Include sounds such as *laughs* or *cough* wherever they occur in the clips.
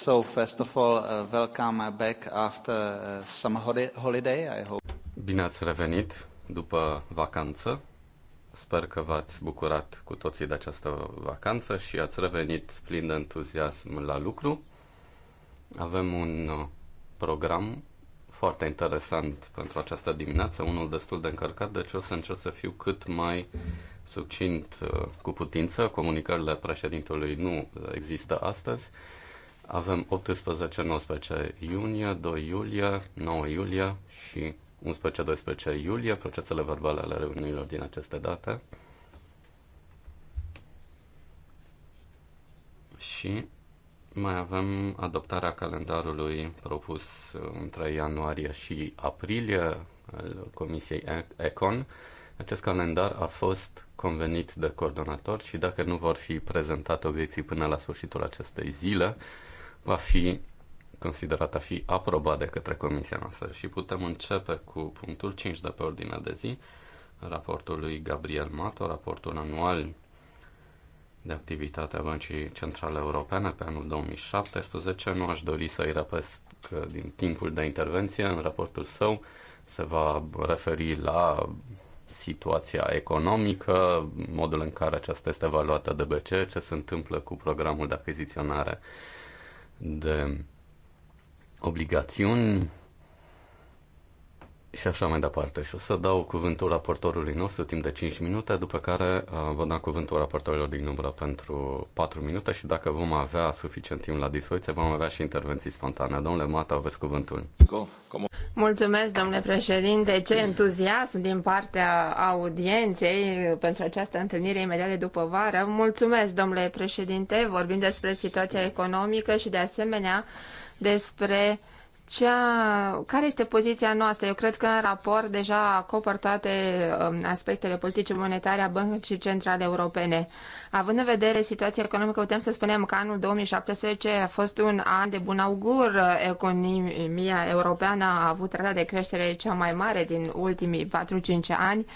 So first of all, uh, welcome back after uh, some holiday, I hope. Bine ați revenit după vacanță. Sper că v-ați bucurat cu toții de această vacanță și ați revenit plin de entuziasm la lucru. Avem un uh, program foarte interesant pentru această dimineață, unul destul de încărcat, deci o să încerc să fiu cât mai succint uh, cu putință. Comunicările președintelui nu există astăzi. Avem 18-19 iunie, 2 iulie, 9 iulie și 11-12 iulie, procesele verbale ale reuniunilor din aceste date. Și mai avem adoptarea calendarului propus între ianuarie și aprilie al Comisiei ECON. Acest calendar a fost convenit de coordonator și dacă nu vor fi prezentate obiecții până la sfârșitul acestei zile, va fi considerat a fi aprobat de către comisia noastră și putem începe cu punctul 5 de pe ordinea de zi, raportul lui Gabriel Mato, raportul anual de activitate a Băncii Centrale Europene pe anul 2017. Nu aș dori să-i răpesc din timpul de intervenție. În raportul său se va referi la situația economică, modul în care aceasta este evaluată de BCE, ce se întâmplă cu programul de achiziționare de obligațiuni și așa mai departe. Și o să dau cuvântul raportorului nostru timp de 5 minute, după care uh, vă da cuvântul raportorilor din umbră pentru 4 minute și dacă vom avea suficient timp la dispoziție, vom avea și intervenții spontane. Domnule Mata, aveți cuvântul. Mulțumesc, domnule președinte. Ce entuziasm din partea audienței pentru această întâlnire imediat de după vară. Mulțumesc, domnule președinte. Vorbim despre situația economică și, de asemenea, despre uh, cea, care este poziția noastră? Eu cred că în raport deja acopăr toate um, aspectele politice monetare a băncii centrale europene. Având în vedere situația economică, putem să spunem că anul 2017 a fost un an de bun augur. Economia europeană a avut rata de creștere cea mai mare din ultimii 4-5 ani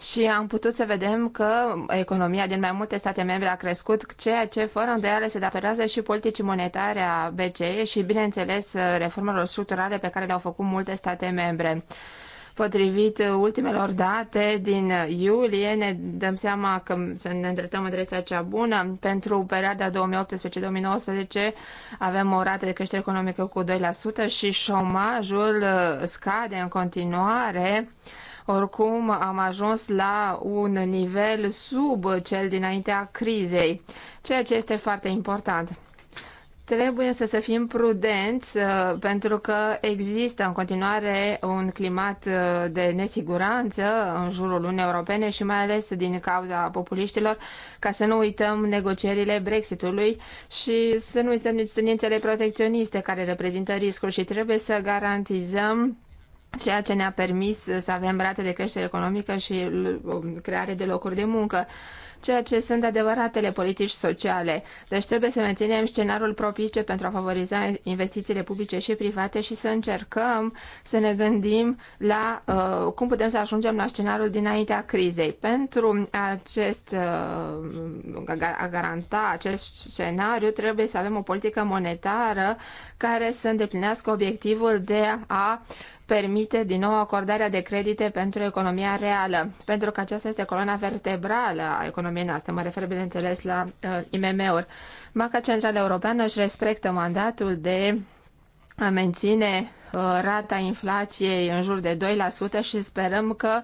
și am putut să vedem că economia din mai multe state membre a crescut, ceea ce fără îndoială se datorează și politicii monetare a BCE și, bineînțeles, reformelor structurale pe care le-au făcut multe state membre. Potrivit ultimelor date din iulie, ne dăm seama că să ne îndreptăm în direcția cea bună. Pentru perioada 2018-2019 avem o rată de creștere economică cu 2% și șomajul scade în continuare oricum, am ajuns la un nivel sub cel dinaintea crizei, ceea ce este foarte important. Trebuie să, să fim prudenți uh, pentru că există în continuare un climat uh, de nesiguranță în jurul Uniunii Europene și mai ales din cauza populiștilor, ca să nu uităm negocierile Brexitului și să nu uităm nici tendințele protecționiste care reprezintă riscul și trebuie să garantizăm ceea ce ne-a permis să avem rate de creștere economică și um, creare de locuri de muncă, ceea ce sunt adevăratele politici sociale. Deci trebuie să menținem scenariul propice pentru a favoriza investițiile publice și private și să încercăm să ne gândim la uh, cum putem să ajungem la scenariul dinaintea crizei. Pentru acest, uh, a garanta acest scenariu trebuie să avem o politică monetară care să îndeplinească obiectivul de a uh, permite din nou acordarea de credite pentru economia reală, pentru că aceasta este coloana vertebrală a economiei noastre. Mă refer, bineînțeles, la uh, IMM-uri. Banca Centrală Europeană își respectă mandatul de a menține uh, rata inflației în jur de 2% și sperăm că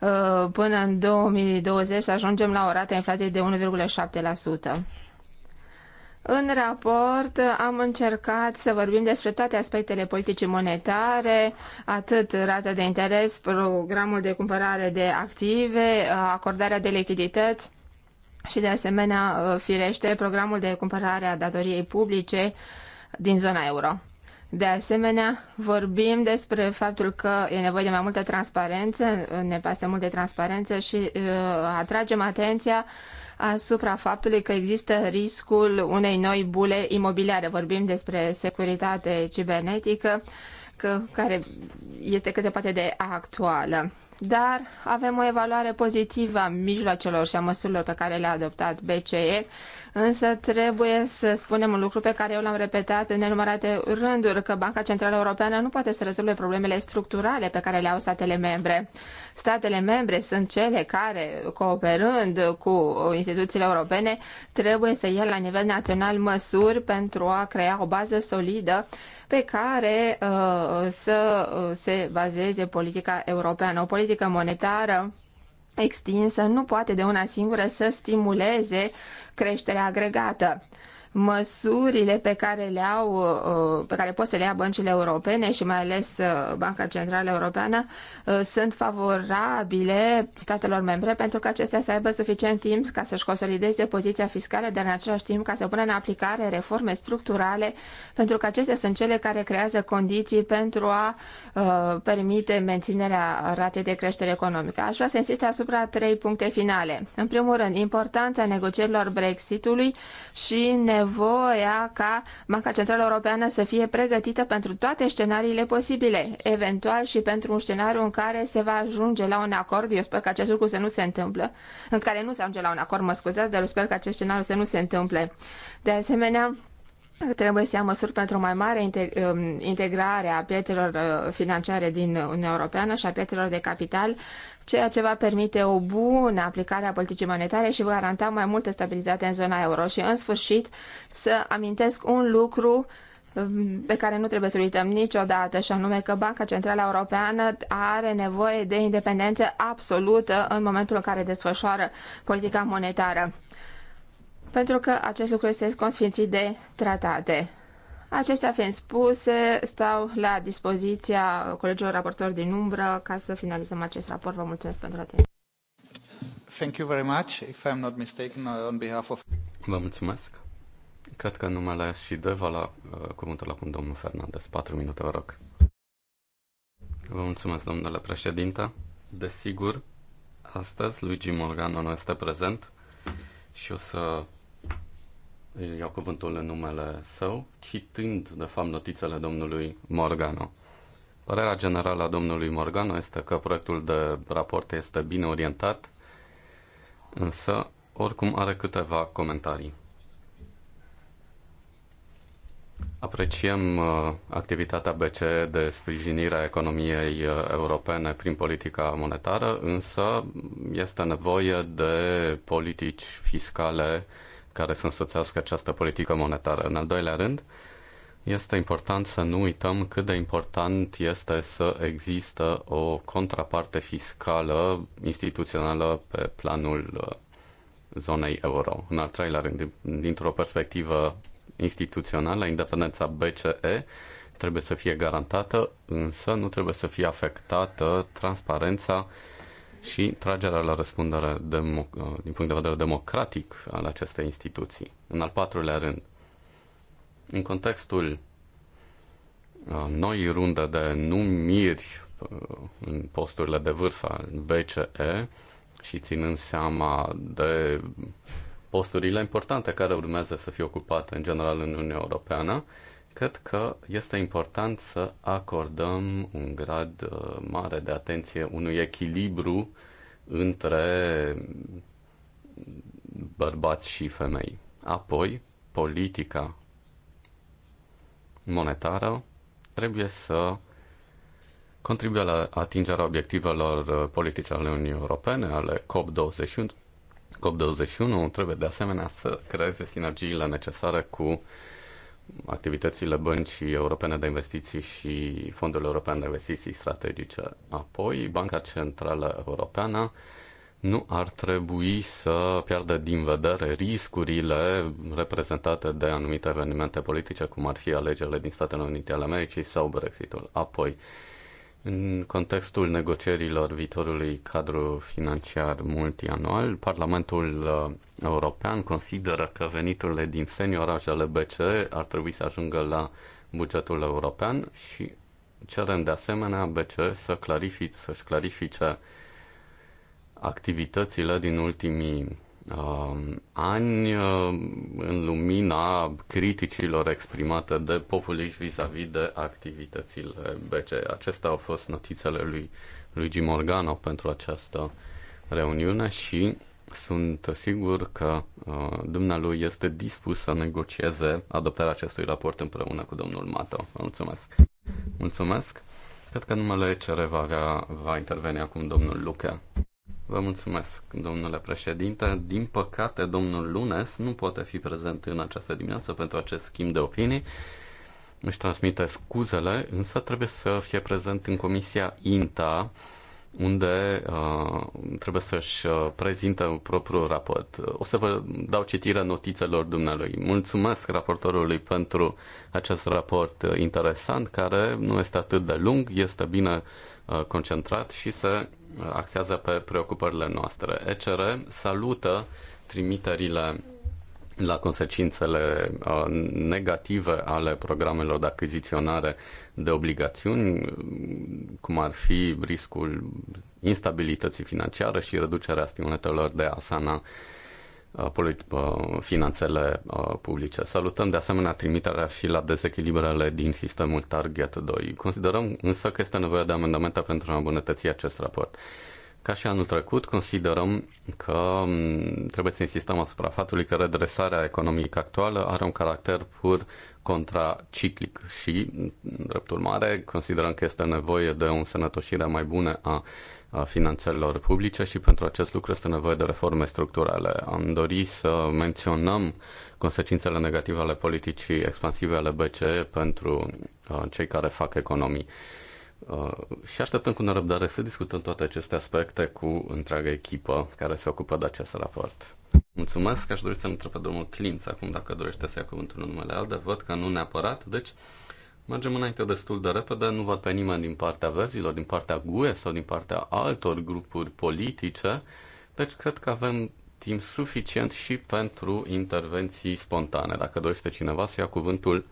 uh, până în 2020 ajungem la o rată inflației de 1,7%. În raport am încercat să vorbim despre toate aspectele politicii monetare, atât rata de interes, programul de cumpărare de active, acordarea de lichidități și de asemenea, firește, programul de cumpărare a datoriei publice din zona euro. De asemenea, vorbim despre faptul că e nevoie de mai multă transparență, ne pasă mult de transparență și uh, atragem atenția uh, asupra faptului că există riscul unei noi bule imobiliare. Vorbim despre securitate cibernetică că, care este cât se poate de actuală. Dar avem o evaluare pozitivă a mijloacelor și a măsurilor pe care le-a adoptat BCE Însă trebuie să spunem un lucru pe care eu l-am repetat în nenumărate rânduri, că Banca Centrală Europeană nu poate să rezolve problemele structurale pe care le au statele membre. Statele membre sunt cele care, cooperând cu instituțiile europene, trebuie să ia la nivel național măsuri pentru a crea o bază solidă pe care uh, să se bazeze politica europeană, o politică monetară extinsă nu poate de una singură să stimuleze creșterea agregată măsurile pe care le au, uh, pe care pot să le ia băncile europene și mai ales uh, Banca Centrală Europeană uh, sunt favorabile statelor membre pentru că acestea să aibă suficient timp ca să-și consolideze poziția fiscală, dar în același timp ca să pună în aplicare reforme structurale, pentru că acestea sunt cele care creează condiții pentru a permite menținerea ratei de creștere economică. Aș vrea să insist asupra trei puncte finale. În primul rând, importanța negocierilor Brexitului și nevoia nevoia ca Banca Centrală Europeană să fie pregătită pentru toate scenariile posibile, eventual și pentru un scenariu în care se va ajunge la un acord, eu sper că acest lucru să nu se întâmplă, în care nu se ajunge la un acord, mă scuzați, dar eu sper că acest scenariu să nu se întâmple. De asemenea, Trebuie să ia măsuri pentru o mai mare um, integrare a piețelor uh, financiare din Uniunea Europeană și a piețelor de capital, ceea ce va permite o bună aplicare a politicii monetare și va garanta mai multă stabilitate în zona euro. Și, în sfârșit, să amintesc un lucru um, pe care nu trebuie să uităm niciodată, și anume că Banca Centrală Europeană are nevoie de independență absolută în momentul în care desfășoară politica monetară pentru că acest lucru este consfințit de tratate. Acestea fiind spuse, stau la dispoziția colegilor raportori din umbră ca să finalizăm acest raport. Vă mulțumesc pentru atenție. Thank you very much. If I'm not mistaken, uh, on behalf of... Vă mulțumesc. Cred că numele și Deva la uh, cuvântul acum domnul Fernandez. Patru minute, vă rog. Vă mulțumesc, domnule președinte. Desigur, astăzi Luigi Morgano nu este prezent și o să iau cuvântul în numele său, citând, de fapt, notițele domnului Morgano. Părerea generală a domnului Morgano este că proiectul de raport este bine orientat, însă, oricum, are câteva comentarii. Apreciem uh, activitatea BCE de sprijinire a economiei uh, europene prin politica monetară, însă este nevoie de politici fiscale care să însoțească această politică monetară. În al doilea rând, este important să nu uităm cât de important este să există o contraparte fiscală instituțională pe planul uh, zonei euro. În al treilea rând, dintr-o perspectivă instituțională, independența BCE trebuie să fie garantată, însă nu trebuie să fie afectată transparența și tragerea la răspundere din punct de vedere democratic al acestei instituții. În al patrulea rând, în contextul uh, noi runde de numiri uh, în posturile de vârf al BCE și ținând seama de posturile importante care urmează să fie ocupate în general în Uniunea Europeană, Cred că este important să acordăm un grad uh, mare de atenție unui echilibru între bărbați și femei. Apoi, politica monetară trebuie să contribuie la atingerea obiectivelor uh, politice ale Uniunii Europene, ale COP21. COP21 trebuie de asemenea să creeze sinergiile necesare cu activitățile Băncii Europene de Investiții și Fondul European de Investiții Strategice. Apoi, Banca Centrală Europeană nu ar trebui să piardă din vedere riscurile reprezentate de anumite evenimente politice, cum ar fi alegerile din Statele Unite ale Americii sau Brexitul. Apoi, în contextul negocierilor viitorului cadru financiar multianual, Parlamentul uh, European consideră că veniturile din seniorajele BCE ar trebui să ajungă la bugetul european și cerem de asemenea BCE să clarifice să-și clarifice activitățile din ultimii Um, ani um, în lumina criticilor exprimate de populiști vis-a-vis de activitățile BC. Acestea au fost notițele lui Luigi Morgano pentru această reuniune și sunt sigur că uh, dumnealui este dispus să negocieze adoptarea acestui raport împreună cu domnul Mato. mulțumesc! Mulțumesc! Cred că numele CR va, avea, va interveni acum domnul Luca. Vă mulțumesc, domnule președinte. Din păcate, domnul Lunes nu poate fi prezent în această dimineață pentru acest schimb de opinii. Își transmite scuzele, însă trebuie să fie prezent în comisia INTA, unde uh, trebuie să-și uh, prezinte propriul raport. O să vă dau citire notițelor dumnealui. Mulțumesc raportorului pentru acest raport uh, interesant, care nu este atât de lung, este bine Uh, concentrat și se uh, axează pe preocupările noastre. ECR salută trimiterile la consecințele uh, negative ale programelor de achiziționare de obligațiuni, cum ar fi riscul instabilității financiare și reducerea stimulatelor de asana Uh, uh, finanțele uh, publice. Salutăm de asemenea trimiterea și la dezechilibrele din sistemul Target 2. Considerăm însă că este nevoie de amendamente pentru a îmbunătăți acest raport. Ca și anul trecut, considerăm că um, trebuie să insistăm asupra faptului că redresarea economică actuală are un caracter pur contraciclic și, drept urmare, considerăm că este nevoie de o însănătoșire mai bună a finanțelor publice și pentru acest lucru este nevoie de reforme structurale. Am dorit să menționăm consecințele negative ale politicii expansive ale BCE pentru uh, cei care fac economii. Uh, și așteptăm cu nerăbdare să discutăm toate aceste aspecte cu întreaga echipă care se ocupă de acest raport. Mulțumesc, aș dori să-l întreb pe domnul Clinț acum dacă dorește să ia cuvântul în numele ALDE. Văd că nu neapărat, deci Mergem înainte destul de repede, nu văd pe nimeni din partea verzilor, din partea GUE sau din partea altor grupuri politice, deci cred că avem timp suficient și pentru intervenții spontane. Dacă dorește cineva să ia cuvântul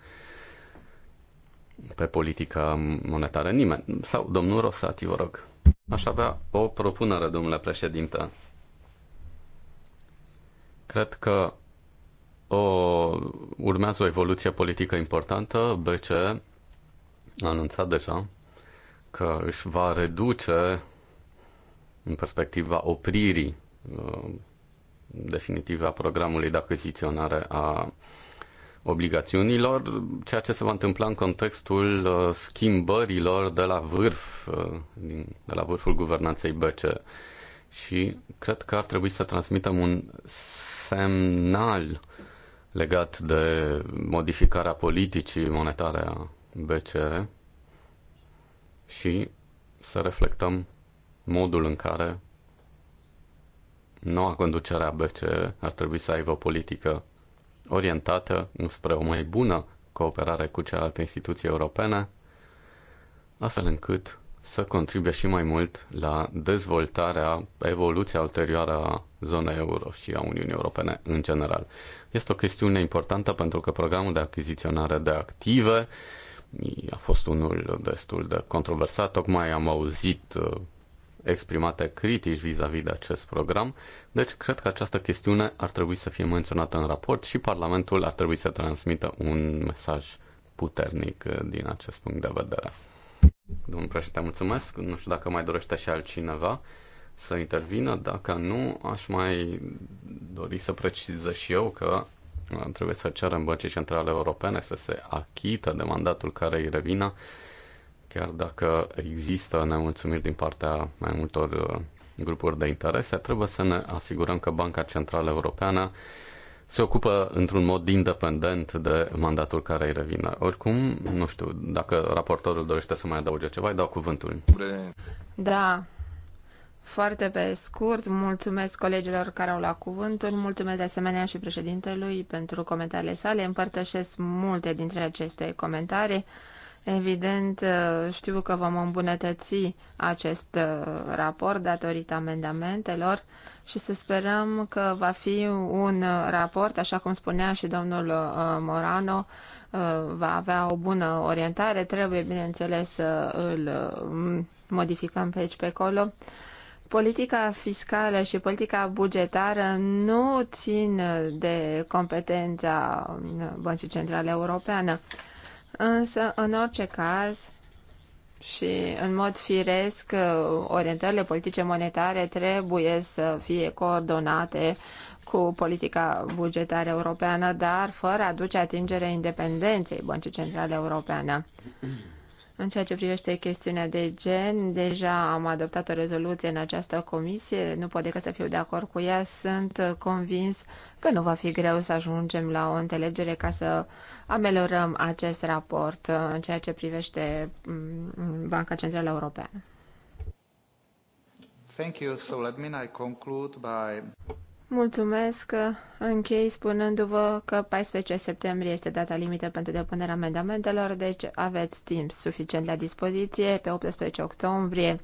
pe politica monetară, nimeni. Sau domnul Rosati, vă rog. Aș avea o propunere, domnule președinte. Cred că o, urmează o evoluție politică importantă. BCE a anunțat deja că își va reduce în perspectiva opririi uh, definitive a programului de achiziționare a obligațiunilor, ceea ce se va întâmpla în contextul uh, schimbărilor de la vârf, uh, de la vârful guvernanței BC. Și cred că ar trebui să transmitem un semnal legat de modificarea politicii monetare a BCE și să reflectăm modul în care noua conducere a BCE ar trebui să aibă o politică orientată spre o mai bună cooperare cu celelalte instituții europene, astfel încât să contribuie și mai mult la dezvoltarea, evoluția ulterioară a zonei euro și a Uniunii Europene în general. Este o chestiune importantă pentru că programul de achiziționare de active mm, a fost unul destul de controversat. Tocmai am auzit uh, exprimate critici vis-a-vis -vis de acest program, deci cred că această chestiune ar trebui să fie menționată în raport și Parlamentul ar trebui să transmită un mesaj puternic uh, din acest punct de vedere. Domnul președinte, mulțumesc. Nu știu dacă mai dorește și altcineva să intervină. Dacă nu, aș mai dori să precizez și eu că uh, trebuie să cerem Băncii Centrale Europene să se achită de mandatul care îi revină, chiar dacă există nemulțumiri din partea mai multor uh, grupuri de interese, trebuie să ne asigurăm că Banca Centrală Europeană se ocupă într-un mod independent de mandatul care îi revine. Oricum, nu știu, dacă raportorul dorește să mai adauge ceva, îi dau cuvântul. Da, foarte pe scurt, mulțumesc colegilor care au luat cuvântul, mulțumesc de asemenea și președintelui pentru comentariile sale, împărtășesc multe dintre aceste comentarii. Evident, știu că vom îmbunătăți acest uh, raport datorită amendamentelor și să sperăm că va fi un uh, raport, așa cum spunea și domnul uh, Morano, va avea o bună orientare, trebuie bineînțeles să îl modificăm pe aici pe acolo politica fiscală și politica bugetară nu țin de competența Băncii Centrale Europeană. Însă, în orice caz, și în mod firesc, orientările politice monetare trebuie să fie coordonate cu politica bugetară europeană, dar fără a duce atingere independenței Băncii Centrale Europeană. În ceea ce privește chestiunea de gen, deja am adoptat o rezoluție în această comisie, nu pot decât să fiu de acord cu ea. Sunt convins că nu va fi greu să ajungem la o înțelegere ca să ameliorăm acest raport în ceea ce privește mm, Banca Centrală Europeană. Thank you. So let me now conclude by Mulțumesc. Uh, închei spunându-vă că 14 septembrie este data limită pentru depunerea amendamentelor, deci aveți timp suficient la dispoziție. Pe 18 octombrie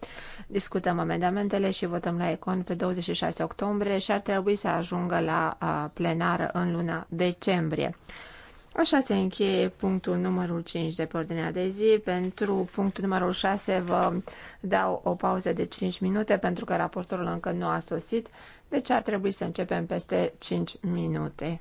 discutăm amendamentele și votăm la Econ pe 26 octombrie și ar trebui să ajungă la plenară în luna decembrie. Așa se încheie punctul numărul 5 de pe ordinea de zi. Pentru punctul numărul 6 vă dau o pauză de 5 minute pentru că raportorul încă nu a sosit deci ar trebui să începem peste 5 minute.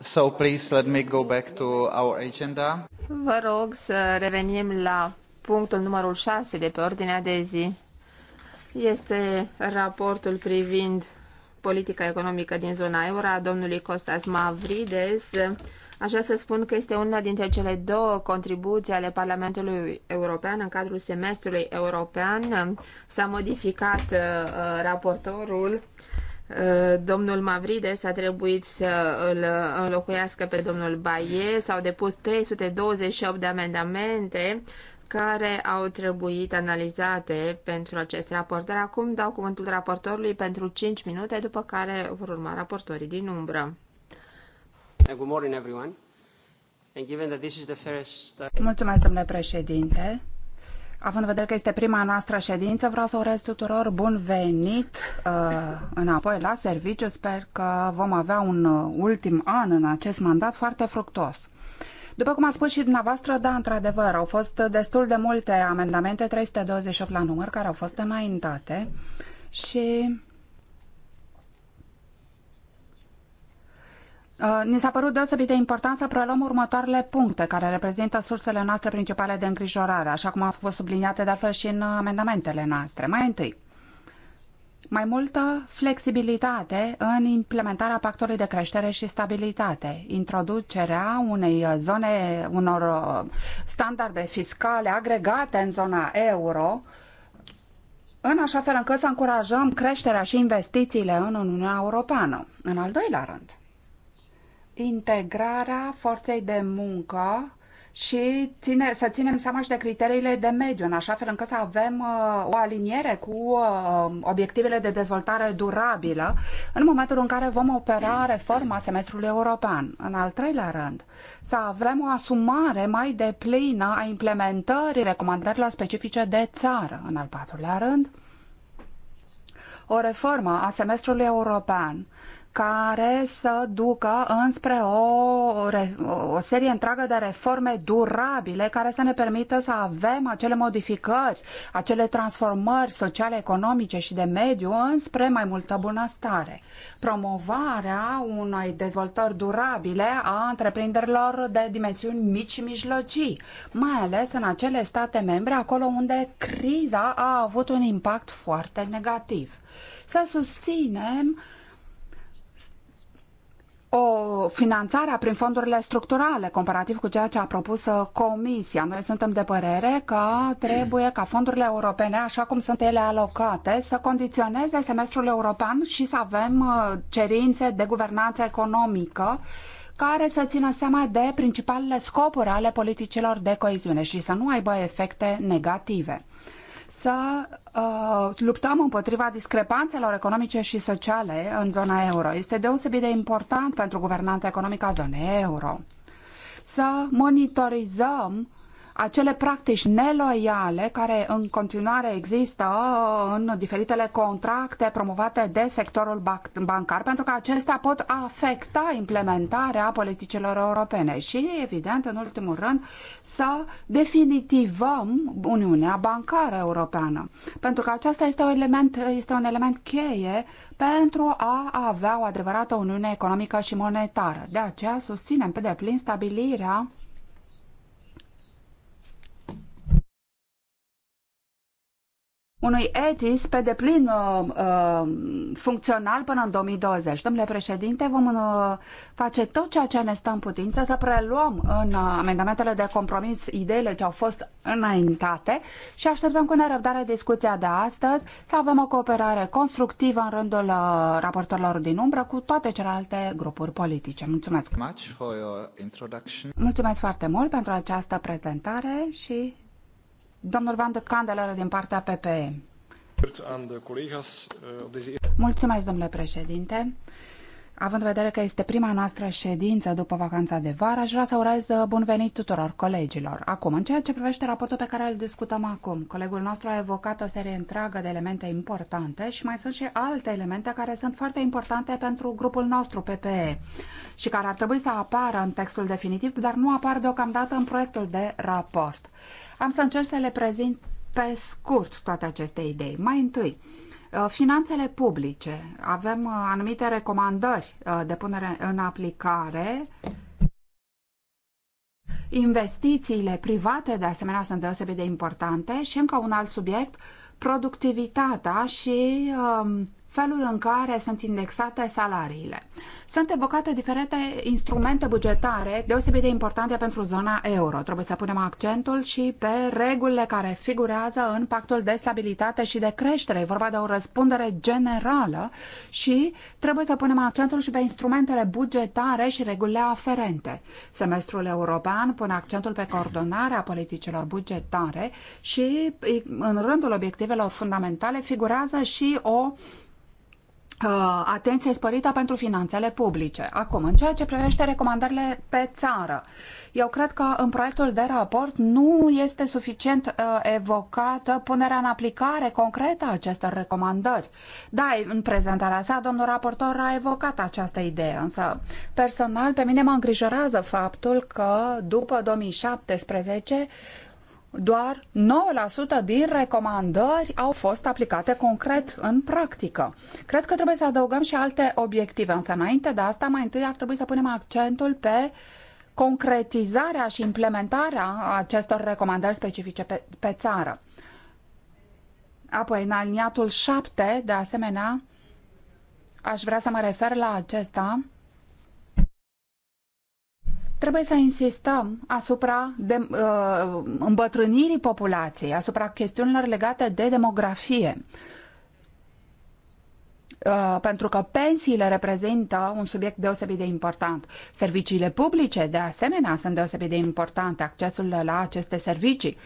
so please let me go back to our agenda. Vă rog să revenim la punctul numărul 6 de pe ordinea de zi. Este raportul privind politica economică din zona euro a domnului Costas Mavrides. Aș vrea să spun că este una dintre cele două contribuții ale Parlamentului European în cadrul semestrului european. S-a modificat uh, raportorul domnul Mavrides a trebuit să îl înlocuiască pe domnul Baie, s-au depus 328 de amendamente care au trebuit analizate pentru acest raport. Dar acum dau cuvântul raportorului pentru 5 minute, după care vor urma raportorii din umbră. Mulțumesc, domnule președinte. Având în vedere că este prima noastră ședință, vreau să urez tuturor bun venit uh, înapoi la serviciu. Sper că vom avea un uh, ultim an în acest mandat foarte fructos. După cum a spus și dumneavoastră, da, într-adevăr, au fost destul de multe amendamente, 328 la număr, care au fost înaintate și Uh, ni s-a părut deosebit de important să preluăm următoarele puncte care reprezintă sursele noastre principale de îngrijorare, așa cum au fost subliniate de altfel și în amendamentele noastre. Mai întâi, mai multă flexibilitate în implementarea pactului de creștere și stabilitate, introducerea unei zone, unor uh, standarde fiscale agregate în zona euro, în așa fel încât să încurajăm creșterea și investițiile în Uniunea Europeană. În al doilea rând, integrarea forței de muncă și ține, să ținem seama și de criteriile de mediu, în așa fel încât să avem uh, o aliniere cu uh, obiectivele de dezvoltare durabilă în momentul în care vom opera reforma semestrului european. În al treilea rând, să avem o asumare mai deplină a implementării recomandărilor specifice de țară. În al patrulea rând, o reformă a semestrului european care să ducă înspre o, o serie întreagă de reforme durabile care să ne permită să avem acele modificări, acele transformări sociale, economice și de mediu înspre mai multă bunăstare. Promovarea unei dezvoltări durabile a întreprinderilor de dimensiuni mici și mijlocii, mai ales în acele state membre acolo unde criza a avut un impact foarte negativ. Să susținem o finanțare prin fondurile structurale, comparativ cu ceea ce a propus uh, Comisia. Noi suntem de părere că trebuie ca fondurile europene, așa cum sunt ele alocate, să condiționeze semestrul european și să avem uh, cerințe de guvernanță economică care să țină seama de principalele scopuri ale politicilor de coeziune și să nu aibă efecte negative. Să uh, luptăm împotriva discrepanțelor economice și sociale în zona euro. Este deosebit de important pentru guvernanța economică a zonei euro să monitorizăm uh, acele practici neloiale care în continuare există în diferitele contracte promovate de sectorul bancar, pentru că acestea pot afecta implementarea politicilor europene și, evident, în ultimul rând, să definitivăm Uniunea Bancară Europeană, pentru că aceasta este un element, este un element cheie pentru a avea o adevărată Uniune Economică și Monetară. De aceea susținem pe deplin stabilirea unui ETIS pe deplin uh, uh, funcțional până în 2020. Domnule președinte, vom uh, face tot ceea ce ne stă în putință să preluăm în uh, amendamentele de compromis ideile ce au fost înaintate și așteptăm cu nerăbdare discuția de astăzi să avem o cooperare constructivă în rândul uh, raportorilor din umbră cu toate celelalte grupuri politice. Mulțumesc! Mulțumesc foarte mult pentru această prezentare și Domnul Van de din partea PPE. Eh, Mulțumesc, domnule președinte. Având în vedere că este prima noastră ședință după vacanța de vară, aș vrea să urez eh, bun venit tuturor colegilor. Acum, în ceea ce privește raportul pe care îl discutăm acum, colegul nostru a evocat o serie întreagă de elemente importante și mai sunt și alte elemente care sunt foarte importante pentru grupul nostru PPE și care ar trebui să apară în textul definitiv, dar nu apar deocamdată în proiectul de raport. Am să încerc să le prezint pe scurt toate aceste idei. Mai întâi, uh, finanțele publice. Avem uh, anumite recomandări uh, de punere în aplicare Investițiile private, de asemenea, sunt deosebit de importante și încă un alt subiect, productivitatea și um, felul în care sunt indexate salariile. Sunt evocate diferite instrumente bugetare deosebit de importante pentru zona euro. Trebuie să punem accentul și pe regulile care figurează în pactul de stabilitate și de creștere. E vorba de o răspundere generală și trebuie să punem accentul și pe instrumentele bugetare și regulile aferente. Semestrul european pune accentul pe coordonarea politicilor bugetare și în rândul obiectivelor fundamentale figurează și o Uh, atenție sporită pentru finanțele publice. Acum, în ceea ce privește recomandările pe țară, eu cred că în proiectul de raport nu este suficient uh, evocată punerea în aplicare concretă a acestor recomandări. Da, în prezentarea sa, domnul raportor a evocat această idee, însă personal pe mine mă îngrijorează faptul că după 2017 doar 9% din recomandări au fost aplicate concret în practică. Cred că trebuie să adăugăm și alte obiective, însă înainte de asta, mai întâi ar trebui să punem accentul pe concretizarea și implementarea acestor recomandări specifice pe, pe țară. Apoi, în aliniatul 7, de asemenea, aș vrea să mă refer la acesta, Trebuie să insistăm asupra de, uh, îmbătrânirii populației, asupra chestiunilor legate de demografie. Uh, pentru că pensiile reprezintă un subiect deosebit de important. Serviciile publice, de asemenea, sunt deosebit de importante, accesul la aceste servicii.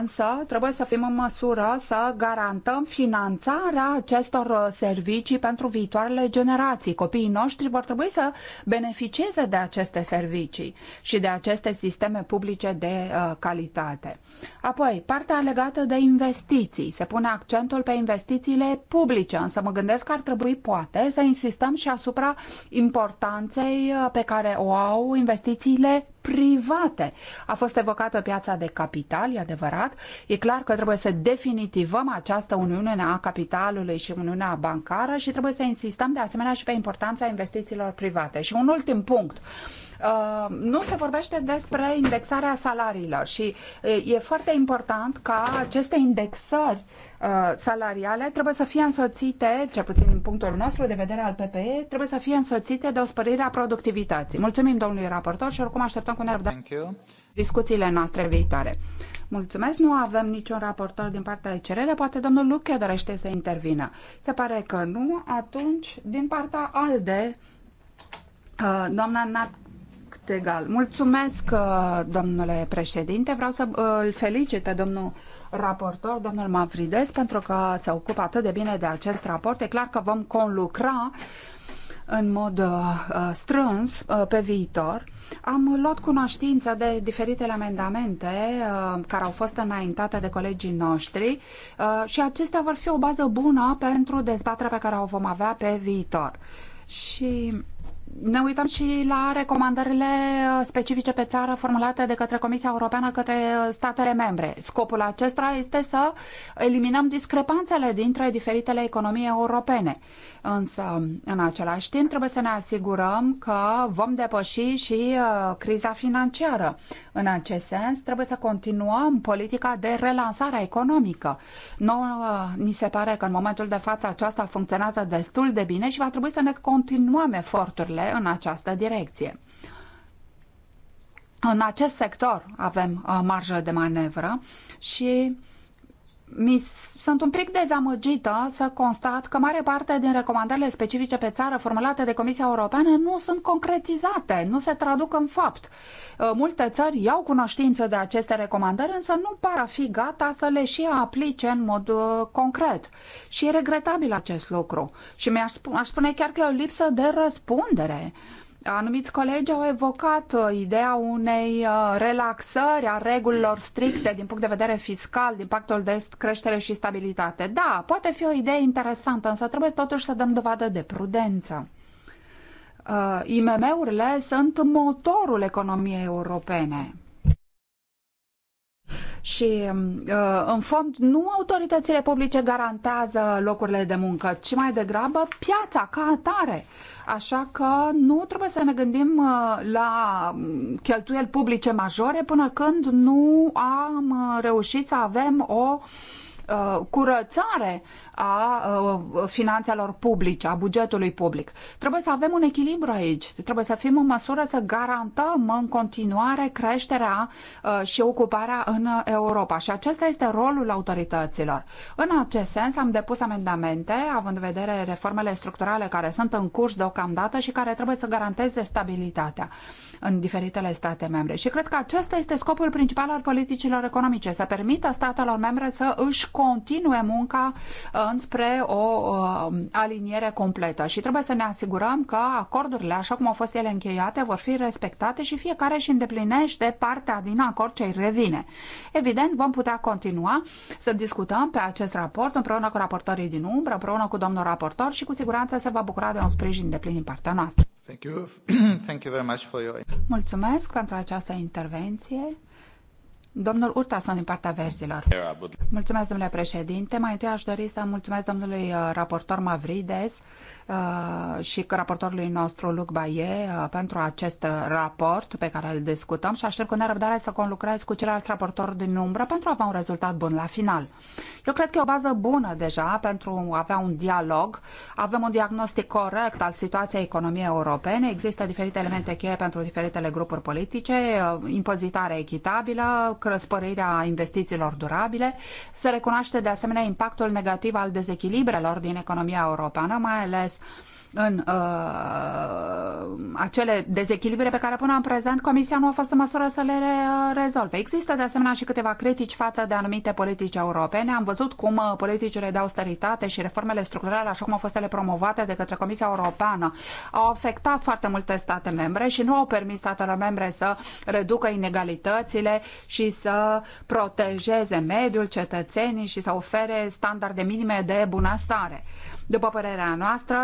Însă, trebuie să fim în măsură să garantăm finanțarea acestor servicii pentru viitoarele generații. Copiii noștri vor trebui să beneficieze de aceste servicii și de aceste sisteme publice de uh, calitate. Apoi, partea legată de investiții. Se pune accentul pe investițiile publice, însă mă gândesc că ar trebui trebui poate să insistăm și asupra importanței uh, pe care o au investițiile private. A fost evocată piața de capital, e adevărat. E clar că trebuie să definitivăm această uniune a capitalului și uniunea bancară și trebuie să insistăm de asemenea și pe importanța investițiilor private. Și un ultim punct. Uh, nu se vorbește despre indexarea salariilor și uh, e foarte important ca aceste indexări uh, salariale trebuie să fie însoțite, cel puțin din punctul nostru de vedere al PPE, trebuie să fie însoțite de o spărire a productivității. Mulțumim domnului raportor și oricum așteptăm discuțiile noastre viitoare. Mulțumesc, nu avem niciun raportor din partea ICR, dar poate domnul Luche dorește să intervină. Se pare că nu, atunci din partea ALDE, uh, doamna Nat Tegal. Mulțumesc, uh, domnule președinte. Vreau să uh, îl felicit pe domnul raportor, domnul Mavrides, pentru că se ocupă atât de bine de acest raport. E clar că vom conlucra în mod uh, uh, strâns uh, pe viitor. Am luat cunoștință de diferitele amendamente care au fost înaintate de colegii noștri și acestea vor fi o bază bună pentru dezbaterea pe care o vom avea pe viitor. Și ne uităm și la recomandările uh, specifice pe țară formulate de către Comisia Europeană către uh, statele membre. Scopul acesta este să eliminăm discrepanțele dintre diferitele economii europene. Însă, în același timp, trebuie să ne asigurăm că vom depăși și uh, criza financiară. În acest sens, trebuie să continuăm politica de relansare economică. Nouă ni se pare că în momentul de față aceasta funcționează destul de bine și va trebui să ne continuăm eforturile lucrurile în această direcție. În acest sector avem uh, marjă de manevră și mi sunt un pic dezamăgită să constat că mare parte din recomandările specifice pe țară formulate de Comisia Europeană nu sunt concretizate, nu se traduc în fapt. Uh, multe țări iau cunoștință de aceste recomandări, însă nu par a fi gata să le și aplice în mod uh, concret. Și e regretabil acest lucru. Și mi-aș spune chiar că e o lipsă de răspundere. Anumiți colegi au evocat uh, ideea unei uh, relaxări a regulilor stricte din punct de vedere fiscal din pactul de creștere și stabilitate. Da, poate fi o idee interesantă, însă trebuie totuși să dăm dovadă de prudență. Uh, IMM-urile sunt motorul economiei europene și um, uh, în fond nu autoritățile publice garantează locurile de muncă, ci mai degrabă piața ca atare. Așa că nu trebuie să ne gândim uh, la um, cheltuieli publice majore până când nu am uh, reușit să avem o curățare a uh, finanțelor publice, a bugetului public. Trebuie să avem un echilibru aici. Trebuie să fim în măsură să garantăm în continuare creșterea uh, și ocuparea în Europa. Și acesta este rolul autorităților. În acest sens am depus amendamente, având în vedere reformele structurale care sunt în curs deocamdată și care trebuie să garanteze stabilitatea în diferitele state membre. Și cred că acesta este scopul principal al politicilor economice, să permită statelor membre să își continue munca uh, înspre o uh, aliniere completă și trebuie să ne asigurăm că acordurile, așa cum au fost ele încheiate, vor fi respectate și fiecare își îndeplinește partea din acord ce îi revine. Evident, vom putea continua să discutăm pe acest raport împreună cu raportorii din umbră, împreună cu domnul raportor și cu siguranță se va bucura de un sprijin de plin din partea noastră. Thank you. *clears throat* Thank you very much for your... Mulțumesc pentru această intervenție. Domnul Urtason din partea verzilor. Mulțumesc, domnule președinte. Mai întâi aș dori să mulțumesc domnului uh, raportor Mavrides Uh, și raportorului nostru, Luc Baie, uh, pentru acest raport pe care îl discutăm și aștept cu nerăbdare să conlucrez cu ceilalți raportori din umbră pentru a avea un rezultat bun la final. Eu cred că e o bază bună deja pentru a avea un dialog. Avem un diagnostic corect al situației economiei europene. Există diferite elemente cheie pentru diferitele grupuri politice, uh, impozitare echitabilă, crăspărirea investițiilor durabile. Se recunoaște de asemenea impactul negativ al dezechilibrelor din economia europeană, mai ales în uh, acele dezechilibre pe care până în prezent Comisia nu a fost în măsură să le uh, rezolve. Există de asemenea și câteva critici față de anumite politici europene. Am văzut cum uh, politicile de austeritate și reformele structurale, așa cum au fost ele promovate de către Comisia Europeană, au afectat foarte multe state membre și nu au permis statelor membre să reducă inegalitățile și să protejeze mediul, cetățenii și să ofere standarde minime de bunăstare. Uh, după părerea noastră,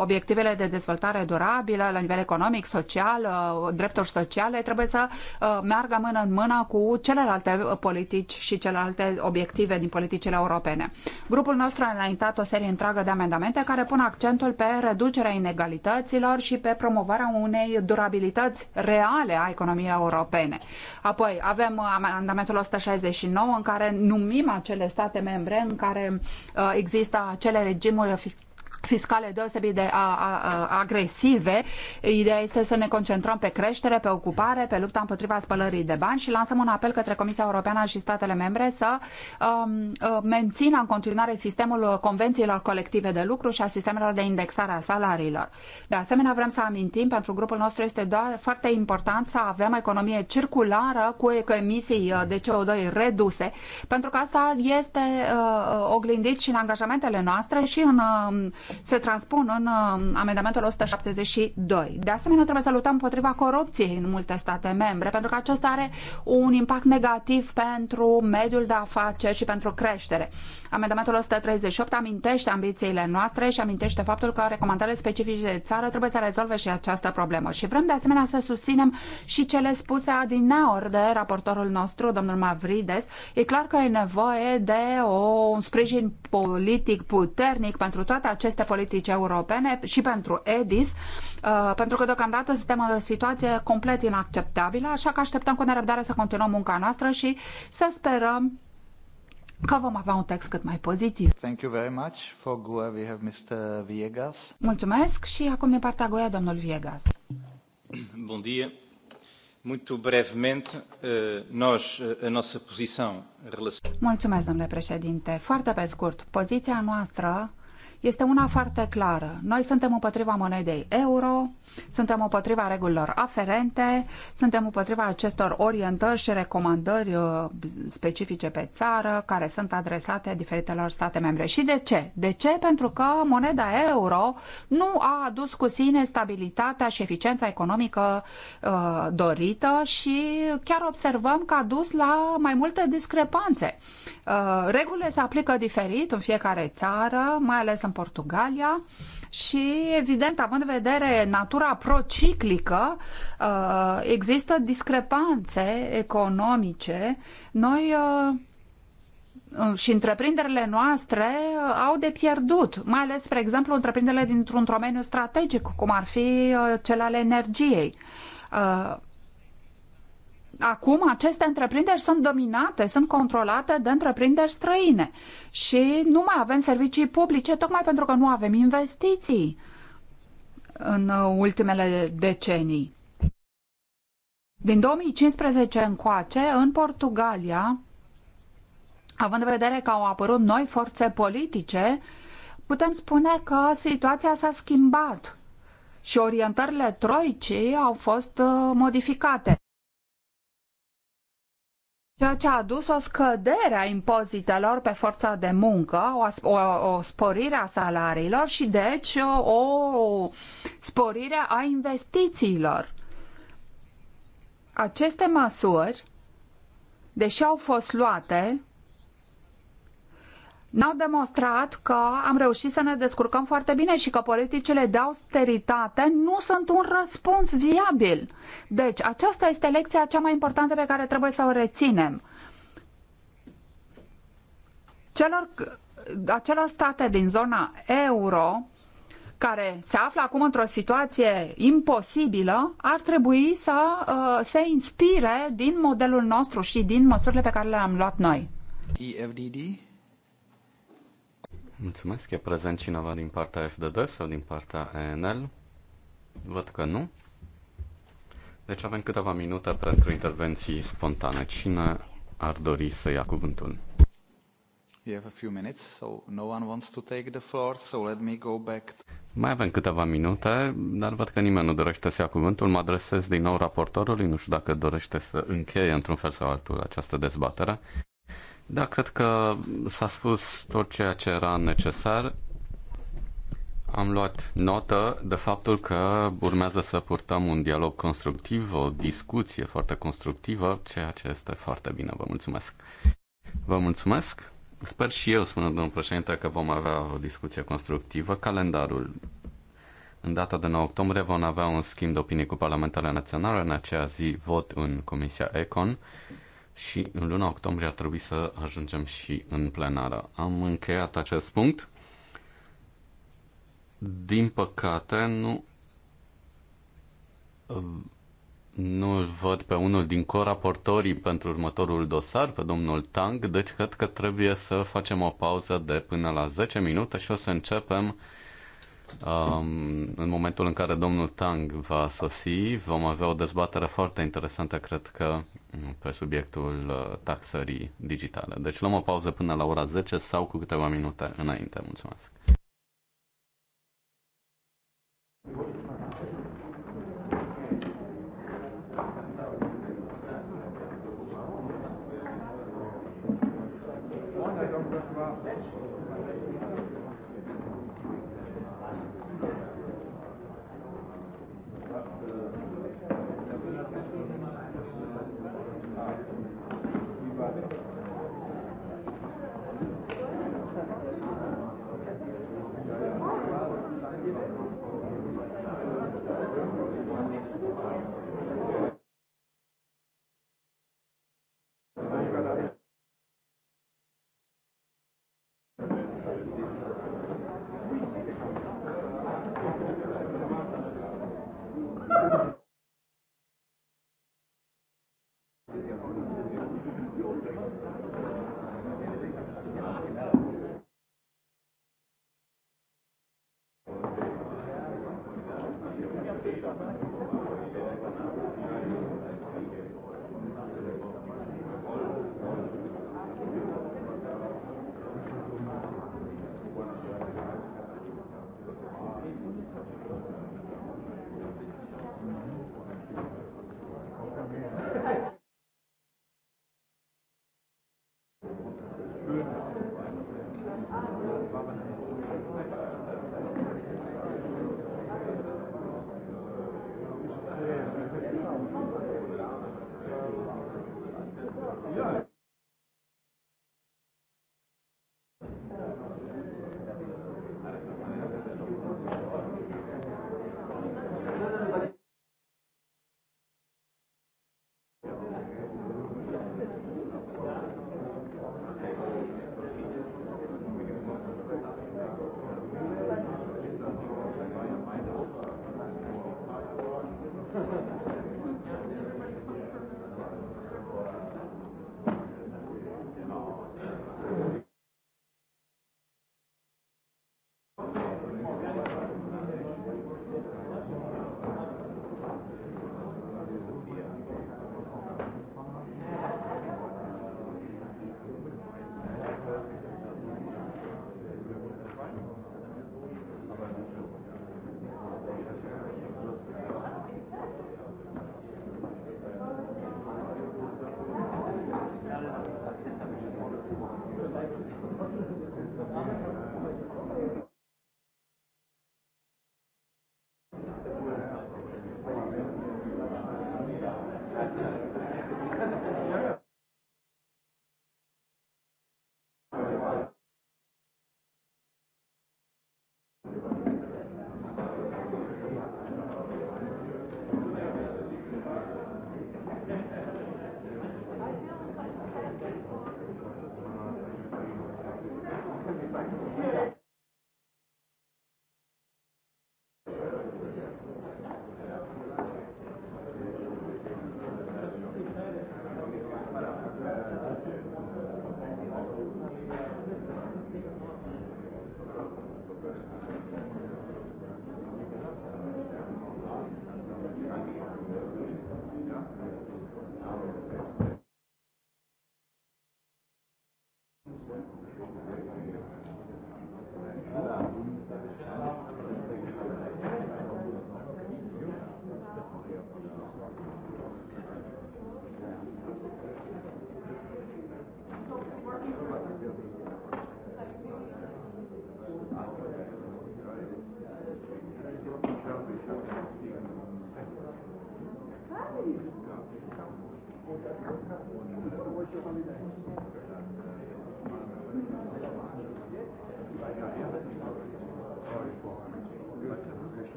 obiectivele de dezvoltare durabilă la nivel economic, social, uh, drepturi sociale trebuie să uh, meargă mână în mână cu celelalte politici și celelalte obiective din politicile europene. Grupul nostru a înaintat o serie întreagă de amendamente care pun accentul pe reducerea inegalităților și pe promovarea unei durabilități reale a economiei europene. Apoi avem amendamentul 169 în care numim acele state membre în care uh, există acele regimuri fiscale deosebit de a, a, a, agresive. Ideea este să ne concentrăm pe creștere, pe ocupare, pe lupta împotriva spălării de bani și lansăm un apel către Comisia Europeană și statele membre să um, uh, mențină în continuare sistemul convențiilor colective de lucru și a sistemelor de indexare a salariilor. De asemenea, vrem să amintim, pentru grupul nostru este doar foarte important să avem economie circulară cu emisii uh, de CO2 reduse, pentru că asta este uh, oglindit și în angajamentele noastre și în uh, se transpun în uh, amendamentul 172. De asemenea, trebuie să luptăm împotriva corupției în multe state membre, pentru că acesta are un impact negativ pentru mediul de afaceri și pentru creștere. Amendamentul 138 amintește ambițiile noastre și amintește faptul că recomandările specifice de țară trebuie să rezolve și această problemă. Și vrem de asemenea să susținem și cele spuse adineaori de raportorul nostru, domnul Mavrides. E clar că e nevoie de o, un sprijin politic puternic pentru toate aceste aceste politici europene și pentru EDIS, uh, pentru că deocamdată suntem într-o situație complet inacceptabilă, așa că așteptăm cu nerăbdare să continuăm munca noastră și să sperăm că vom avea un text cât mai pozitiv. Thank you very much. For GUE we have Mr. Viegas. Mulțumesc și acum din partea GUE domnul Viegas. *clears throat* Bun dia. Muito brevemente, eh, nós, eh, a nossa posição Mulțumesc, domnule președinte. Foarte pe scurt, poziția noastră este una foarte clară. Noi suntem împotriva monedei euro, suntem împotriva regulilor aferente, suntem împotriva acestor orientări și recomandări uh, specifice pe țară care sunt adresate diferitelor state membre. Și de ce? De ce? Pentru că moneda euro nu a adus cu sine stabilitatea și eficiența economică uh, dorită și chiar observăm că a dus la mai multe discrepanțe. Uh, regulile se aplică diferit în fiecare țară, mai ales în în Portugalia și, evident, având în vedere natura prociclică, uh, există discrepanțe economice. Noi uh, uh, și întreprinderile noastre au de pierdut, mai ales, spre exemplu, întreprinderile dintr-un domeniu strategic, cum ar fi cel al energiei acum aceste întreprinderi sunt dominate, sunt controlate de întreprinderi străine și nu mai avem servicii publice tocmai pentru că nu avem investiții în ultimele decenii. Din 2015 încoace, în Portugalia, având în vedere că au apărut noi forțe politice, putem spune că situația s-a schimbat și orientările troicii au fost uh, modificate ceea ce a dus o scădere a impozitelor pe forța de muncă, o, o, o sporire a salariilor și deci o, o sporire a investițiilor. Aceste măsuri, deși au fost luate, ne-au demonstrat că am reușit să ne descurcăm foarte bine și că politicile de austeritate nu sunt un răspuns viabil. Deci, aceasta este lecția cea mai importantă pe care trebuie să o reținem. Celor, acelor state din zona euro care se află acum într-o situație imposibilă, ar trebui să uh, se inspire din modelul nostru și din măsurile pe care le-am luat noi. EFDD? Mulțumesc. E prezent cineva din partea FDD sau din partea ENL? Văd că nu. Deci avem câteva minute pentru intervenții spontane. Cine ar dori să ia cuvântul? We have a few minutes, so no one wants to take the floor, so let me go back. Mai avem câteva minute, dar văd că nimeni nu dorește să ia cuvântul. Mă adresez din nou raportorului, nu știu dacă dorește să încheie într-un fel sau altul această dezbatere. Da, cred că s-a spus tot ceea ce era necesar. Am luat notă de faptul că urmează să purtăm un dialog constructiv, o discuție foarte constructivă, ceea ce este foarte bine. Vă mulțumesc! Vă mulțumesc! Sper și eu, spune domnul președinte, că vom avea o discuție constructivă. Calendarul. În data de 9 octombrie vom avea un schimb de opinie cu Parlamentele Naționale, în acea zi vot în Comisia Econ și în luna octombrie ar trebui să ajungem și în plenară. Am încheiat acest punct. Din păcate, nu nu îl văd pe unul din coraportorii pentru următorul dosar, pe domnul Tang, deci cred că trebuie să facem o pauză de până la 10 minute și o să începem um, în momentul în care domnul Tang va sosi. Vom avea o dezbatere foarte interesantă, cred că pe subiectul uh, taxării digitale. Deci luăm o pauză până la ora 10 sau cu câteva minute înainte. Mulțumesc!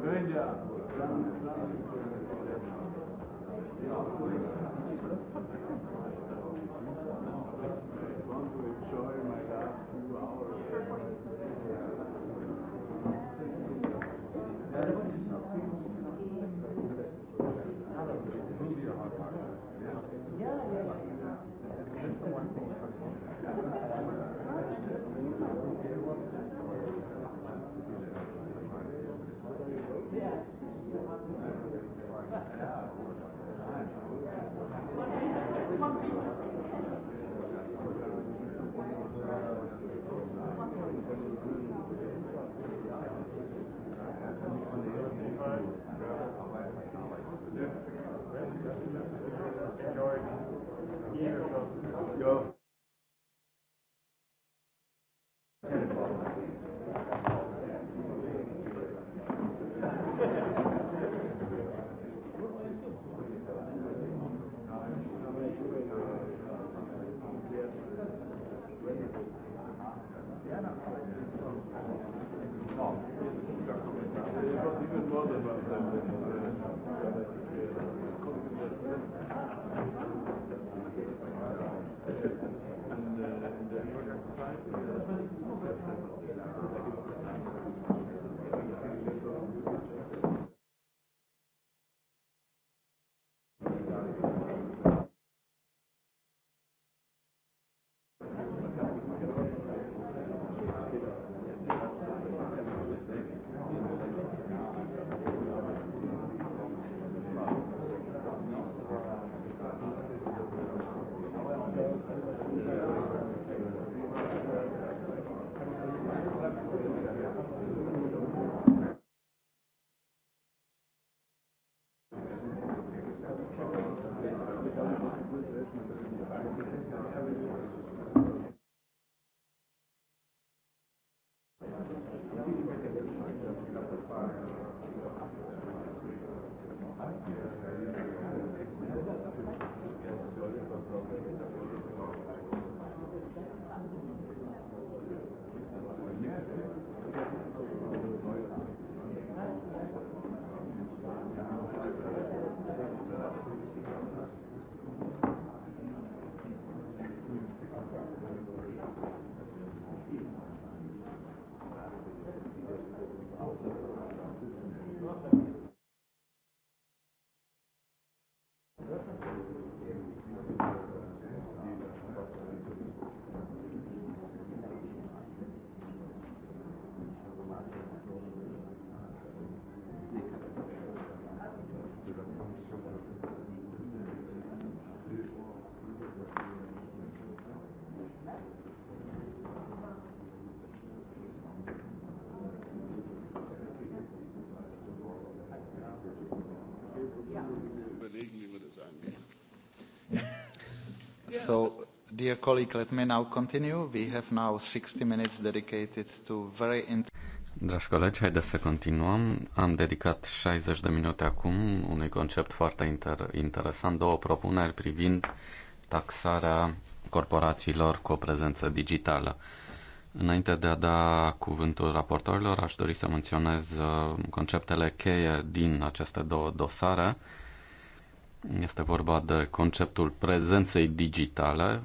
Grândea. So, dear colleague, let me now continue. We have now 60 minutes dedicated to very Dragi colegi, haideți să continuăm. Am dedicat 60 de minute acum unui concept foarte inter- interesant, două propuneri privind taxarea corporațiilor cu o prezență digitală. Înainte de a da cuvântul raportorilor, aș dori să menționez uh, conceptele cheie din aceste două dosare. Este vorba de conceptul prezenței digitale.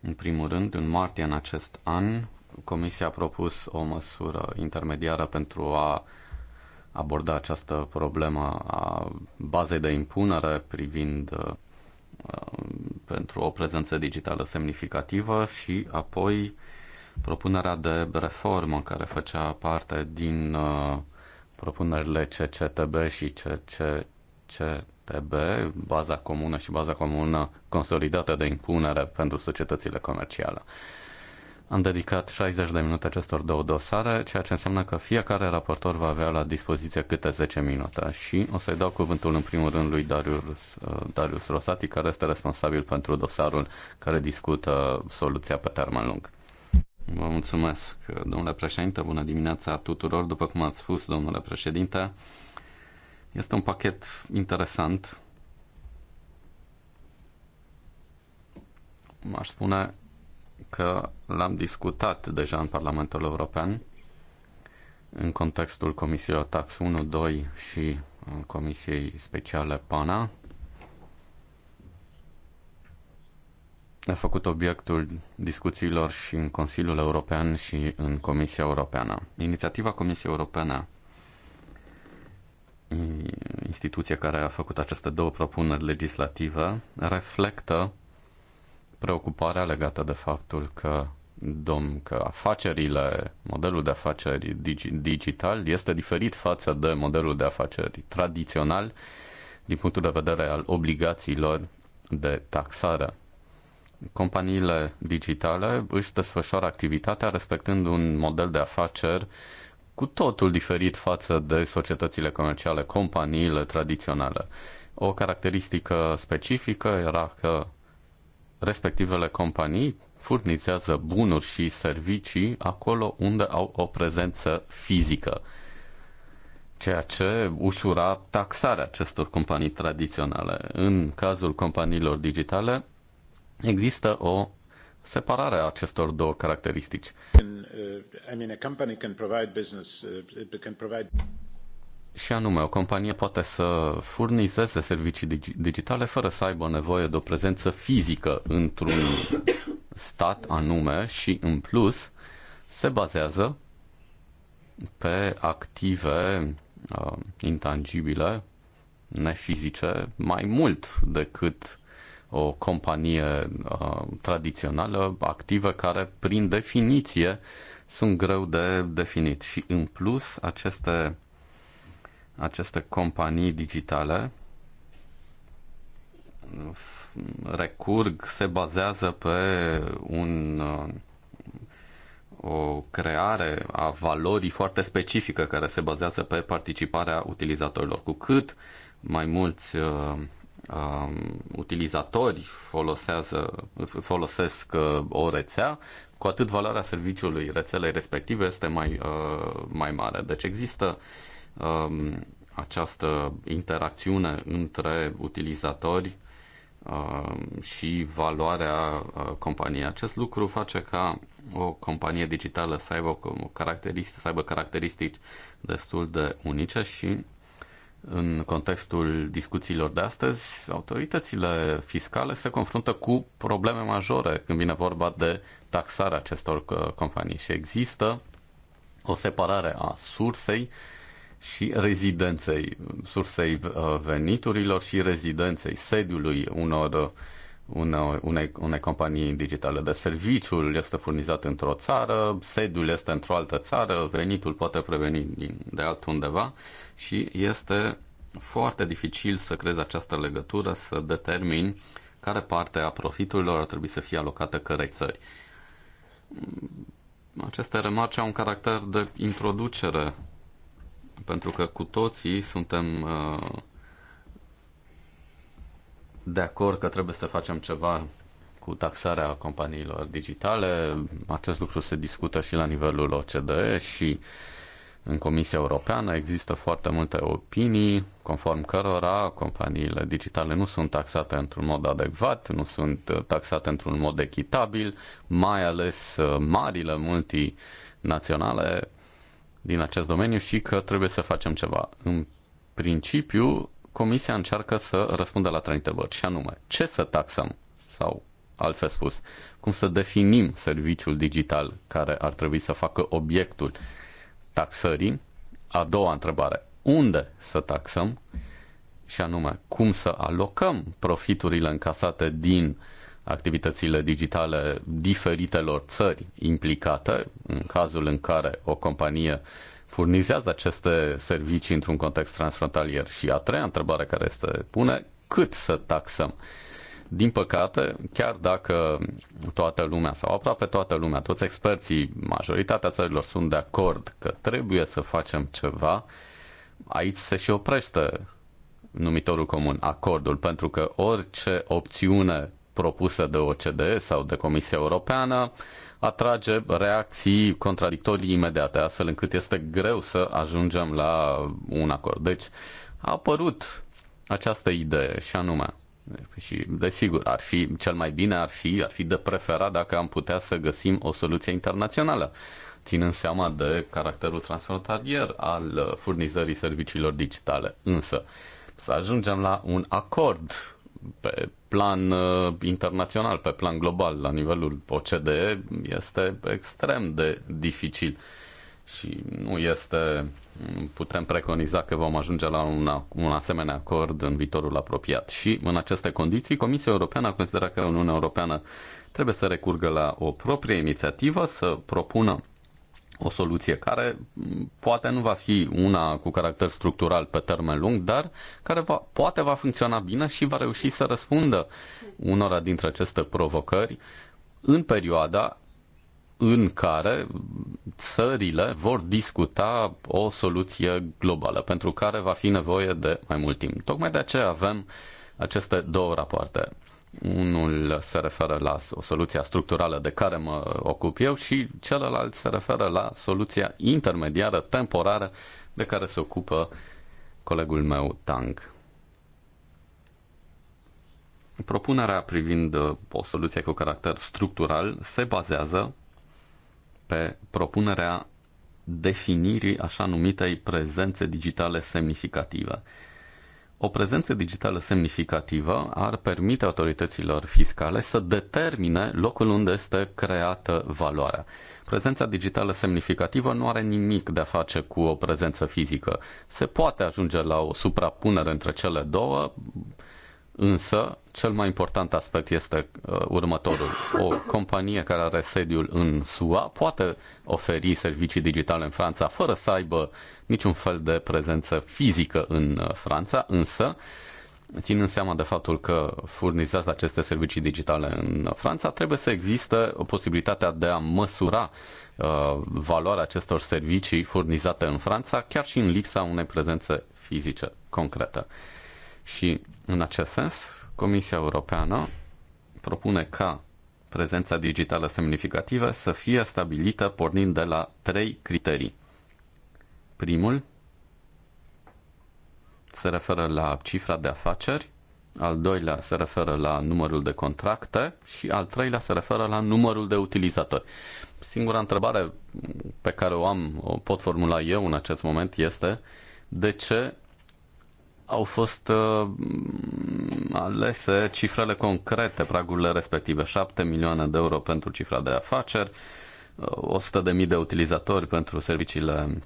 În primul rând, în martie în acest an, Comisia a propus o măsură intermediară pentru a aborda această problemă a bazei de impunere privind uh, pentru o prezență digitală semnificativă și apoi propunerea de reformă care făcea parte din uh, propunerile CCTB și CCC PB, baza comună și baza comună consolidată de impunere pentru societățile comerciale. Am dedicat 60 de minute acestor două dosare, ceea ce înseamnă că fiecare raportor va avea la dispoziție câte 10 minute și o să-i dau cuvântul în primul rând lui Darius, uh, Darius Rosati, care este responsabil pentru dosarul care discută soluția pe termen lung. Vă mulțumesc, domnule președinte, bună dimineața tuturor, după cum ați spus, domnule președinte. Este un pachet interesant. Aș spune că l-am discutat deja în Parlamentul European în contextul Comisiei Tax 1, 2 și Comisiei Speciale PANA. A făcut obiectul discuțiilor și în Consiliul European și în Comisia Europeană. Inițiativa Comisiei Europene instituție care a făcut aceste două propuneri legislative reflectă preocuparea legată de faptul că dom că afacerile, modelul de afaceri digi, digital este diferit față de modelul de afaceri tradițional din punctul de vedere al obligațiilor de taxare. Companiile digitale își desfășoară activitatea respectând un model de afaceri uh, cu totul diferit față de societățile comerciale, companiile tradiționale. O caracteristică specifică era că respectivele companii furnizează bunuri și servicii acolo unde au o prezență fizică, ceea ce ușura taxarea acestor companii tradiționale. În cazul companiilor digitale există o separarea acestor două caracteristici. Uh, uh, și anume, o companie poate să furnizeze servicii digitale fără să aibă nevoie de o prezență fizică într-un stat anume și, în plus, se bazează pe active uh, intangibile, nefizice, mai mult decât o companie uh, tradițională, activă care, prin definiție, sunt greu de definit. Și, în plus, aceste, aceste companii digitale uh, recurg, se bazează pe un, uh, o creare a valorii foarte specifică care se bazează pe participarea utilizatorilor. Cu cât mai mulți uh, utilizatori folosează, folosesc uh, o rețea, cu atât valoarea serviciului rețelei respective este mai, uh, mai mare. Deci există um, această interacțiune între utilizatori um, și valoarea uh, companiei. Acest lucru face ca o companie digitală să aibă, caracteristici, să aibă caracteristici destul de unice și în contextul discuțiilor de astăzi, autoritățile fiscale se confruntă cu probleme majore când vine vorba de taxarea acestor uh, companii și există o separare a sursei și rezidenței, sursei uh, veniturilor și rezidenței sediului unor uh, unei, unei, unei companii digitale de serviciul este furnizat într-o țară, sediul este într-o altă țară, venitul poate preveni din, de altundeva și este foarte dificil să crezi această legătură, să determini care parte a profiturilor ar trebui să fie alocată cărei țări. Aceste remarci au un caracter de introducere, pentru că cu toții suntem uh, de acord că trebuie să facem ceva cu taxarea companiilor digitale. Acest lucru se discută și la nivelul OCDE și în Comisia Europeană există foarte multe opinii conform cărora companiile digitale nu sunt taxate într-un mod adecvat, nu sunt taxate într-un mod echitabil, mai ales marile multinaționale din acest domeniu și că trebuie să facem ceva. În principiu, Comisia încearcă să răspundă la trei întrebări, și anume, ce să taxăm sau altfel spus, cum să definim serviciul digital care ar trebui să facă obiectul taxării. A doua întrebare, unde să taxăm și anume cum să alocăm profiturile încasate din activitățile digitale diferitelor țări implicate, în cazul în care o companie furnizează aceste servicii într-un context transfrontalier? Și a treia întrebare care este pune, cât să taxăm? Din păcate, chiar dacă toată lumea sau aproape toată lumea, toți experții, majoritatea țărilor sunt de acord că trebuie să facem ceva, aici se și oprește numitorul comun, acordul, pentru că orice opțiune propusă de OCDE sau de Comisia Europeană atrage reacții contradictorii imediate, astfel încât este greu să ajungem la un acord. Deci a apărut această idee și anume și desigur, ar fi cel mai bine ar fi, ar fi de preferat dacă am putea să găsim o soluție internațională ținând seama de caracterul transfrontalier al furnizării serviciilor digitale. Însă, să ajungem la un acord pe plan uh, internațional, pe plan global, la nivelul OCDE, este extrem de dificil și nu este putem preconiza că vom ajunge la una, un asemenea acord în viitorul apropiat. Și în aceste condiții, Comisia Europeană consideră că Uniunea Europeană trebuie să recurgă la o proprie inițiativă, să propună o soluție care mm, poate nu va fi una cu caracter structural pe termen lung, dar care va, poate va funcționa bine și va reuși să răspundă unora dintre aceste provocări în perioada în care țările vor discuta o soluție globală, pentru care va fi nevoie de mai mult timp. Tocmai de aceea avem aceste două rapoarte. Unul se referă la o soluție structurală de care mă ocup eu și celălalt se referă la soluția intermediară, temporară, de care se ocupă colegul meu, Tang. Propunerea privind uh, o soluție cu caracter structural se bazează pe propunerea definirii așa numitei prezențe digitale semnificative. O prezență digitală semnificativă ar permite autorităților fiscale să determine locul unde este creată valoarea. Prezența digitală semnificativă nu are nimic de a face cu o prezență fizică. Se poate ajunge la o suprapunere între cele două, Însă, cel mai important aspect este uh, următorul. O companie care are sediul în SUA poate oferi servicii digitale în Franța fără să aibă niciun fel de prezență fizică în uh, Franța, însă, ținând seama de faptul că furnizează aceste servicii digitale în uh, Franța, trebuie să existe o posibilitatea de a măsura uh, valoarea acestor servicii furnizate în Franța, chiar și în lipsa unei prezențe fizice concrete. Și în acest sens, Comisia Europeană propune ca prezența digitală semnificativă să fie stabilită pornind de la trei criterii. Primul se referă la cifra de afaceri, al doilea se referă la numărul de contracte și al treilea se referă la numărul de utilizatori. Singura întrebare pe care o am, o pot formula eu în acest moment este de ce au fost uh, alese cifrele concrete, pragurile respective, 7 milioane de euro pentru cifra de afaceri, 100 uh, de mii de utilizatori pentru serviciile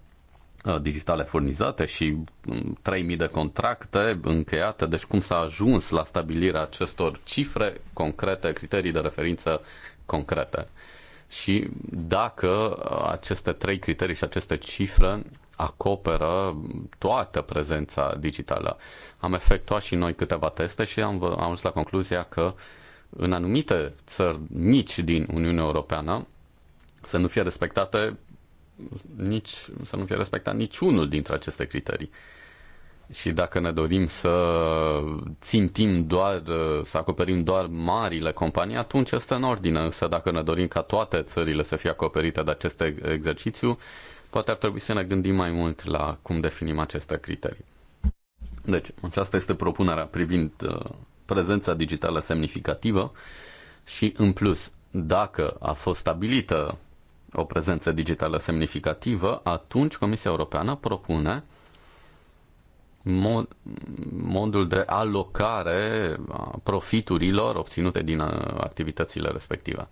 uh, digitale furnizate și 3.000 um, de contracte încheiate, deci cum s-a ajuns la stabilirea acestor cifre concrete, criterii de referință concrete. Și dacă aceste trei criterii și aceste cifre acoperă toată prezența digitală. Am efectuat și noi câteva teste și am, am ajuns la concluzia că în anumite țări mici din Uniunea Europeană să nu fie respectate nici, să nu fie respectat niciunul dintre aceste criterii. Și dacă ne dorim să țintim doar, să acoperim doar marile companii, atunci este în ordine. Însă dacă ne dorim ca toate țările să fie acoperite de acest exercițiu, Poate ar trebui să ne gândim mai mult la cum definim aceste criterii. Deci, aceasta este propunerea privind uh, prezența digitală semnificativă și, în plus, dacă a fost stabilită o prezență digitală semnificativă, atunci Comisia Europeană propune mod, modul de alocare a profiturilor obținute din uh, activitățile respective.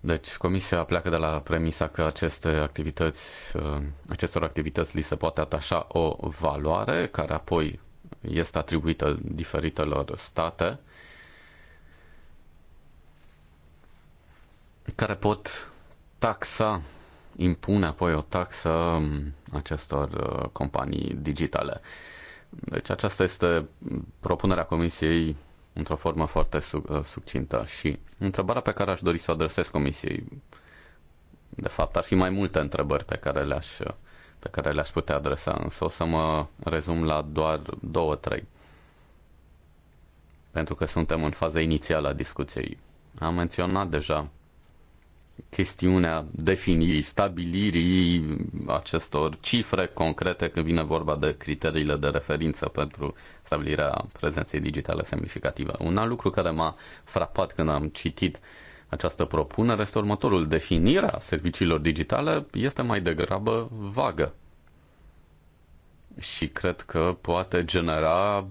Deci, Comisia pleacă de la premisa că aceste activități, uh, acestor activități li se poate atașa o valoare care apoi este atribuită diferitelor state care pot taxa, impune apoi o taxă um, acestor uh, companii digitale. Deci aceasta este propunerea Comisiei într-o formă foarte uh, succintă. Și întrebarea pe care aș dori să o adresez comisiei, de fapt, ar fi mai multe întrebări pe care le-aș, uh, pe care le-aș putea adresa, însă o să mă rezum la doar două, trei. Pentru că suntem în faza inițială a discuției. Am menționat deja chestiunea definirii, stabilirii acestor cifre concrete când vine vorba de criteriile de referință pentru stabilirea prezenței digitale semnificative. Un alt lucru care m-a frapat când am citit această propunere este următorul. Definirea serviciilor digitale este mai degrabă vagă și cred că poate genera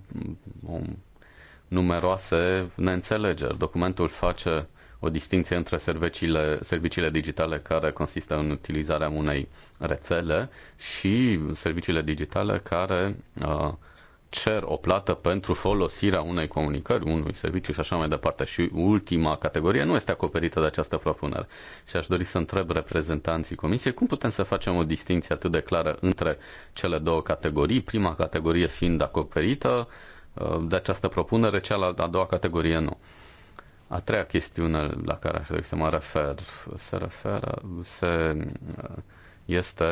numeroase neînțelegeri. Documentul face o distinție între serviciile, serviciile digitale care consistă în utilizarea unei rețele și serviciile digitale care uh, cer o plată pentru folosirea unei comunicări, unui serviciu și așa mai departe. Și ultima categorie nu este acoperită de această propunere. Și aș dori să întreb reprezentanții Comisiei cum putem să facem o distinție atât de clară între cele două categorii, prima categorie fiind acoperită uh, de această propunere, cealaltă, a doua categorie nu. A treia chestiune la care aș trebui să mă refer se referă se, este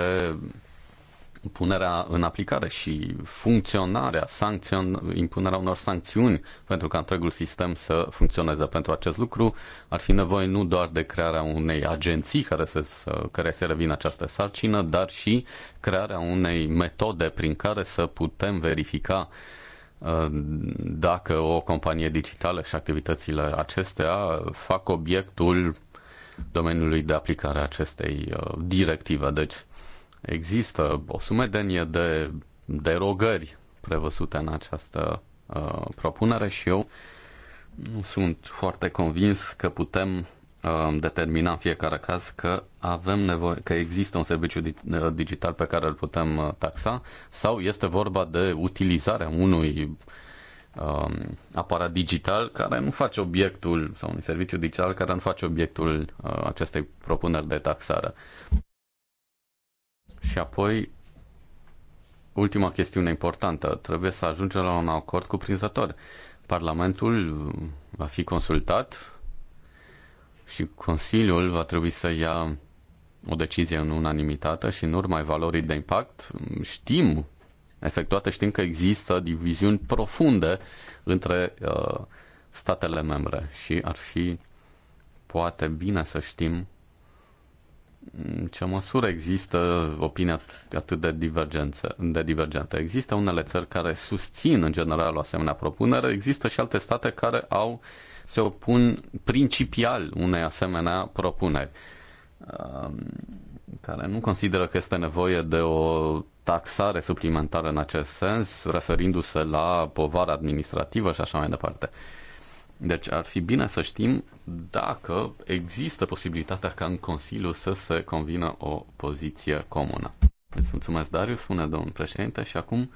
punerea în aplicare și funcționarea, sancțion, impunerea unor sancțiuni pentru ca întregul sistem să funcționeze. Pentru acest lucru ar fi nevoie nu doar de crearea unei agenții care să, care se revină această sarcină, dar și crearea unei metode prin care să putem verifica uh, dacă o companie digitală și activitățile acestea fac obiectul domeniului de aplicare a acestei uh, directive. Deci există o sumedenie de derogări prevăzute în această uh, propunere și eu nu sunt foarte convins că putem determina în fiecare caz că avem nevoie, că există un serviciu uh, digital pe care îl putem uh, taxa sau este vorba de utilizarea unui um, aparat digital care nu face obiectul sau un serviciu digital care nu face obiectul uh, acestei propuneri de taxare. Și apoi, ultima chestiune importantă, trebuie să ajungem la un acord cuprinzător. Parlamentul va fi consultat și Consiliul va trebui să ia o decizie în unanimitate și în urma valorii de impact știm, efectuată știm că există diviziuni profunde între uh, statele membre și ar fi poate bine să știm în ce măsură există opinia atât de, divergență de divergentă. Există unele țări care susțin în general o asemenea propunere, există și alte state care au uh, se opun principial unei asemenea propuneri um, care nu consideră că este nevoie de o taxare suplimentară în acest sens, referindu-se la povara administrativă și așa mai departe. Deci ar fi bine să știm dacă există posibilitatea ca în Consiliu să se convină o poziție comună. Îți mulțumesc, Darius, spune domnul președinte, și acum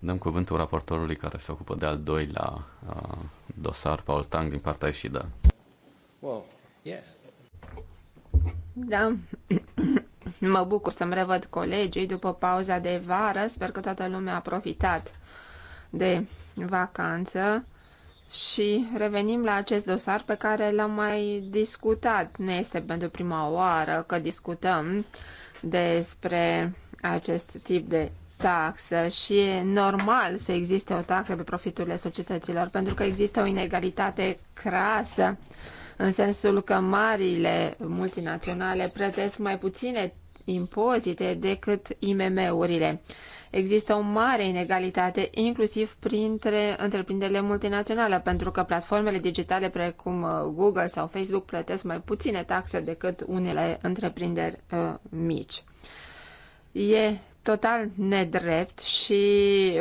Dăm cuvântul raportorului care se ocupă de al doilea uh, dosar, Paul Tang, din partea Eșida. Wow. Yeah. Da. *clears throat* mă bucur să-mi revăd colegii după pauza de vară. Sper că toată lumea a profitat de vacanță și revenim la acest dosar pe care l-am mai discutat. Nu este pentru prima oară că discutăm despre acest tip de taxă și e normal să existe o taxă pe profiturile societăților, pentru că există o inegalitate crasă în sensul că marile multinaționale plătesc mai puține impozite decât IMM-urile. Există o mare inegalitate, inclusiv printre întreprinderile multinaționale, pentru că platformele digitale precum uh, Google sau Facebook plătesc mai puține taxe decât unele întreprinderi uh, mici. E total nedrept și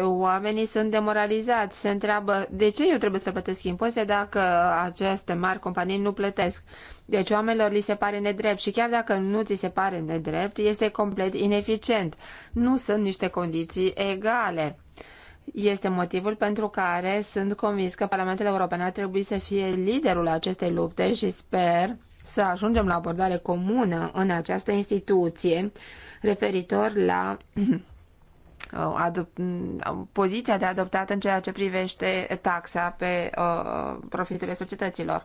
oamenii sunt demoralizați. Se întreabă de ce eu trebuie să plătesc impozite dacă aceste mari companii nu plătesc. Deci oamenilor li se pare nedrept și chiar dacă nu ți se pare nedrept, este complet ineficient. Nu sunt niște condiții egale. Este motivul pentru care sunt convins că Parlamentul European ar trebui să fie liderul acestei lupte și sper să ajungem la abordare comună în această instituție referitor la *clears throat* uh, uh, poziția de adoptat în ceea ce privește taxa pe uh, profiturile societăților.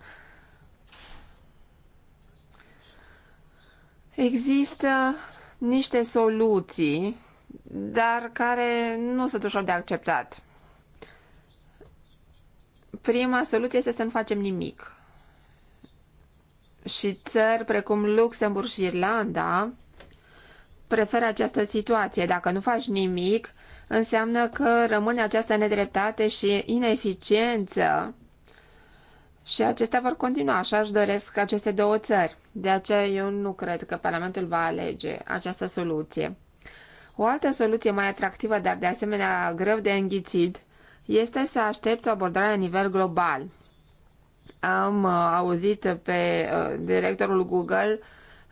Există niște soluții, dar care nu sunt ușor de acceptat. Prima soluție este să nu facem nimic și țări precum Luxemburg și Irlanda preferă această situație. Dacă nu faci nimic, înseamnă că rămâne această nedreptate și ineficiență și acestea vor continua, așa își doresc aceste două țări. De aceea eu nu cred că Parlamentul va alege această soluție. O altă soluție mai atractivă, dar de asemenea greu de înghițit, este să aștepți o abordare la nivel global, am uh, auzit pe uh, directorul Google,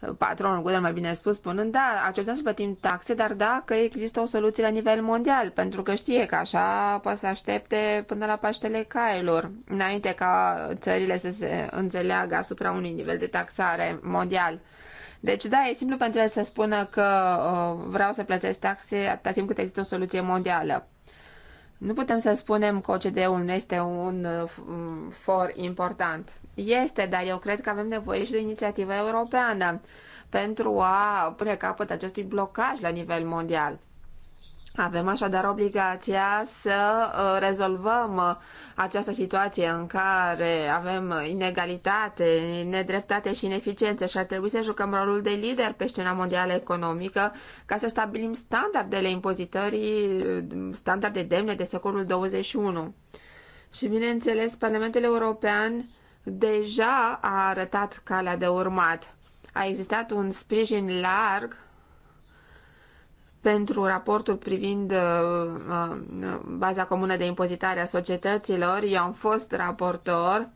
uh, patronul Google mai bine spus, spunând, da, acceptăm să plătim taxe, dar dacă există o soluție la nivel mondial, pentru că știe că așa poate să aștepte până la Paștele Cailor, înainte ca țările să se înțeleagă asupra unui nivel de taxare mondial. Deci da, e simplu pentru el să spună că uh, vreau să plătesc taxe atâta timp cât există o soluție mondială. Nu putem să spunem că OCDE-ul nu este uh, un for important. Este, dar eu cred că avem nevoie și de o inițiativă europeană pentru a pune capăt acestui blocaj la nivel mondial. Avem așadar obligația să uh, rezolvăm uh, această situație în care avem inegalitate, nedreptate și ineficiență și ar trebui să jucăm rolul de lider pe scena mondială economică ca să stabilim standardele impozitării, uh, standarde demne de secolul 21. Și bineînțeles, Parlamentul European deja a arătat calea de urmat. A existat un sprijin larg pentru raportul privind uh, uh, baza comună de impozitare a societăților. Eu am fost raportor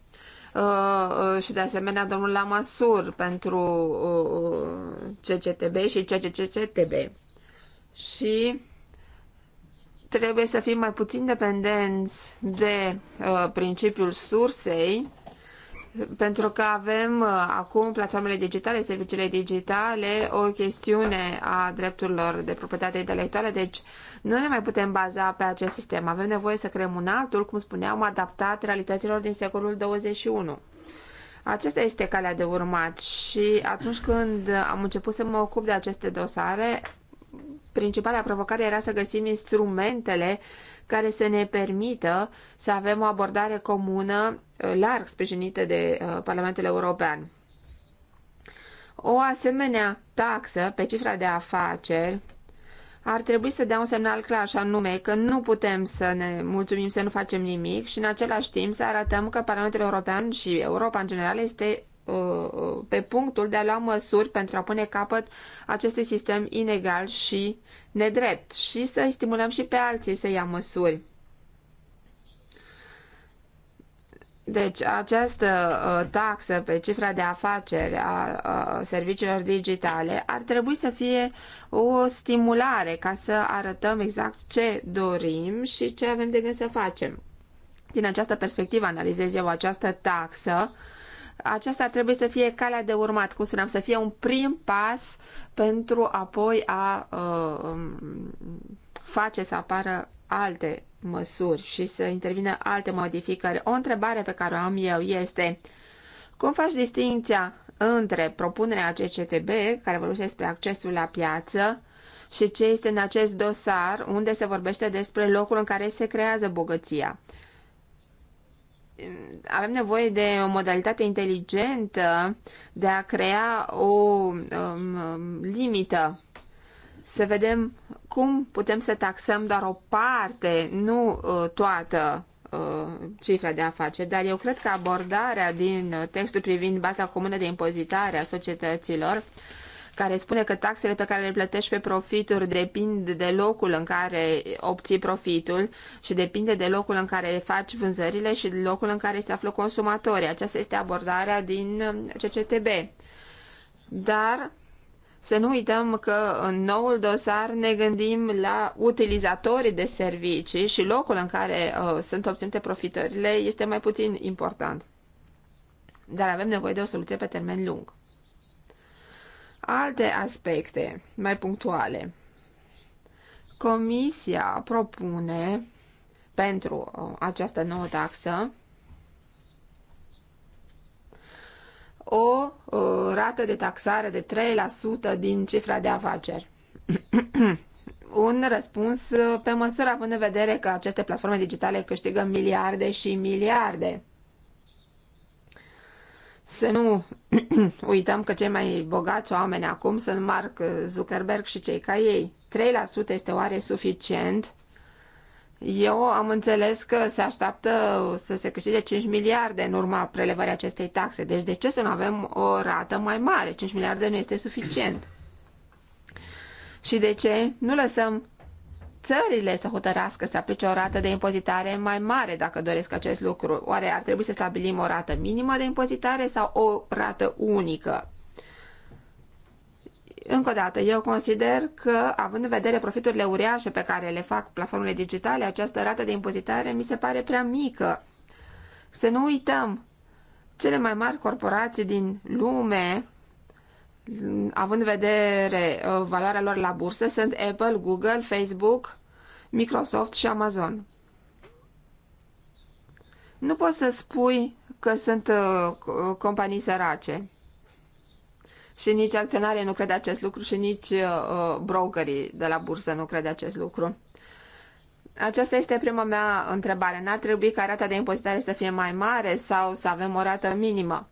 uh, uh și de asemenea domnul Lamasur pentru uh, uh CCTB și CCCTB. Și trebuie să fim mai puțin dependenți de principiul sursei pentru că avem uh, acum platformele digitale, serviciile digitale, o chestiune a drepturilor de proprietate intelectuală, deci nu ne mai putem baza pe acest sistem. Avem nevoie să creăm un altul, cum spuneam, adaptat realităților din secolul 21. Acesta este calea de urmat și atunci când am început să mă ocup de aceste dosare, principala provocare era să găsim instrumentele care să ne permită să avem o abordare comună larg sprijinite de uh, Parlamentul European. O asemenea taxă pe cifra de afaceri ar trebui să dea un semnal clar și anume că nu putem să ne mulțumim să nu facem nimic și în același timp să arătăm că Parlamentul European și Europa în general este uh, uh, pe punctul de a lua măsuri pentru a pune capăt acestui sistem inegal și nedrept și să stimulăm și pe alții să ia măsuri. Deci, această uh, taxă pe cifra de afaceri a uh, serviciilor digitale ar trebui să fie o stimulare ca să arătăm exact ce dorim și ce avem de gând să facem. Din această perspectivă analizez eu această taxă. Aceasta trebuie să fie calea de urmat, cum spuneam, să fie un prim pas pentru apoi a uh, um, face să apară alte măsuri și să intervină alte modificări. O întrebare pe care o am eu este cum faci distinția între propunerea CCTB, care vorbește despre accesul la piață, și ce este în acest dosar unde se vorbește despre locul în care se creează bogăția. Avem nevoie de o modalitate inteligentă de a crea o um, limită să vedem cum putem să taxăm doar o parte, nu uh, toată uh, cifra de afaceri, dar eu cred că abordarea din textul privind baza comună de impozitare a societăților care spune că taxele pe care le plătești pe profituri depind de locul în care obții profitul și depinde de locul în care faci vânzările și de locul în care se află consumatorii. Aceasta este abordarea din CCTB. Dar să nu uităm că în noul dosar ne gândim la utilizatorii de servicii și locul în care uh, sunt obținute profitările este mai puțin important. Dar avem nevoie de o soluție pe termen lung. Alte aspecte mai punctuale. Comisia propune pentru uh, această nouă taxă o uh, rată de taxare de 3% din cifra de afaceri. *clears throat* Un răspuns uh, pe măsură, având în vedere că aceste platforme digitale câștigă miliarde și miliarde. Să nu *clears throat* uităm că cei mai bogați oameni acum sunt Mark Zuckerberg și cei ca ei. 3% este oare suficient eu am înțeles că se așteaptă să se câștige 5 miliarde în urma prelevării acestei taxe. Deci de ce să nu avem o rată mai mare? 5 miliarde nu este suficient. Și de ce nu lăsăm țările să hotărească să aplice o rată de impozitare mai mare dacă doresc acest lucru? Oare ar trebui să stabilim o rată minimă de impozitare sau o rată unică? Încă o dată, eu consider că, având în vedere profiturile uriașe pe care le fac platformele digitale, această rată de impozitare mi se pare prea mică. Să nu uităm, cele mai mari corporații din lume, având în vedere uh, valoarea lor la bursă, sunt Apple, Google, Facebook, Microsoft și Amazon. Nu poți să spui că sunt uh, companii sărace și nici acționarii nu cred acest lucru și nici uh, brokerii de la bursă nu cred acest lucru. Aceasta este prima mea întrebare. N-ar trebui ca rata de impozitare să fie mai mare sau să avem o rată minimă?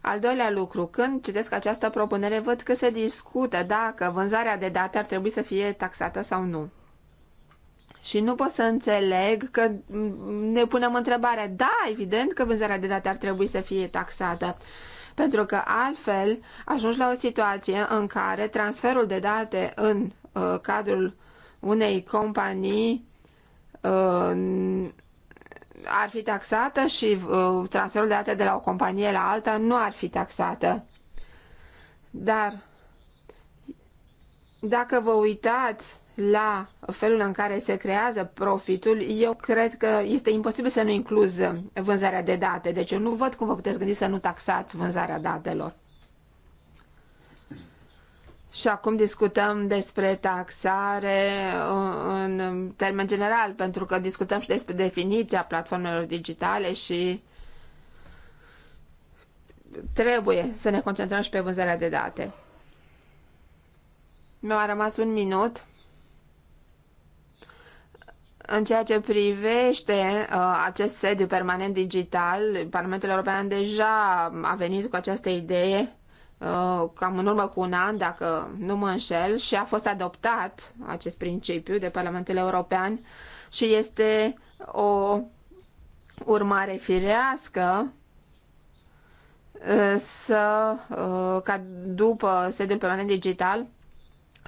Al doilea lucru, când citesc această propunere, văd că se discută dacă vânzarea de date ar trebui să fie taxată sau nu. Și nu pot să înțeleg că ne punem întrebarea, da, evident că vânzarea de date ar trebui să fie taxată, pentru că altfel ajungi la o situație în care transferul de date în uh, cadrul unei companii uh, ar fi taxată și uh, transferul de date de la o companie la alta nu ar fi taxată. Dar dacă vă uitați la felul în care se creează profitul, eu cred că este imposibil să nu incluz vânzarea de date. Deci eu nu văd cum vă puteți gândi să nu taxați vânzarea datelor. Și acum discutăm despre taxare uh, în termen general, pentru că discutăm și despre definiția platformelor digitale și trebuie să ne concentrăm și pe vânzarea de date. Mi-a rămas un minut. În ceea ce privește uh, acest sediu permanent digital, Parlamentul European deja a venit cu această idee uh, cam în urmă cu un an, dacă nu mă înșel, și a fost adoptat acest principiu de Parlamentul European și este o urmare firească uh, să, uh, ca după sediul permanent digital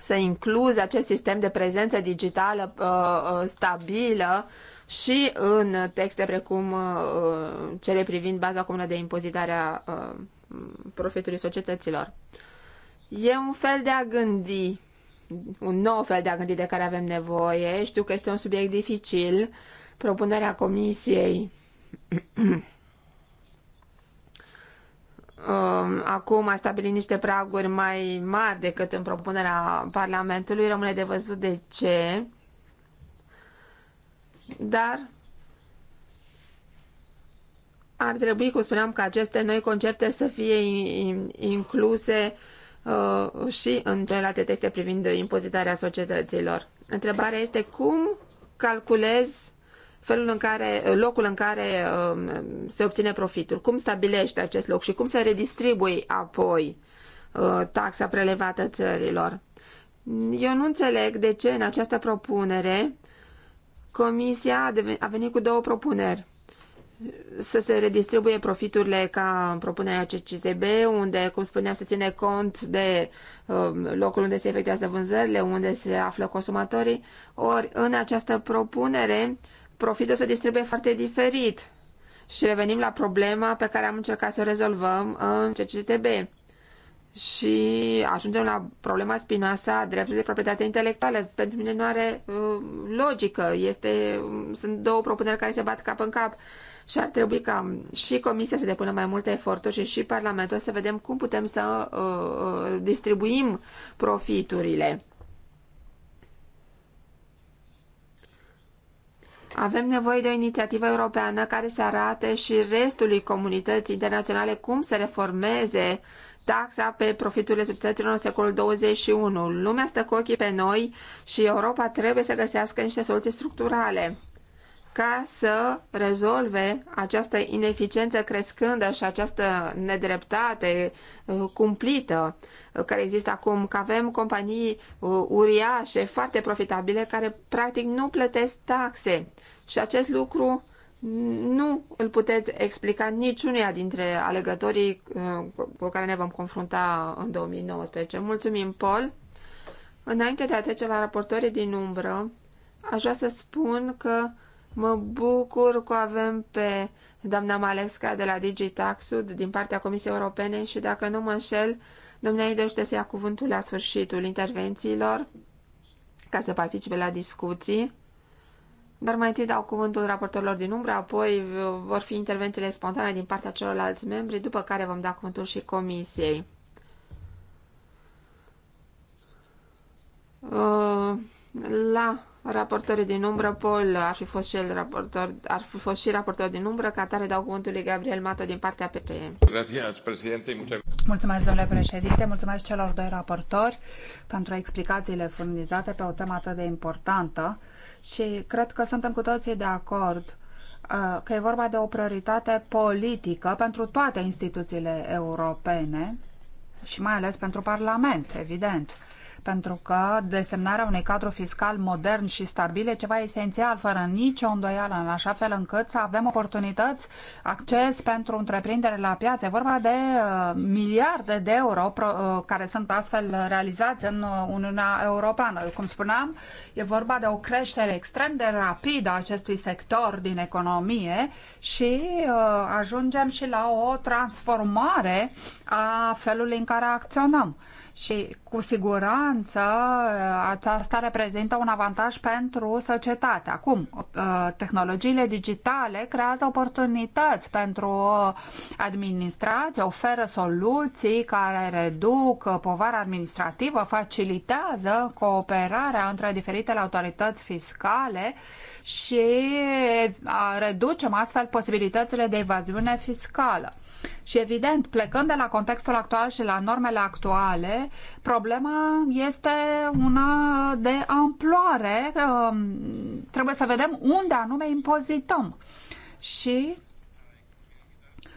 să incluzi acest sistem de prezență digitală uh, uh stabilă și în texte precum uh, uh, cele privind baza comună de impozitare a uh, profitului societăților. E un fel de a gândi, un nou fel de a gândi de care avem nevoie. Știu că este un subiect dificil. Propunerea comisiei Um, acum a stabilit niște praguri mai mari decât în propunerea Parlamentului. Rămâne de văzut de ce. Dar ar trebui, cum spuneam, ca aceste noi concepte să fie incluse uh, și în celelalte teste privind impozitarea societăților. Întrebarea este cum calculez felul în care, locul în care um, se obține profitul, cum stabilește acest loc și cum se redistribui apoi uh, taxa prelevată țărilor. Eu nu înțeleg de ce în această propunere Comisia a venit cu două propuneri. Să se redistribuie profiturile ca în propunerea CCTB, unde, cum spuneam, se ține cont de um, locul unde se efectuează vânzările, unde se află consumatorii. Ori, în această propunere, profitul se distribuie foarte diferit. Și revenim la problema pe care am încercat să o rezolvăm în CCTB. Și ajungem la problema spinoasă a dreptului de proprietate intelectuală. Pentru mine nu are uh, logică. Este, um, sunt două propuneri care se bat cap în cap și ar trebui ca și Comisia să depună mai multe eforturi și și Parlamentul să vedem cum putem să uh, uh distribuim profiturile. Avem nevoie de o inițiativă europeană care să arate și restului comunității internaționale cum să reformeze taxa pe profiturile substanțelor în secolul 21. Lumea stă cu ochii pe noi și Europa trebuie să găsească niște soluții structurale ca să rezolve această ineficiență crescândă și această nedreptate uh, cumplită uh, care există acum, că avem companii uh, uriașe, foarte profitabile, care practic nu plătesc taxe. Și acest lucru nu îl puteți explica niciunia dintre alegătorii uh, cu care ne vom confrunta în 2019. Mulțumim, Paul! Înainte de a trece la raportorii din umbră, aș vrea să spun că mă bucur că avem pe doamna Malevska de la Digitaxud din partea Comisiei Europene și dacă nu mă înșel, domnea dorește să ia cuvântul la sfârșitul intervențiilor ca să participe la discuții. Dar mai întâi dau cuvântul raportorilor din umbră, apoi vor fi intervențiile spontane din partea celorlalți membri, după care vom da cuvântul și comisiei. Uh, la Raportorii din umbră, Paul ar fi fost și el raportor, ar fi fost și raportor din umbră, ca tare dau cuvântul lui Gabriel Mato din partea PPE. Mulțumesc, domnule președinte, mulțumesc celor doi raportori pentru explicațiile furnizate pe o temă atât de importantă și cred că suntem cu toții de acord uh, că e vorba de o prioritate politică pentru toate instituțiile europene și mai ales pentru Parlament, evident pentru că desemnarea unui cadru fiscal modern și stabil e ceva esențial, fără nicio îndoială, în așa fel încât să avem oportunități, acces pentru întreprindere la piață. E vorba de uh, miliarde de euro pro, uh, care sunt astfel realizați în uh, Uniunea Europeană. Cum spuneam, e vorba de o creștere extrem de rapidă a acestui sector din economie și uh, ajungem și la o transformare a felului în care acționăm și cu siguranță uh, asta reprezintă un avantaj pentru societate. Acum, uh, tehnologiile digitale creează oportunități pentru uh, administrație, oferă soluții care reduc povara administrativă, facilitează cooperarea între diferitele autorități fiscale și reducem astfel posibilitățile de evaziune fiscală. Și evident, plecând de la contextul actual și la normele actuale, problema este una de amploare. Um, trebuie să vedem unde anume impozităm. Și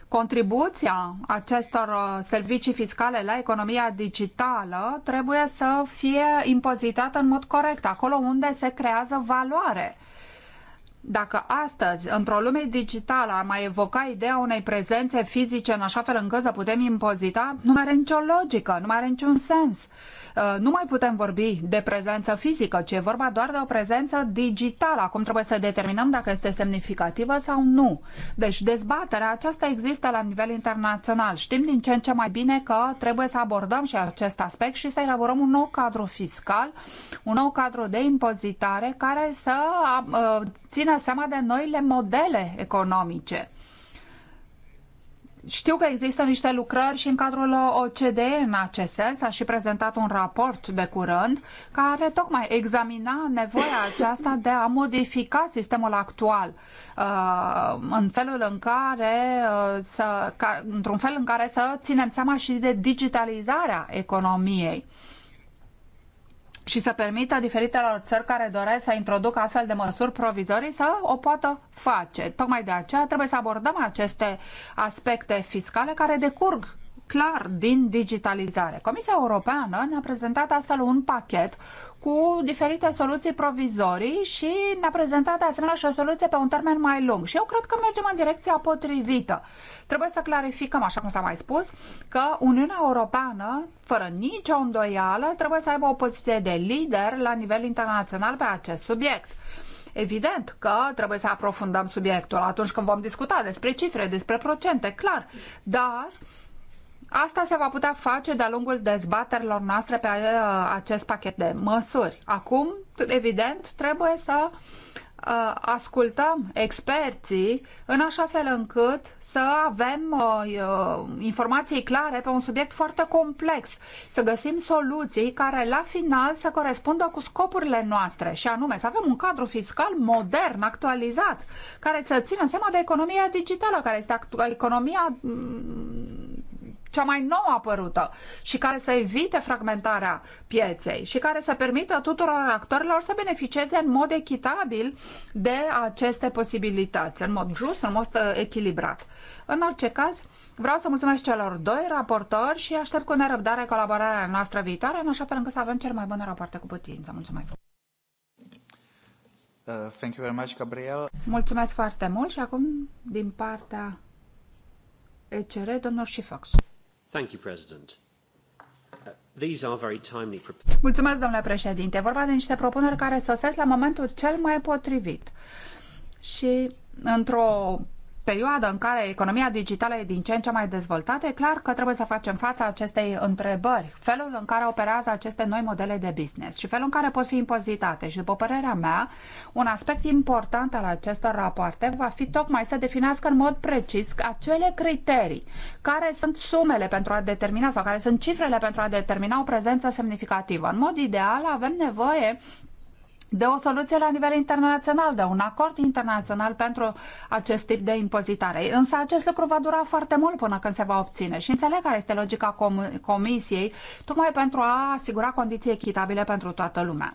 contribuția acestor uh, servicii fiscale la economia digitală trebuie să fie impozitată în mod corect, acolo unde se creează valoare dacă astăzi, într-o lume digitală, am mai evoca ideea unei prezențe fizice în așa fel încât să putem impozita, nu mai are nicio logică, nu mai are niciun sens. Uh, nu mai putem vorbi de prezență fizică, ci e vorba doar de o prezență digitală. Acum trebuie să determinăm dacă este semnificativă sau nu. Deci dezbaterea aceasta există la nivel internațional. Știm din ce în ce mai bine că trebuie să abordăm și acest aspect și să elaborăm un nou cadru fiscal, un nou cadru de impozitare care să uh, țină seama de noile modele economice. Știu că există niște lucrări și în cadrul OCDE în acest sens. A și prezentat un raport de curând care tocmai examina nevoia aceasta de a modifica sistemul actual uh, în felul în care uh, să, într-un fel în care să ținem seama și de digitalizarea economiei și să permită diferitelor țări care doresc să introducă astfel de măsuri provizorii să o poată face. Tocmai de aceea trebuie să abordăm aceste aspecte fiscale care decurg clar din digitalizare. Comisia Europeană ne-a prezentat astfel un pachet cu diferite soluții provizorii și ne-a prezentat de asemenea și o soluție pe un termen mai lung. Și eu cred că mergem în direcția potrivită. Trebuie să clarificăm, așa cum s-a mai spus, că Uniunea Europeană, fără nicio îndoială, trebuie să aibă o poziție de lider la nivel internațional pe acest subiect. Evident că trebuie să aprofundăm subiectul atunci când vom discuta despre cifre, despre procente, clar, dar Asta se va putea face de-a lungul dezbaterilor noastre pe uh, acest pachet de măsuri. Acum, evident, trebuie să uh, ascultăm experții în așa fel încât să avem uh, informații clare pe un subiect foarte complex, să găsim soluții care la final să corespundă cu scopurile noastre și anume să avem un cadru fiscal modern, actualizat, care să țină seama de economia digitală, care este economia mm, cea mai nouă apărută și care să evite fragmentarea pieței și care să permită tuturor actorilor să beneficieze în mod echitabil de aceste posibilități, în mod just, în mod uh, echilibrat. În orice caz, vreau să mulțumesc celor doi raportori și aștept cu nerăbdare colaborarea noastră viitoare, în așa fel încât să avem cel mai bune rapoarte cu putință. Mulțumesc! Uh, thank you very much, Gabriel. Mulțumesc foarte mult și acum din partea ECR, domnul Șifox. Thank you, President. Uh, these are very timely... Mulțumesc, domnule președinte. E vorba de niște propuneri care sosesc la momentul cel mai potrivit. Și într-o perioadă în care economia digitală e din ce în ce mai dezvoltată, e clar că trebuie să facem fața acestei întrebări, felul în care operează aceste noi modele de business și felul în care pot fi impozitate. Și după părerea mea, un aspect important al acestor rapoarte va fi tocmai să definească în mod precis acele criterii care sunt sumele pentru a determina sau care sunt cifrele pentru a determina o prezență semnificativă. În mod ideal avem nevoie de o soluție la nivel internațional, de un acord internațional pentru acest tip de impozitare. Însă acest lucru va dura foarte mult până când se va obține și înțeleg care este logica com- Comisiei, tocmai pentru a asigura condiții echitabile pentru toată lumea.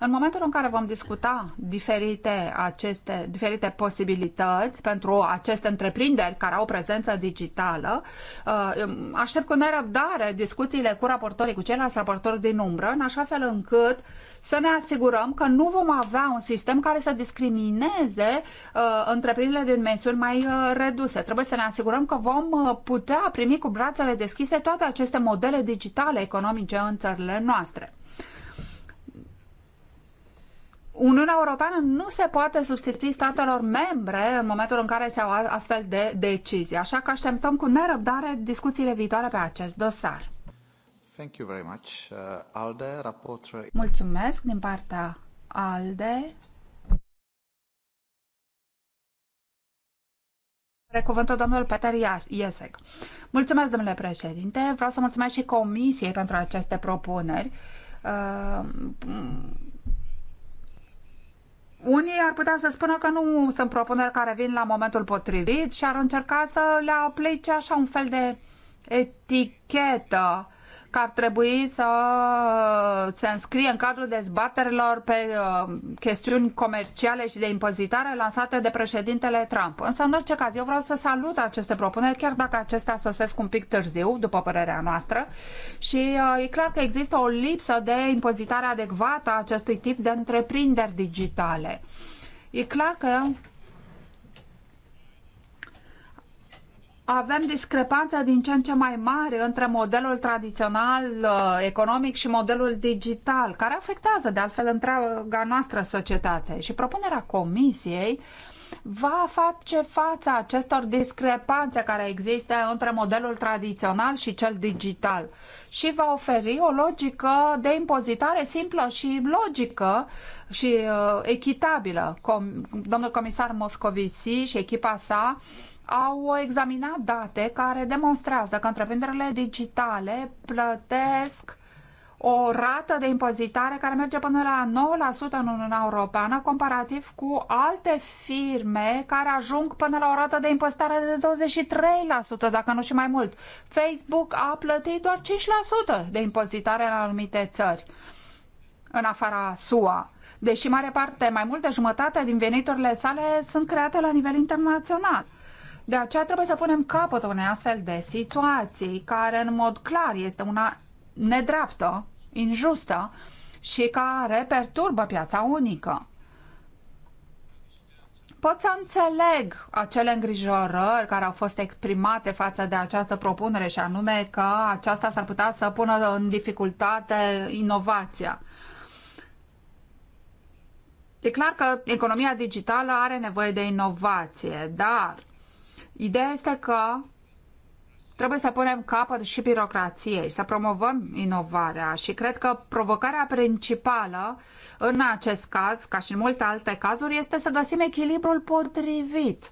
În momentul în care vom discuta diferite, aceste, diferite posibilități pentru aceste întreprinderi care au prezență digitală, uh, aștept cu nerăbdare discuțiile cu raportorii, cu ceilalți raportori din umbră, în așa fel încât să ne asigurăm că nu vom avea un sistem care să discrimineze uh, întreprinderile de dimensiuni mai uh, reduse. Trebuie să ne asigurăm că vom uh, putea primi cu brațele deschise toate aceste modele digitale economice în țările noastre. Uniunea Europeană nu se poate substitui statelor membre în momentul în care se au astfel de decizii, așa că așteptăm cu nerăbdare discuțiile viitoare pe acest dosar. Thank you very much. Uh, ALDE, raportor... Mulțumesc din partea ALDE. Are domnul Peter Iesec. Mulțumesc, domnule președinte. Vreau să mulțumesc și comisiei pentru aceste propuneri. Uh, unii ar putea să spună că nu sunt propuneri care vin la momentul potrivit și ar încerca să le aplice așa un fel de etichetă că ar trebui să se înscrie în cadrul dezbaterilor pe uh, chestiuni comerciale și de impozitare lansate de președintele Trump. Însă, în orice caz, eu vreau să salut aceste propuneri, chiar dacă acestea sosesc un pic târziu, după părerea noastră, și uh, e clar că există o lipsă de impozitare adecvată a acestui tip de întreprinderi digitale. E clar că avem discrepanța din ce în ce mai mare între modelul tradițional uh, economic și modelul digital, care afectează de altfel întreaga noastră societate. Și propunerea Comisiei va face fața acestor discrepanțe care există între modelul tradițional și cel digital și va oferi o logică de impozitare simplă și logică și uh, echitabilă. Com- domnul comisar Moscovici și echipa sa au examinat date care demonstrează că întreprinderile digitale plătesc o rată de impozitare care merge până la 9% în Uniunea Europeană, comparativ cu alte firme care ajung până la o rată de impozitare de 23%, dacă nu și mai mult. Facebook a plătit doar 5% de impozitare în anumite țări, în afara SUA. Deși, mare parte, mai mult de jumătate din veniturile sale sunt create la nivel internațional. De aceea trebuie să punem capăt unei astfel de situații care în mod clar este una nedreaptă, injustă și care perturbă piața unică. Pot să înțeleg acele îngrijorări care au fost exprimate față de această propunere și anume că aceasta s-ar putea să pună în dificultate inovația. E clar că economia digitală are nevoie de inovație, dar Ideea este că trebuie să punem capăt și birocrației, să promovăm inovarea și cred că provocarea principală în acest caz, ca și în multe alte cazuri, este să găsim echilibrul potrivit.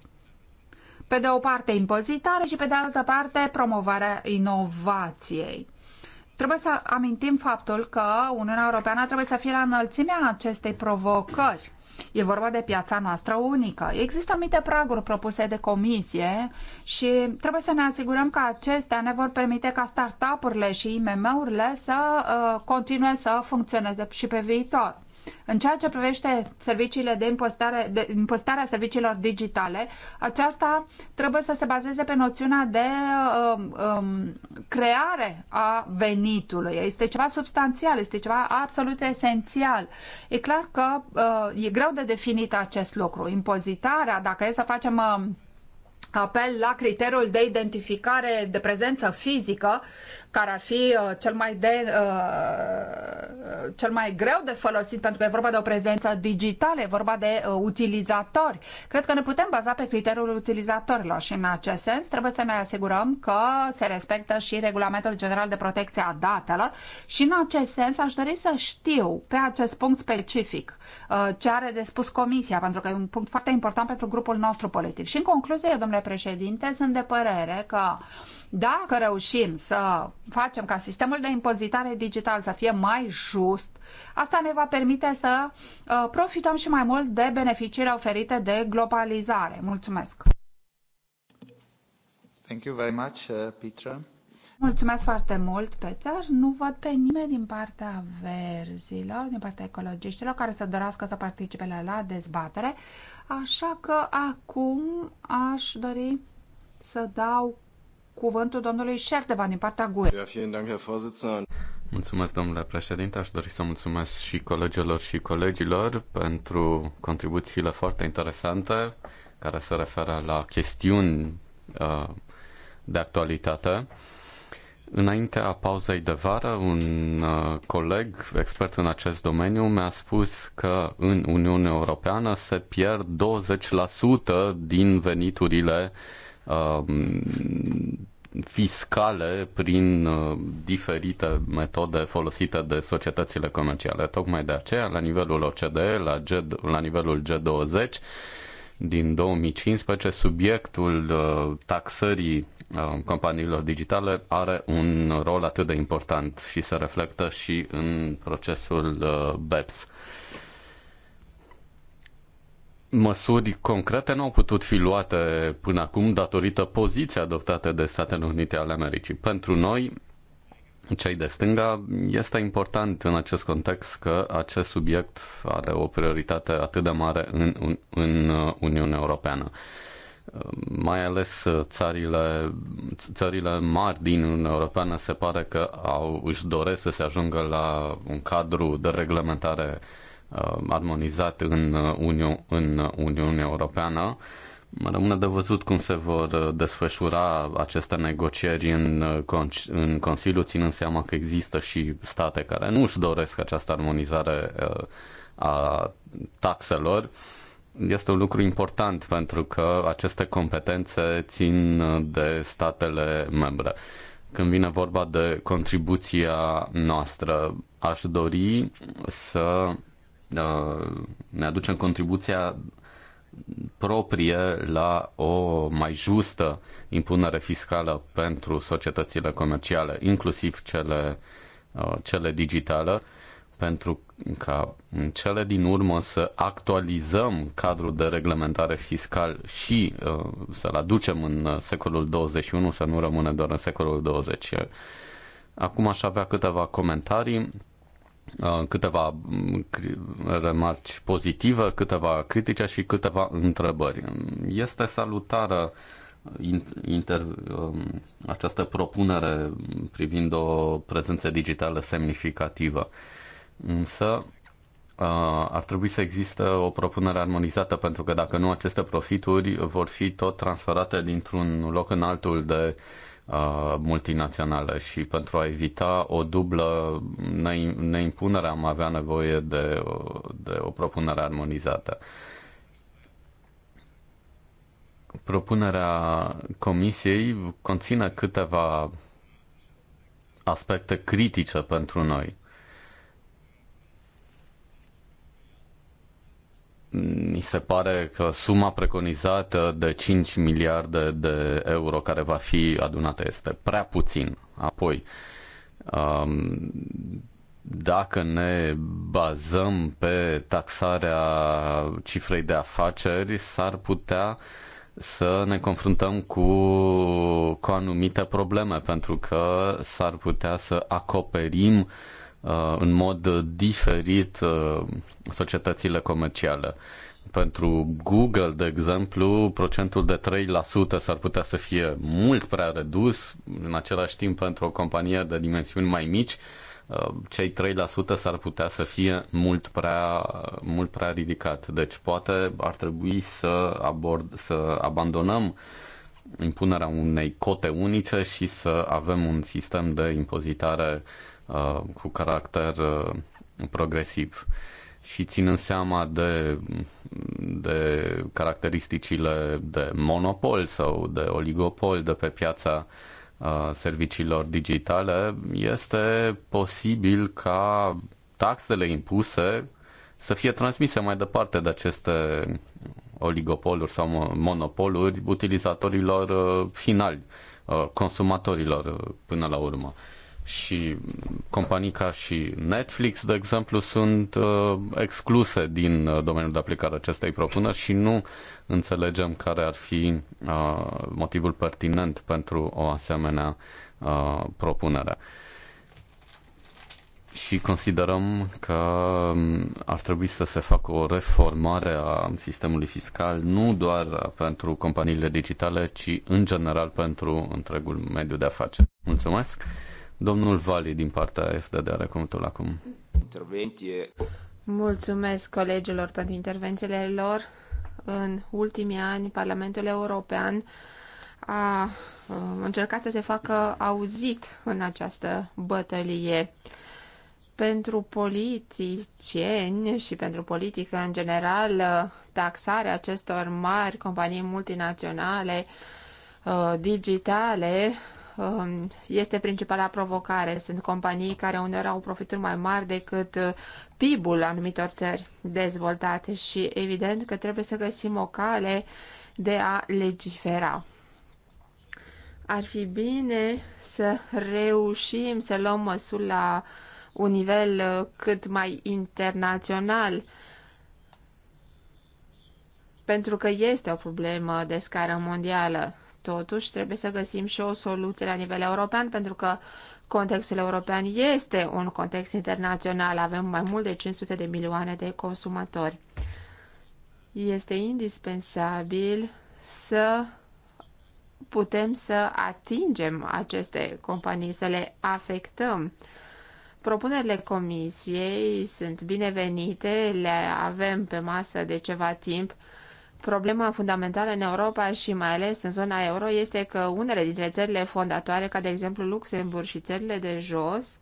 Pe de o parte impozitare și pe de altă parte promovarea inovației. Trebuie să amintim faptul că Uniunea Europeană trebuie să fie la înălțimea acestei provocări E vorba de piața noastră unică. Există anumite praguri propuse de comisie și trebuie să ne asigurăm că acestea ne vor permite ca startup-urile și IMM-urile să uh, continue să funcționeze și pe viitor. În ceea ce privește serviciile de impostare, de impostarea serviciilor digitale, aceasta trebuie să se bazeze pe noțiunea de uh, um, creare a venitului. Este ceva substanțial, este ceva absolut esențial. E clar că uh, e greu de definit acest lucru. Impozitarea, dacă e să facem uh, apel la criteriul de identificare de prezență fizică, care ar fi uh, cel mai, de, uh, uh, cel mai greu de folosit, pentru că e vorba de o prezență digitală, e vorba de utilizatori. Cred că ne putem baza pe criteriul utilizatorilor și în acest sens trebuie să ne asigurăm că se respectă și Regulamentul General de Protecție a Datelor și în acest sens aș dori să știu pe acest punct specific ce are de spus Comisia, pentru că e un punct foarte important pentru grupul nostru politic. Și în concluzie, domnule președinte, sunt de părere că dacă reușim să facem ca sistemul de impozitare digital să fie mai just, asta ne va permite să uh, profităm și mai mult de beneficiile oferite de globalizare. Mulțumesc! Thank you very much, uh, Petra. Mulțumesc foarte mult, Peter. Nu văd pe nimeni din partea verzilor, din partea ecologiștilor, care să dorească să participe la, dezbatere. Așa că acum aș dori să dau cuvântul domnului Șerdevan din partea GUE. Mulțumesc, domnule președinte. Aș dori să mulțumesc și colegilor și colegilor pentru contribuțiile foarte interesante care se referă la chestiuni uh, de actualitate. Înaintea pauzei de vară, un uh, coleg, expert în acest domeniu, mi-a spus că în Uniunea Europeană se pierd 20% din veniturile uh, fiscale prin uh, diferite metode folosite de societățile comerciale. Tocmai de aceea, la nivelul OCDE, la, G, la nivelul G20, din 2015, subiectul uh, taxării uh, companiilor digitale are un rol atât de important și se reflectă și în procesul uh, BEPS. Măsuri concrete nu au putut fi luate până acum datorită poziției adoptate de Statele Unite ale Americii. Pentru noi, cei de stânga. Este important în acest context că acest subiect are o prioritate atât de mare în, în uh, Uniunea Europeană uh, mai ales uh, țările, țările mari din Uniunea Europeană se pare că au, își doresc să se ajungă la un cadru de reglementare armonizat în, Uniu, în Uniunea Europeană. Uh, Rămâne de văzut cum se vor uh, desfășura aceste negocieri în, uh, în Consiliu, ținând seama că există și state care nu își doresc această armonizare uh, a taxelor. Este un lucru important pentru că aceste competențe țin de statele membre. Când vine vorba de contribuția noastră, aș dori să ne aducem contribuția proprie la o mai justă impunere fiscală pentru societățile comerciale, inclusiv cele, uh, cele digitale, pentru ca în cele din urmă să actualizăm cadrul de reglementare fiscal și uh, să-l aducem în uh, secolul 21, să nu rămână doar în secolul 20. Acum aș avea câteva comentarii Uh, câteva mm, remarci pozitive, câteva critice și câteva întrebări. Este salutară inter, um, această propunere privind o prezență digitală semnificativă. Însă uh, ar trebui să existe o propunere armonizată pentru că dacă nu aceste profituri vor fi tot transferate dintr-un loc în altul de uh, Uh, multinațională și pentru a evita o dublă neimpunere am avea nevoie de, de o propunere armonizată. Propunerea Comisiei conține câteva aspecte critice pentru noi. mi se pare că suma preconizată de 5 miliarde de euro care va fi adunată este prea puțin. Apoi, um, dacă ne bazăm pe taxarea cifrei de afaceri, s-ar putea să ne confruntăm cu, cu anumite probleme, pentru că s-ar putea să acoperim uh, Uh, în mod diferit uh, societățile comerciale. Pentru Google, de exemplu, procentul de 3% s-ar putea să fie mult prea redus, în același timp pentru o companie de dimensiuni mai mici, uh, cei 3% s-ar putea să fie mult prea, mult prea ridicat. Deci poate ar trebui să, abord, să abandonăm impunerea unei cote unice și să avem un sistem de impozitare uh, Uh, cu caracter uh, progresiv și ținând seama de, de caracteristicile de monopol sau de oligopol de pe piața uh, serviciilor digitale, este posibil ca taxele impuse să fie transmise mai departe de aceste oligopoluri sau monopoluri utilizatorilor finali, consumatorilor până la urmă și companii ca și Netflix, de exemplu, sunt uh, excluse din uh, domeniul de aplicare acestei propuneri și nu înțelegem care ar fi uh, motivul pertinent pentru o asemenea uh, propunere. Și considerăm că um, ar trebui să se facă o reformare a sistemului fiscal, nu doar pentru companiile digitale, ci în general pentru întregul mediu de afaceri. Mulțumesc! Domnul Vali din partea FDD are cuvântul acum. Intervenție. Mulțumesc colegilor pentru intervențiile lor. În ultimii ani, Parlamentul European a uh, încercat să se facă auzit în această bătălie. Pentru politicieni și pentru politică în general, taxarea acestor mari companii multinaționale uh, digitale Um, este principala provocare. Sunt companii care uneori au profituri mai mari decât uh, PIB-ul anumitor țări dezvoltate și evident că trebuie să găsim o cale de a legifera. Ar fi bine să reușim să luăm măsuri la un nivel uh, cât mai internațional, pentru că este o problemă de scară mondială Totuși, trebuie să găsim și o soluție la nivel european, pentru că contextul european este un context internațional. Avem mai mult de 500 de milioane de consumatori. Este indispensabil să putem să atingem aceste companii, să le afectăm. Propunerile comisiei sunt binevenite, le avem pe masă de ceva timp, Problema fundamentală în Europa și mai ales în zona euro este că unele dintre țările fondatoare, ca de exemplu Luxemburg și țările de jos,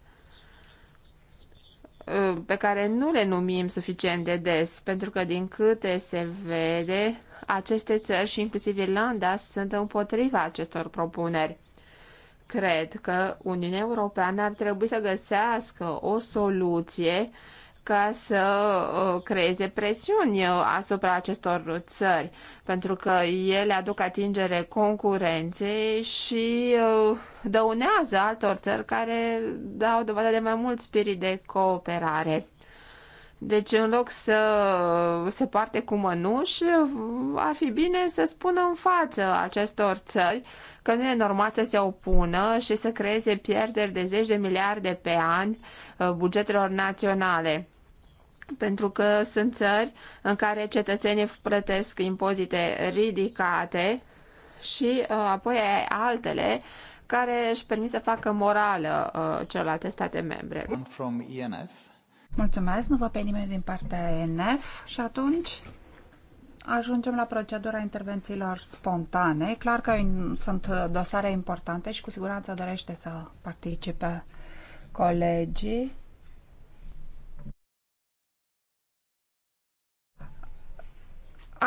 uh, pe care nu le numim suficient de des, pentru că din câte se vede, aceste țări și inclusiv Irlanda sunt împotriva acestor propuneri. Cred că Uniunea Europeană ar trebui să găsească o soluție ca să uh, creeze presiuni uh, asupra acestor țări, pentru că ele aduc atingere concurenței și uh, dăunează altor țări care dau dovadă de mai mult spirit de cooperare. Deci, în loc să se poarte cu mănuși, ar fi bine să spună în față acestor țări că nu e normal să se opună și să creeze pierderi de zeci de miliarde pe an bugetelor naționale pentru că sunt țări în care cetățenii plătesc impozite ridicate și uh, apoi altele care își permit să facă morală uh, celelalte state membre. Mulțumesc, nu vă pe nimeni din partea ENF și atunci ajungem la procedura intervențiilor spontane. Clar că sunt dosare importante și cu siguranță dorește să participe colegii.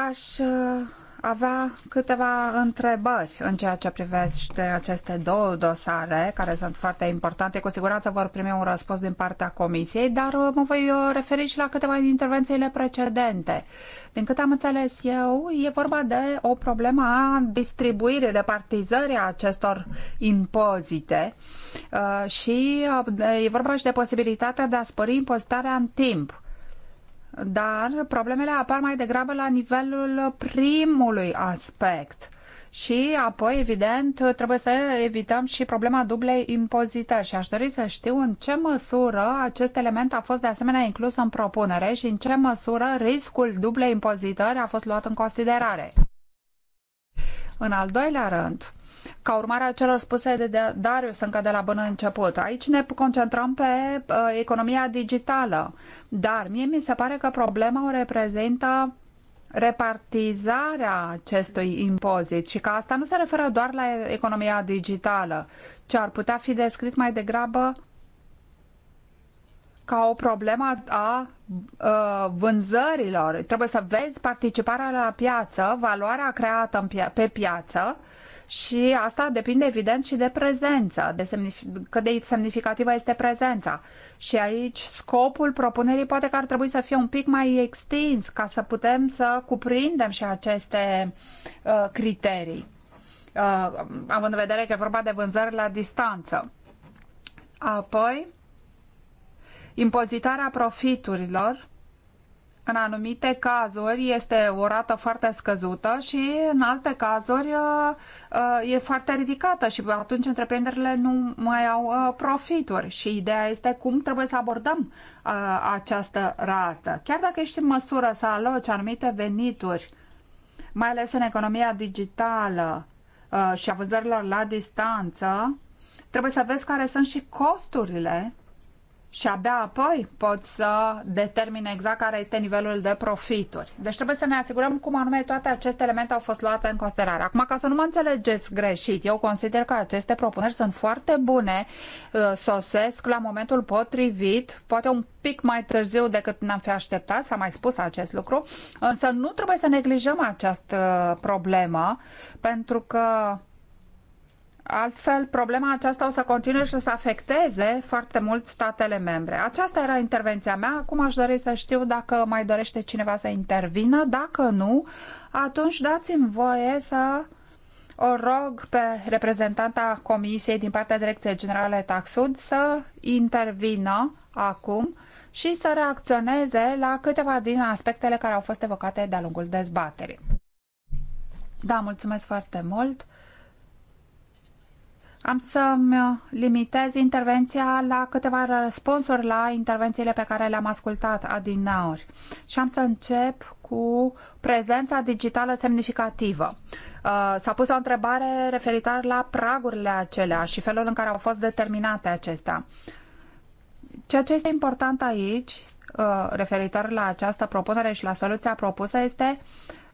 Aș uh, avea câteva întrebări în ceea ce privește aceste două dosare, care sunt foarte importante. Cu siguranță vor primi un răspuns din partea Comisiei, dar uh, mă voi uh, referi și la câteva din intervențiile precedente. Din câte am înțeles eu, e vorba de o problemă a distribuirii, repartizării acestor impozite și e vorba și de posibilitatea de a spări impozitarea în timp dar problemele apar mai degrabă la nivelul primului aspect. Și apoi, evident, trebuie să evităm și problema dublei impozite și aș dori să știu în ce măsură acest element a fost de asemenea inclus în propunere și în ce măsură riscul dublei impozitări a fost luat în considerare. În al doilea rând, ca urmare a celor spuse de Darius încă de la bun început. Aici ne concentrăm pe uh, economia digitală, dar mie mi se pare că problema o reprezintă repartizarea acestui impozit și că asta nu se referă doar la economia digitală, ci ar putea fi descris mai degrabă ca o problemă a, a uh, vânzărilor. Trebuie să vezi participarea la piață, valoarea creată pe piață și asta depinde evident și de prezența, de semnif- cât de semnificativă este prezența. Și aici scopul propunerii poate că ar trebui să fie un pic mai extins ca să putem să cuprindem și aceste uh, criterii, uh, având în vedere că e vorba de vânzări la distanță. Apoi, impozitarea profiturilor în anumite cazuri este o rată foarte scăzută și în alte cazuri uh, e foarte ridicată și atunci întreprinderile nu mai au uh, profituri și ideea este cum trebuie să abordăm uh, această rată. Chiar dacă ești în măsură să aloci anumite venituri, mai ales în economia digitală și a vânzărilor la distanță, trebuie să vezi care sunt și costurile și abia apoi pot să determine exact care este nivelul de profituri. Deci trebuie să ne asigurăm cum anume toate aceste elemente au fost luate în considerare. Acum, ca să nu mă înțelegeți greșit, eu consider că aceste propuneri sunt foarte bune, uh, sosesc la momentul potrivit, poate un pic mai târziu decât ne-am fi așteptat, s-a mai spus acest lucru, însă nu trebuie să neglijăm această problemă, pentru că Altfel, problema aceasta o să continue și o să afecteze foarte mult statele membre. Aceasta era intervenția mea. Acum aș dori să știu dacă mai dorește cineva să intervină. Dacă nu, atunci dați-mi voie să o rog pe reprezentanta Comisiei din partea Direcției Generale Taxud să intervină acum și să reacționeze la câteva din aspectele care au fost evocate de-a lungul dezbaterii. Da, mulțumesc foarte mult. Am să-mi uh, limitez intervenția la câteva răspunsuri la intervențiile pe care le-am ascultat adinaori și am să încep cu prezența digitală semnificativă. Uh, s-a pus o întrebare referitor la pragurile acelea și felul în care au fost determinate acestea. Ceea ce este important aici, uh, referitor la această propunere și la soluția propusă, este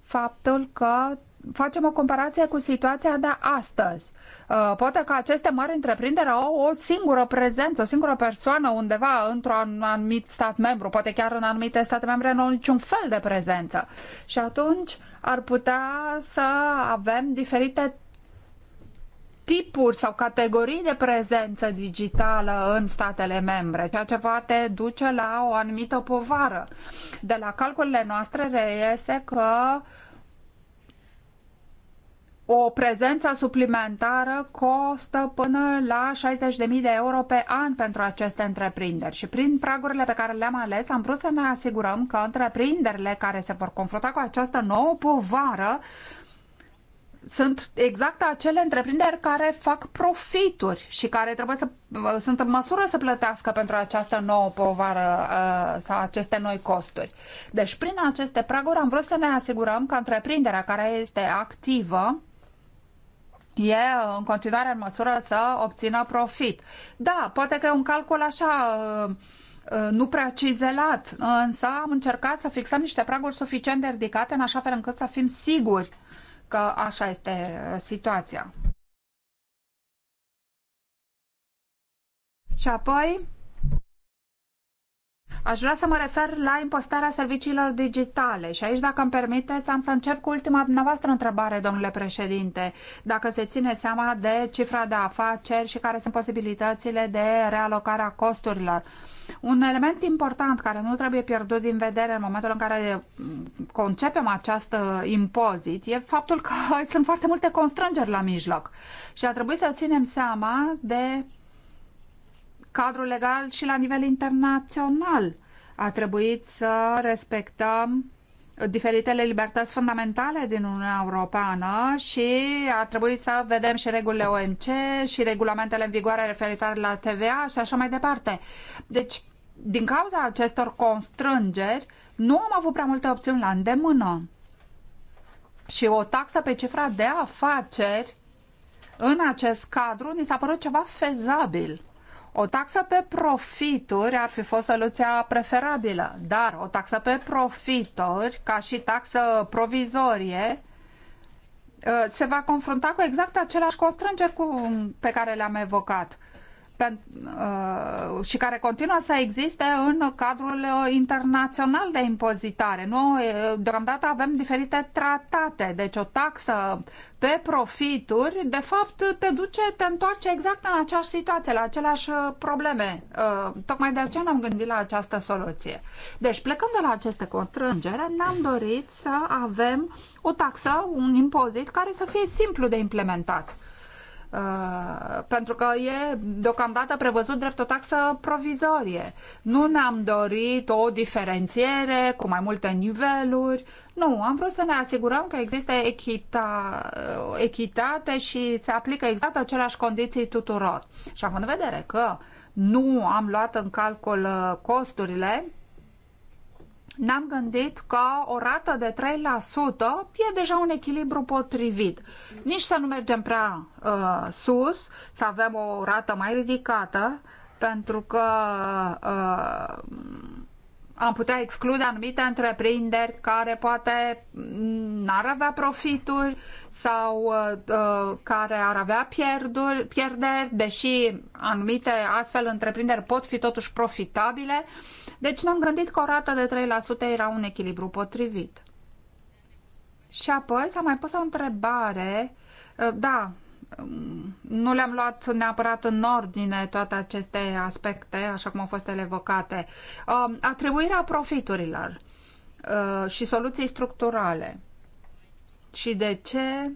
faptul că facem o comparație cu situația de astăzi. Uh, poate că aceste mari întreprinderi au o singură prezență, o singură persoană undeva într-un anumit stat membru, poate chiar în anumite state membre nu au niciun fel de prezență. Și atunci ar putea să avem diferite tipuri sau categorii de prezență digitală în statele membre, ceea ce poate duce la o anumită povară. De la calculele noastre reiese că uh, o prezență suplimentară costă până la 60.000 de euro pe an pentru aceste întreprinderi și prin pragurile pe care le-am ales am vrut să ne asigurăm că întreprinderile care se vor confrunta cu această nouă povară sunt exact acele întreprinderi care fac profituri și care trebuie să uh, sunt în măsură să plătească pentru această nouă povară uh, sau aceste noi costuri. Deci prin aceste praguri am vrut să ne asigurăm că întreprinderea care este activă e în continuare în măsură să obțină profit. Da, poate că e un calcul așa uh, uh, nu prea cizelat, însă am încercat să fixăm niște praguri suficient de ridicate în așa fel încât să fim siguri că așa este uh, situația. Și apoi, Aș vrea să mă refer la impostarea serviciilor digitale și aici, dacă îmi permiteți, am să încep cu ultima dumneavoastră întrebare, domnule președinte, dacă se ține seama de cifra de afaceri și care sunt posibilitățile de realocare a costurilor. Un element important care nu trebuie pierdut din vedere în momentul în care concepem această uh, impozit e faptul că *laughs* sunt foarte multe constrângeri la mijloc și a trebuit să ținem seama de cadrul legal și la nivel internațional. A trebuit să respectăm diferitele libertăți fundamentale din Uniunea Europeană și a trebuit să vedem și regulile OMC și regulamentele în vigoare referitoare la TVA și așa mai departe. Deci, din cauza acestor constrângeri, nu am avut prea multe opțiuni la îndemână. Și o taxă pe cifra de afaceri în acest cadru ni s-a părut ceva fezabil. O taxă pe profituri ar fi fost soluția preferabilă, dar o taxă pe profituri, ca și taxă provizorie, uh, se va confrunta cu exact același constrângeri cu, pe care le-am evocat pe, uh, și care continuă să existe în cadrul uh, internațional de impozitare. Nu, uh, deocamdată avem diferite tratate, deci o taxă pe profituri, de fapt, te duce, te întoarce exact în aceeași situație, la aceleași uh, probleme. Uh, tocmai de aceea ne-am gândit la această soluție. Deci, plecând de la aceste constrângere, ne-am dorit să avem o taxă, un impozit care să fie simplu de implementat Uh, pentru că e deocamdată prevăzut drept o taxă provizorie. Nu ne-am dorit o diferențiere cu mai multe niveluri. Nu, am vrut să ne asigurăm că există echita, uh, echitate și se aplică exact aceleași condiții tuturor. Și având în vedere că nu am luat în calcul uh, costurile, ne-am gândit că o rată de 3% e deja un echilibru potrivit. Nici să nu mergem prea uh, sus, să avem o rată mai ridicată, pentru că uh, am putea exclude anumite întreprinderi care poate mm, n-ar avea profituri sau uh, uh care ar avea pierduri, pierderi, deși anumite astfel întreprinderi pot fi totuși profitabile. Uh, deci ne-am gândit că o rată de 3% era un echilibru potrivit. Și apoi s-a mai pus o întrebare, uh, da, um, nu le-am luat neapărat în ordine toate aceste aspecte, așa cum au fost ele evocate. Um, atribuirea profiturilor uh, și soluții structurale. Și de ce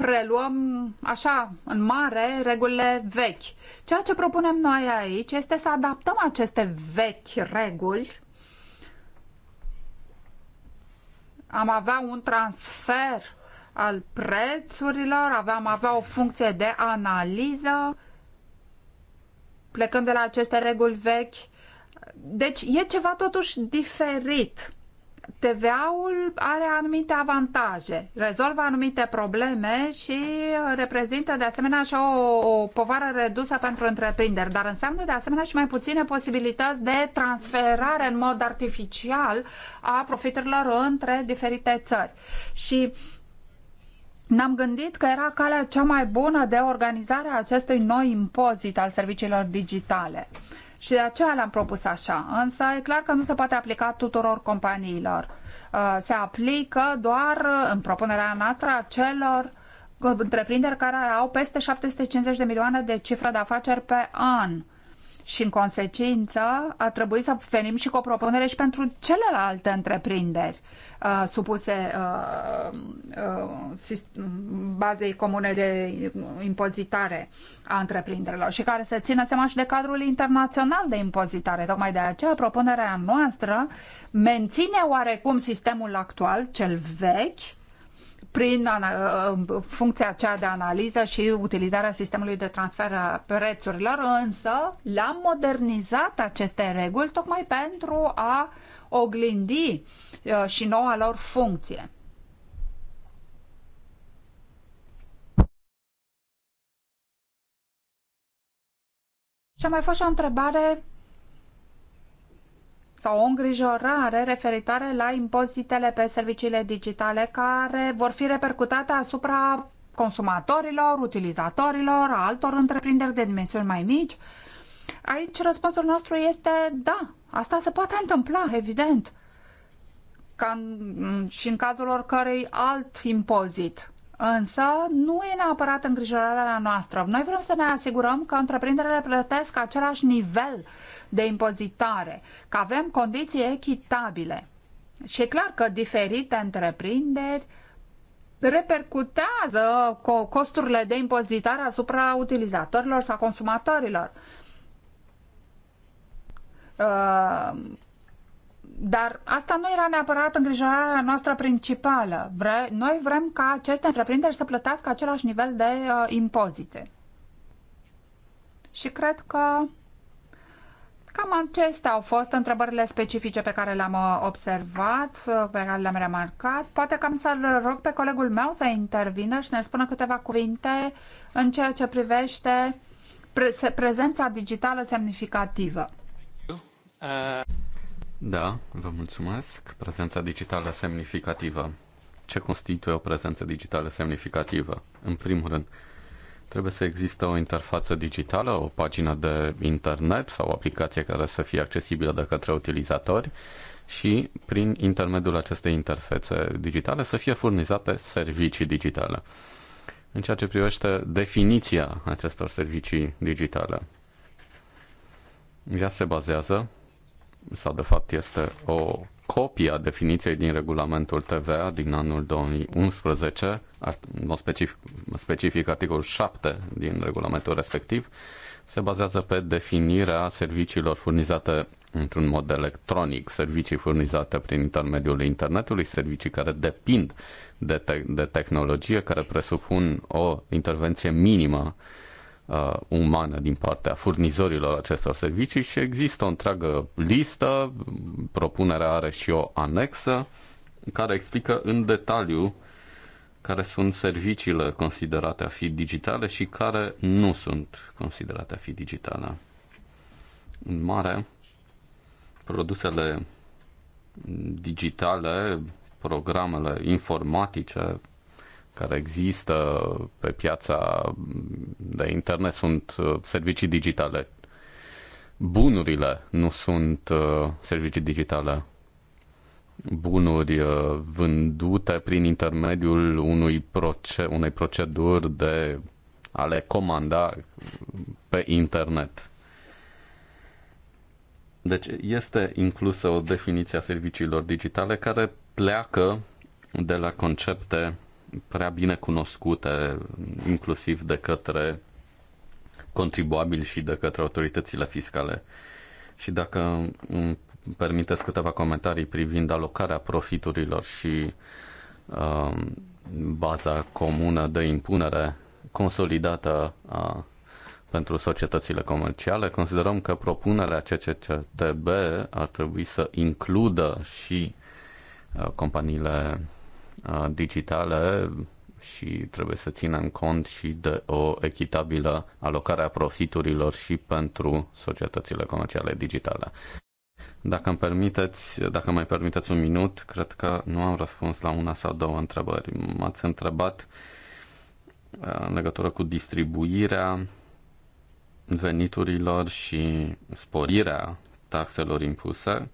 preluăm așa, în mare, regulile vechi. Ceea ce propunem noi aici este să adaptăm aceste vechi reguli. Am avea un transfer al prețurilor, aveam avea o funcție de analiză, plecând de la aceste reguli vechi. Deci e ceva totuși diferit. TVA-ul are anumite avantaje, rezolvă anumite probleme și reprezintă de asemenea și o, o povară redusă pentru întreprinderi, dar înseamnă de asemenea și mai puține posibilități de transferare în mod artificial a profiturilor între diferite țări. Și ne-am gândit că era calea cea mai bună de organizare a acestui noi impozit al serviciilor digitale. Uh, și de aceea l-am propus așa. Însă e clar că nu se poate aplica tuturor companiilor. Uh, se aplică doar, în propunerea noastră, celor întreprinderi care au peste 750 de milioane de cifră de afaceri pe an și, în consecință, a trebuit să venim și cu o propunere și pentru celelalte întreprinderi uh, supuse uh, uh, bazei comune de impozitare a întreprinderilor și care se țină seama și de cadrul internațional de impozitare. Tocmai de aceea, propunerea noastră menține oarecum sistemul actual, cel vechi, prin uh, uh, funcția aceea de analiză și utilizarea sistemului de transfer a prețurilor, însă l am modernizat aceste reguli tocmai pentru a oglindi uh, și noua lor funcție. Și a mai fost și o întrebare sau o îngrijorare referitoare la impozitele pe serviciile digitale care vor fi repercutate asupra consumatorilor, utilizatorilor, altor întreprinderi de dimensiuni mai mici. Aici răspunsul nostru este da, asta se poate întâmpla, evident, ca în, și în cazul oricărei alt impozit. Însă nu e neapărat îngrijorarea noastră. Noi vrem să ne asigurăm că întreprinderile plătesc același nivel de impozitare, că avem condiții echitabile. Și e clar că diferite întreprinderi repercutează costurile de impozitare asupra utilizatorilor sau consumatorilor. Uh, dar asta nu era neapărat îngrijorarea noastră principală. Vre Noi vrem ca aceste întreprinderi să plătească același nivel de uh, impozite. Și cred că Cam acestea au fost întrebările specifice pe care le-am uh, observat, uh, pe care le-am remarcat. Poate că am să-l rog pe colegul meu să intervină și ne spună câteva cuvinte în ceea ce privește pre- prezența digitală semnificativă. Da, vă mulțumesc. Prezența digitală semnificativă. Ce constituie o prezență digitală semnificativă? În primul rând, Trebuie să există o interfață digitală, o pagină de internet sau o aplicație care să fie accesibilă de către utilizatori și prin intermediul acestei interfețe digitale să fie furnizate servicii digitale. În ceea ce privește definiția acestor servicii digitale, ea se bazează, sau de fapt este o Copia definiției din regulamentul TVA din anul 2011, în specific, specific articolul 7 din regulamentul respectiv, se bazează pe definirea serviciilor furnizate într-un mod electronic, servicii furnizate prin intermediul internetului, servicii care depind de, te- de tehnologie, care presupun o intervenție minimă uh, uh, umană din partea furnizorilor acestor servicii și există o întreagă listă, propunerea are și o anexă care explică în detaliu care sunt serviciile considerate a fi digitale și care nu sunt considerate a fi digitale. În mare, produsele digitale, programele informatice, care există pe piața de internet sunt uh, servicii digitale. Bunurile nu sunt uh, servicii digitale. Bunuri uh, vândute prin intermediul unui proce- unei proceduri de a le comanda pe internet. Deci este inclusă o definiție a serviciilor digitale care pleacă de la concepte prea bine cunoscute, inclusiv de către contribuabili și de către autoritățile fiscale. Și dacă îmi permiteți câteva comentarii privind alocarea profiturilor și uh, baza comună de impunere consolidată a, pentru societățile comerciale, considerăm că propunerea CCCTB ar trebui să includă și uh, companiile digitale și trebuie să ținem cont și de o echitabilă alocare a profiturilor și pentru societățile comerciale digitale. Dacă îmi permiteți, dacă mai permiteți un minut, cred că nu am răspuns la una sau două întrebări. M-ați întrebat în legătură cu distribuirea veniturilor și sporirea taxelor impuse.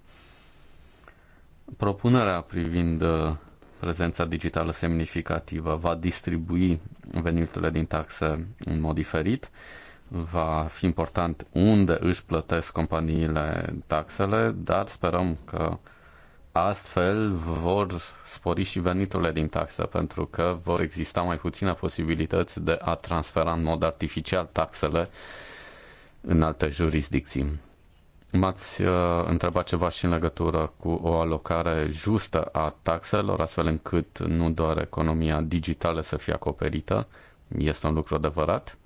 Propunerea privind prezența digitală semnificativă va distribui veniturile din taxe în mod diferit. Va fi important unde își plătesc companiile taxele, dar sperăm că astfel vor spori și veniturile din taxă, pentru că vor exista mai puține posibilități de a transfera în mod artificial taxele în alte jurisdicții. M-ați uh, întrebat ceva și în legătură cu o alocare justă a taxelor, astfel încât nu doar economia digitală să fie acoperită. Este un lucru adevărat.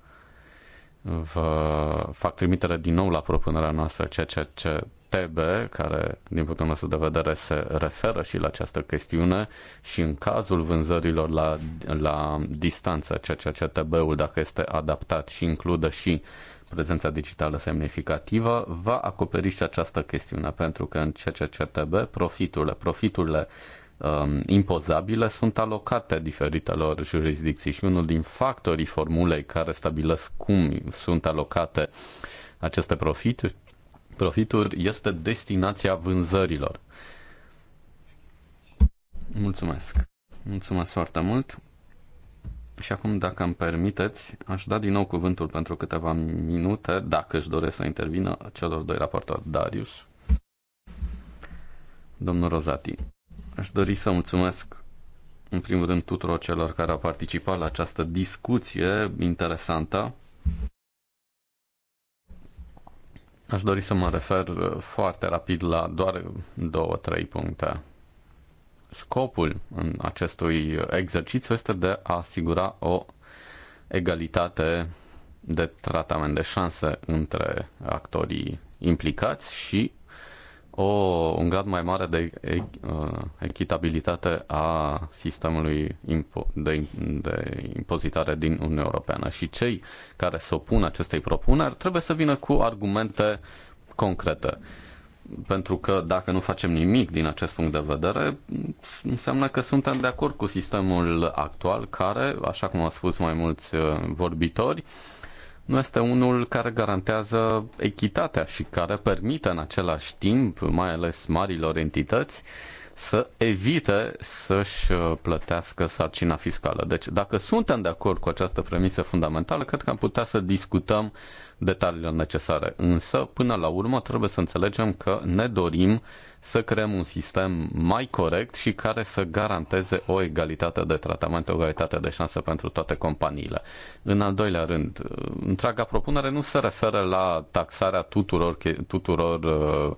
Vă fac trimitere din nou la propunerea noastră CCCTB, care, din punctul nostru de vedere, se referă și la această chestiune și în cazul vânzărilor la, la distanță, CCCTB-ul, dacă este adaptat și includă și prezența digitală semnificativă, va acoperi și această chestiune, pentru că în CCCTB profiturile, profiturile um, impozabile sunt alocate diferitelor jurisdicții și unul din factorii formulei care stabilesc cum sunt alocate aceste profituri, profituri este destinația vânzărilor. Mulțumesc! Mulțumesc foarte mult! Și acum, dacă îmi permiteți, aș da din nou cuvântul pentru câteva minute, dacă își doresc să intervină, celor doi raportori, Darius. Domnul Rozati, aș dori să mulțumesc în primul rând tuturor celor care au participat la această discuție interesantă. Aș dori să mă refer uh, foarte rapid la doar două, trei puncte. Scopul în acestui exercițiu este de a asigura o egalitate de tratament de șanse între actorii implicați și o, un grad mai mare de uh, echitabilitate a sistemului de, de impozitare din Uniunea Europeană. Și cei care se opun acestei propuneri trebuie să vină cu argumente concrete pentru că dacă nu facem nimic din acest punct de vedere, înseamnă că suntem de acord cu sistemul actual, care, așa cum au spus mai mulți uh, vorbitori, nu este unul care garantează echitatea și care permite în același timp, mai ales marilor entități, să evite să-și uh, plătească sarcina fiscală. Deci, dacă suntem de acord cu această premisă fundamentală, cred că am putea să discutăm detaliile necesare. Însă, până la urmă, trebuie să înțelegem că ne dorim să creăm un sistem mai corect și care să garanteze o egalitate de tratament, o egalitate de șanse pentru toate companiile. În al doilea rând, uh, întreaga propunere nu se referă la taxarea tuturor, tuturor uh,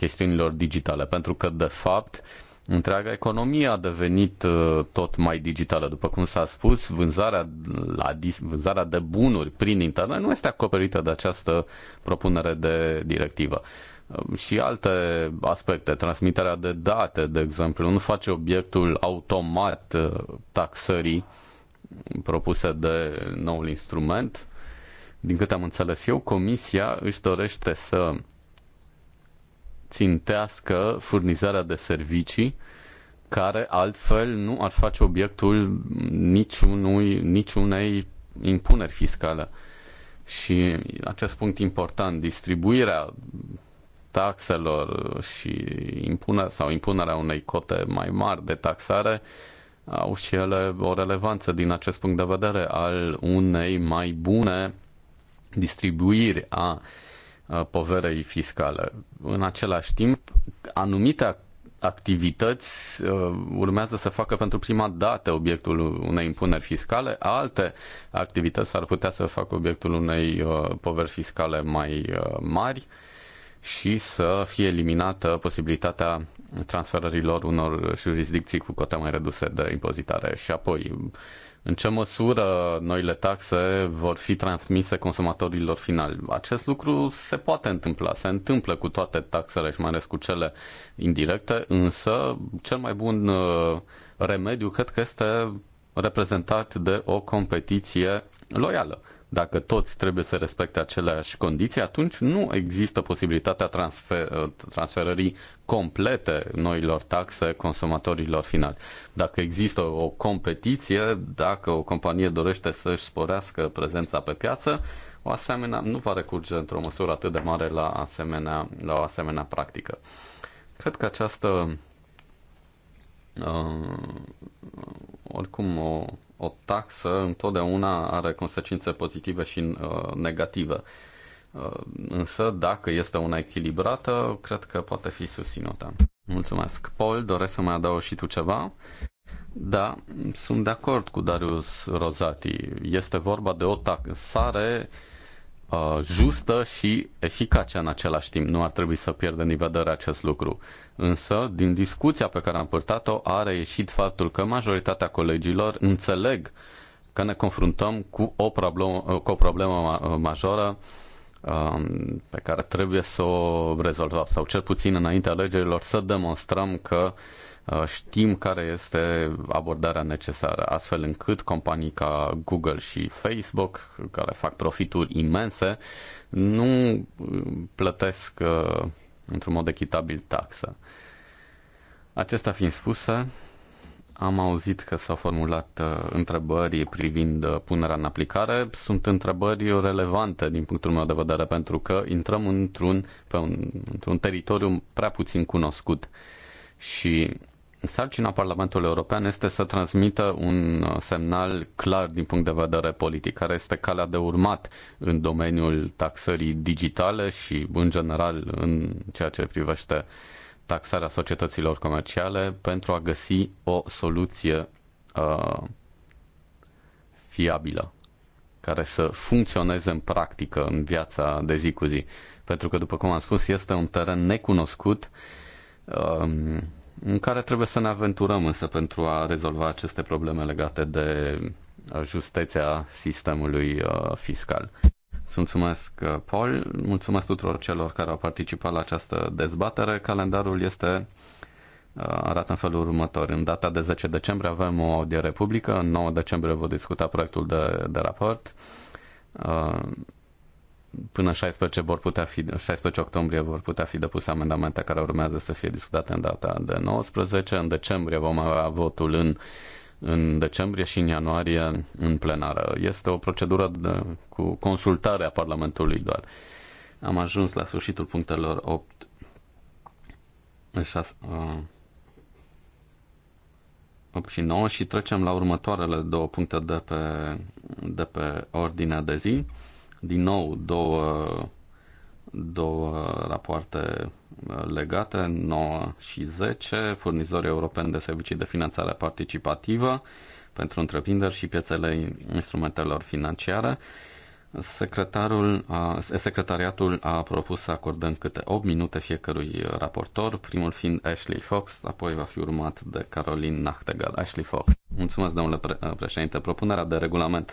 chestiunilor digitale, pentru că, de fapt, întreaga economie a devenit uh, tot mai digitală. După cum s-a spus, vânzarea, la, vânzarea de bunuri prin internet nu este acoperită de această propunere de directivă. Uh, și alte aspecte, transmiterea de date, de exemplu, nu face obiectul automat uh, taxării propuse de noul instrument. Din câte am înțeles eu, Comisia își dorește să țintească furnizarea de servicii care altfel nu ar face obiectul niciunui, niciunei impuneri fiscale. Și acest punct important, distribuirea taxelor și impune, sau impunerea unei cote mai mari de taxare au și ele o relevanță din acest punct de vedere al unei mai bune distribuiri a uh, poverei fiscale. În același timp, anumite activități urmează să facă pentru prima dată obiectul unei impuneri fiscale, alte activități ar putea să facă obiectul unei poveri fiscale mai mari și să fie eliminată posibilitatea transferărilor unor jurisdicții cu cote mai reduse de impozitare. Și apoi, în ce măsură noile taxe vor fi transmise consumatorilor finali. Acest lucru se poate întâmpla, se întâmplă cu toate taxele și mai ales cu cele indirecte, însă cel mai bun uh, remediu cred că este reprezentat de o competiție loială dacă toți trebuie să respecte aceleași condiții, atunci nu există posibilitatea transfer, transferării complete noilor taxe consumatorilor finali. Dacă există o competiție, dacă o companie dorește să-și sporească prezența pe piață, o asemenea, nu va recurge într-o măsură atât de mare la, asemenea, la o asemenea practică. Cred că această uh, oricum o o taxă întotdeauna are consecințe pozitive și uh, negative. Uh, însă, dacă este una echilibrată, cred că poate fi susținută. Mulțumesc. Paul, doresc să mai adaug și tu ceva? Da, sunt de acord cu Darius Rozati. Este vorba de o taxare uh, Uh, justă și eficace în același timp. Nu ar trebui să pierdem din vedere acest lucru. Însă, din discuția pe care am purtat-o, a reieșit faptul că majoritatea colegilor înțeleg că ne confruntăm cu o problemă, uh, cu o problemă uh, majoră um, pe care trebuie să o rezolvăm sau cel puțin înainte alegerilor să demonstrăm că uh, Uh, știm care este abordarea necesară, astfel încât companii ca Google și Facebook, care fac profituri imense, nu uh, plătesc uh, într-un mod echitabil taxă. Acestea fiind spuse, am auzit că s-au formulat întrebări privind punerea în aplicare. Sunt întrebări relevante din punctul meu de vedere pentru că intrăm într-un, pe un, într-un teritoriu prea puțin cunoscut și sarcina Parlamentului European este să transmită un semnal clar din punct de vedere politic, care este calea de urmat în domeniul taxării digitale și, în general, în ceea ce privește taxarea societăților comerciale pentru a găsi o soluție uh, fiabilă care să funcționeze în practică, în viața de zi cu zi. Pentru că, după cum am spus, este un teren necunoscut uh, în care trebuie să ne aventurăm însă pentru a rezolva aceste probleme legate de uh, justeția sistemului uh, fiscal. mulțumesc, uh, Paul. Mulțumesc tuturor celor care au participat la această dezbatere. Calendarul este arată în felul următor. În data de 10 decembrie avem o audiere publică, în 9 decembrie vom discuta proiectul de, de raport până 16, vor putea fi, 16 octombrie vor putea fi depuse amendamente care urmează să fie discutate în data de 19. În decembrie vom avea votul în, în decembrie și în ianuarie în plenară. Este o procedură de, cu consultarea Parlamentului doar. Am ajuns la sfârșitul punctelor 8 6, 8 și 9 și trecem la următoarele două puncte de pe, de pe ordinea de zi. Din nou, două, două rapoarte uh, legate, 9 și 10, furnizori europeni de servicii de finanțare participativă pentru întreprinderi și piețele instrumentelor financiare. Secretarul uh, secretariatul a propus să acordăm câte 8 minute fiecărui raportor, primul fiind Ashley Fox, apoi va fi urmat de Caroline Nachtegal. Ashley Fox. Mulțumesc, domnule uh, președinte. Propunerea de regulament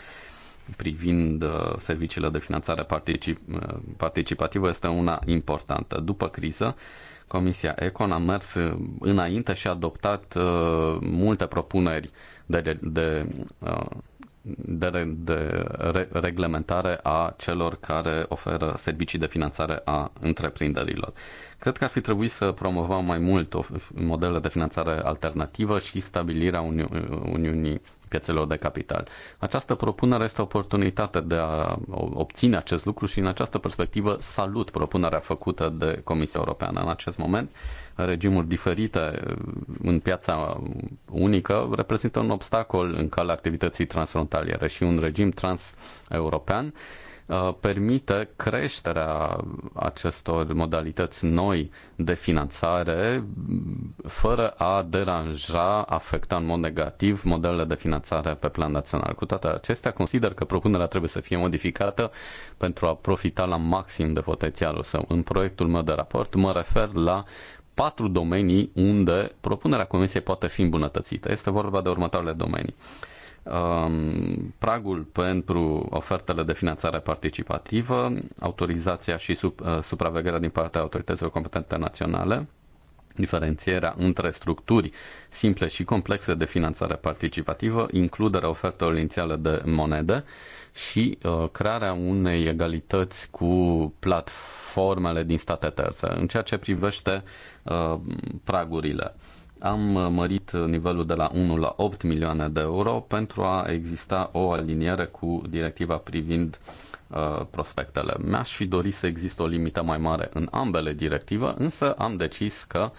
privind uh, serviciile de finanțare particip- uh, participativă este una importantă. După criză, Comisia Econ a mers uh, înainte și a adoptat uh, multe propuneri de, de, uh, de, de re, reglementare a celor care oferă servicii de finanțare a întreprinderilor. Cred că ar fi trebuit să promovăm mai mult modele de finanțare alternativă și stabilirea Uni- Uniunii piețelor de capital. Această propunere este o oportunitate de a obține acest lucru și în această perspectivă salut propunerea făcută de Comisia Europeană. În acest moment, regimuri diferite uh, în piața unică reprezintă un obstacol în calea activității transfrontaliere și un regim transeuropean european Uh, permite creșterea acestor modalități noi de finanțare fără a deranja, afecta în mod negativ modelele de finanțare pe plan național. Cu toate acestea, consider că propunerea trebuie să fie modificată pentru a profita la maxim de potențialul său. În proiectul meu de raport mă refer la patru domenii unde propunerea Comisiei poate fi îmbunătățită. Este vorba de următoarele domenii Um, pragul pentru ofertele de finanțare participativă, autorizația și uh, supravegherea din partea autorităților competente naționale, diferențierea între structuri simple și complexe de finanțare participativă, includerea ofertelor inițiale de monede și uh, crearea unei egalități cu platformele din state terțe în ceea ce privește uh, pragurile. Uh, am uh, mărit uh, nivelul de la 1 la 8 milioane de euro pentru a exista o aliniere cu directiva privind uh, prospectele. Mi-aș fi dorit să există o limită mai mare în ambele directive, însă am decis că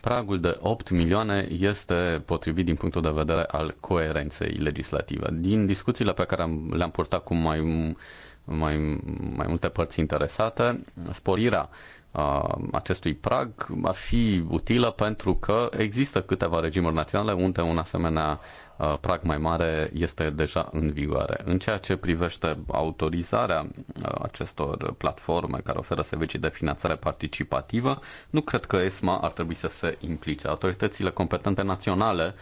pragul de 8 milioane este potrivit din punctul de vedere al coerenței legislative. Din discuțiile pe care le-am purtat cu mai, mai, mai multe părți interesate, sporirea acestui prag ar fi utilă pentru că există câteva regimuri naționale unde un asemenea prag mai mare este deja în vigoare. În ceea ce privește autorizarea acestor platforme care oferă servicii de finanțare participativă, nu cred că ESMA ar trebui să se implice. Autoritățile competente naționale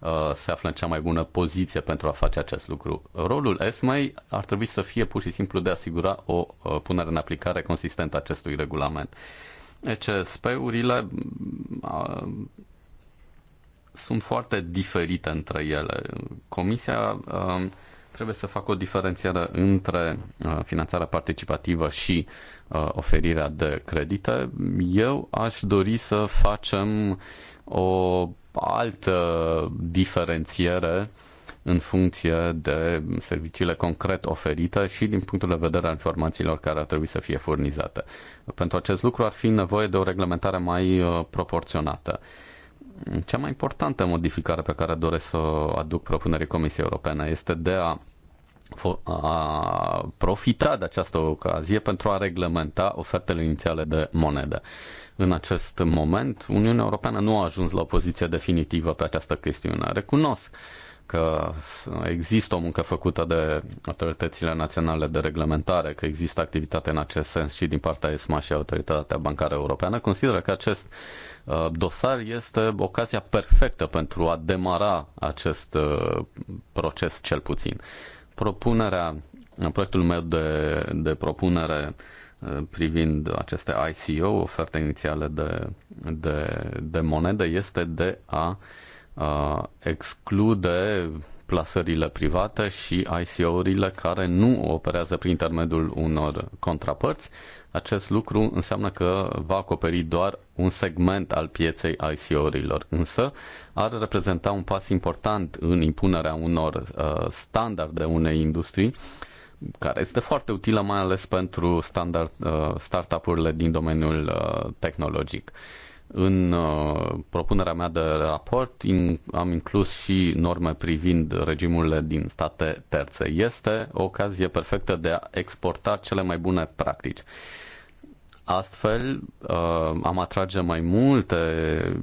Uh, se află în cea mai bună poziție pentru a face acest lucru. Rolul ESMAI ar trebui să fie pur și simplu de a asigura o uh, punere în aplicare consistentă a acestui regulament. ECSP-urile deci, uh, sunt foarte diferite între ele. Comisia a, trebuie să facă o diferențiere între finanțarea participativă și oferirea de credite. Eu aș dori să facem o altă diferențiere în funcție de serviciile concret oferite și din punctul de vedere al informațiilor care ar trebui să fie furnizate. Pentru acest lucru ar fi nevoie de o reglementare mai uh, proporționată. Cea mai importantă modificare pe care doresc să o aduc propunerii Comisiei Europene este de a a profita de această ocazie pentru a reglementa ofertele inițiale de monedă în acest moment, Uniunea Europeană nu a ajuns la o poziție definitivă pe această chestiune. Recunosc că există o muncă făcută de autoritățile naționale de reglementare, că există activitate în acest sens și din partea ESMA și Autoritatea Bancară Europeană, consideră că acest uh, dosar este ocazia perfectă pentru a demara acest uh, proces cel puțin. Propunerea, proiectul meu de, de propunere uh, Uh, privind aceste ICO, oferte inițiale de, de, de monedă, este de a, a exclude plasările private și ICO-urile care nu operează prin intermediul unor contrapărți. Acest lucru înseamnă că va acoperi doar un segment al pieței ICO-urilor, însă ar reprezenta un pas important în impunerea unor uh, standarde unei industrii uh, care este foarte utilă mai ales pentru standard, uh, startup-urile din domeniul uh, tehnologic. În uh, propunerea mea de raport am inclus și norme privind regimurile din state terțe. Este o ocazie perfectă de a exporta cele mai bune practici. Astfel, uh, am atrage mai multe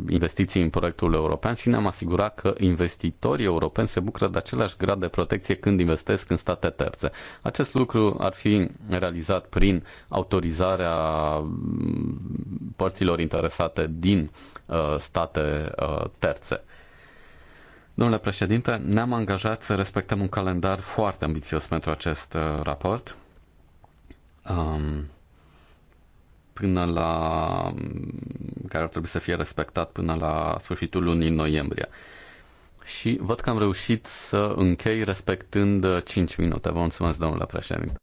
investiții în proiectul european și ne-am asigurat că investitorii europeni se bucură de același grad de protecție când investesc în state terțe. Acest lucru ar fi realizat prin autorizarea mm, părților interesate din uh, state uh, terțe. Domnule președinte, ne-am angajat să respectăm un calendar foarte ambițios pentru acest raport. Um, până la, care ar trebui să fie respectat până la sfârșitul lunii noiembrie. Și văd că am reușit să închei respectând 5 minute. Vă mulțumesc, domnule președinte.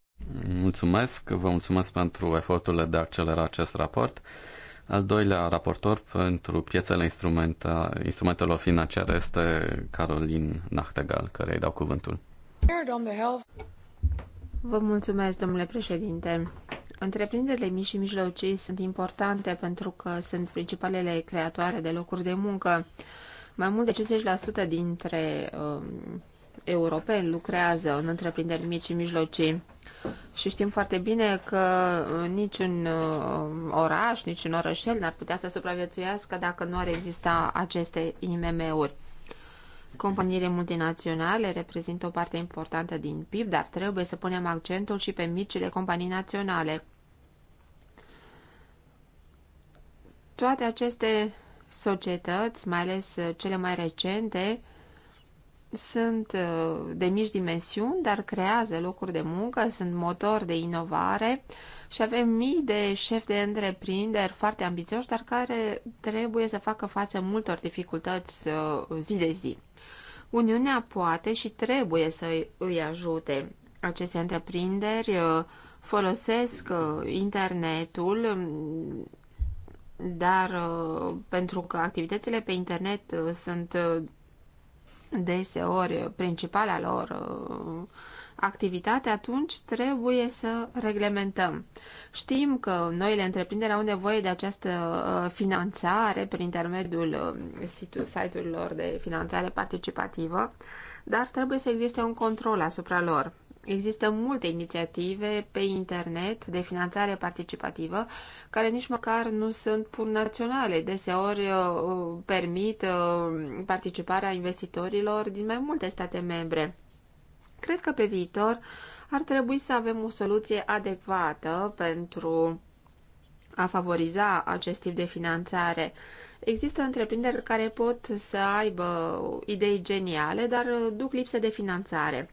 Mulțumesc, vă mulțumesc pentru eforturile de a accelera acest raport. Al doilea raportor pentru piețele instrumentelor financiare este Carolin Nachtegal, care îi dau cuvântul. Vă mulțumesc, domnule președinte. Întreprinderile mici și mijlocii sunt importante pentru că sunt principalele creatoare de locuri de muncă. Mai mult de 50% dintre uh, europeni lucrează în întreprinderi mici și mijlocii. Și știm foarte bine că uh, niciun uh, oraș, niciun orășel n-ar putea să supraviețuiască dacă nu ar exista aceste IMM-uri. Companiile multinaționale reprezintă o parte importantă din PIB, dar trebuie să punem accentul și pe micile companii naționale. Toate aceste societăți, mai ales uh, cele mai recente, sunt uh, de mici dimensiuni, dar creează locuri de muncă, sunt motor de inovare și avem mii de șefi de întreprinderi foarte ambițioși, dar care trebuie să facă față multor dificultăți uh, zi de zi. Uniunea poate și trebuie să îi ajute. Aceste întreprinderi folosesc internetul um, dar uh, pentru că activitățile pe internet uh, sunt uh, deseori principala lor activitate, atunci trebuie să reglementăm. Știm că noile întreprinderi au nevoie de această finanțare prin intermediul site-urilor de finanțare participativă, dar trebuie să existe un control asupra lor. Există multe inițiative pe internet de finanțare participativă care nici măcar nu sunt pur naționale. Deseori uh, uh, permit uh, participarea investitorilor din mai multe state membre. Cred că pe viitor ar trebui să avem o soluție adecvată pentru a favoriza acest tip de finanțare. Există întreprinderi care pot să aibă idei geniale, dar duc lipsă de finanțare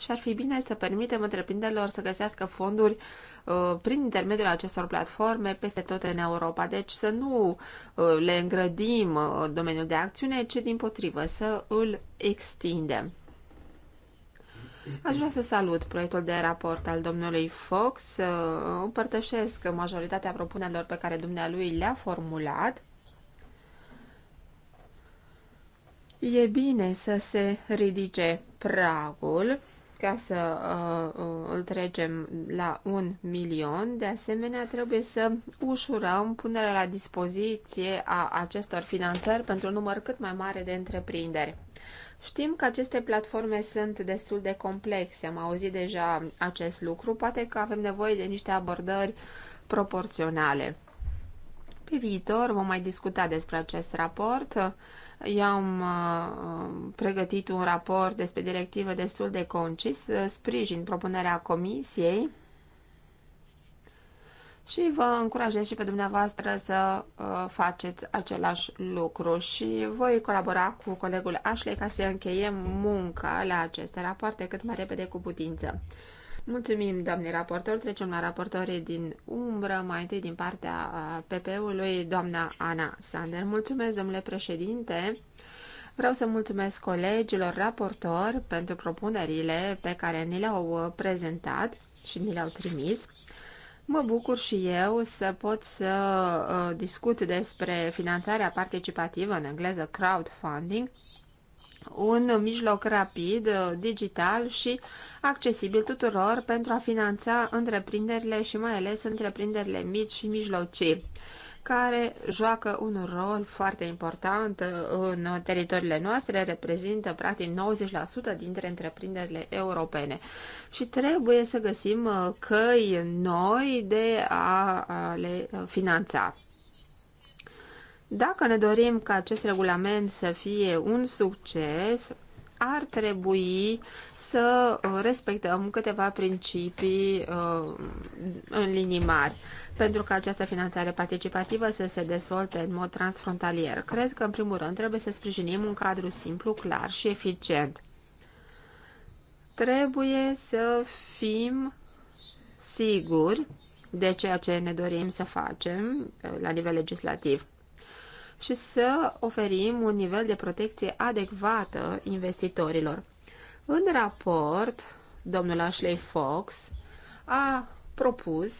și ar fi bine să permitem întreprinderilor să găsească fonduri uh, prin intermediul acestor platforme peste tot în Europa. Deci să nu uh, le îngrădim uh, domeniul de acțiune, ci din potrivă să îl extindem. Aș vrea să salut proiectul de raport al domnului Fox. Împărtășesc majoritatea propunerilor pe care dumnealui le-a formulat. E bine să se ridice pragul ca să uh, uh, îl trecem la un milion. De asemenea, trebuie să ușurăm punerea la dispoziție a acestor finanțări pentru un număr cât mai mare de întreprinderi. Știm că aceste platforme sunt destul de complexe, am auzit deja acest lucru, poate că avem nevoie de niște abordări proporționale. Pe viitor vom mai discuta despre acest raport I-am uh, pregătit un raport despre directivă destul de concis, uh, sprijin propunerea comisiei și vă încurajez și pe dumneavoastră să uh, faceți același lucru și voi colabora cu colegul Ashley ca să încheiem munca la aceste rapoarte cât mai repede cu putință. Mulțumim, doamne raportor. Trecem la raportorii din umbră, mai întâi din partea PP-ului, doamna Ana Sander. Mulțumesc, domnule președinte. Vreau să mulțumesc colegilor raportori pentru propunerile pe care ni le-au uh, prezentat și ni le-au trimis. Mă bucur și eu să pot să uh, discut despre finanțarea participativă, în engleză crowdfunding, un mijloc rapid, uh, digital și accesibil tuturor pentru a finanța întreprinderile și mai ales întreprinderile mici și mijlocii care joacă un rol foarte important uh, în teritoriile noastre, reprezintă practic 90% dintre întreprinderile europene. Și trebuie să găsim uh, căi noi de a le finanța. Dacă ne dorim ca acest regulament să fie un succes, ar trebui să uh, respectăm câteva principii uh, în linii mari pentru ca această finanțare participativă să se dezvolte în mod transfrontalier. Cred că, în primul rând, trebuie să sprijinim un cadru simplu, clar și eficient. Trebuie să fim siguri de ceea ce ne dorim să facem uh, la nivel legislativ și să oferim un nivel de protecție adecvată investitorilor. În raport, domnul Ashley Fox a propus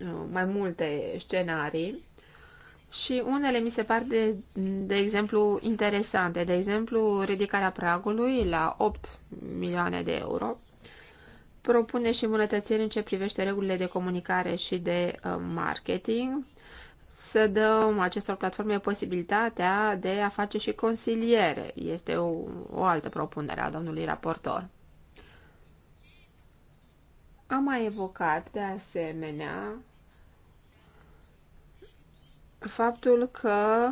uh, mai multe scenarii și unele mi se par de, de exemplu interesante, de exemplu ridicarea pragului la 8 milioane de euro. Propune și îmbunătățiri în ce privește regulile de comunicare și de uh, marketing, să dăm acestor platforme posibilitatea de a face și consiliere. Este o, o altă propunere a domnului raportor. Am mai evocat, de asemenea, faptul că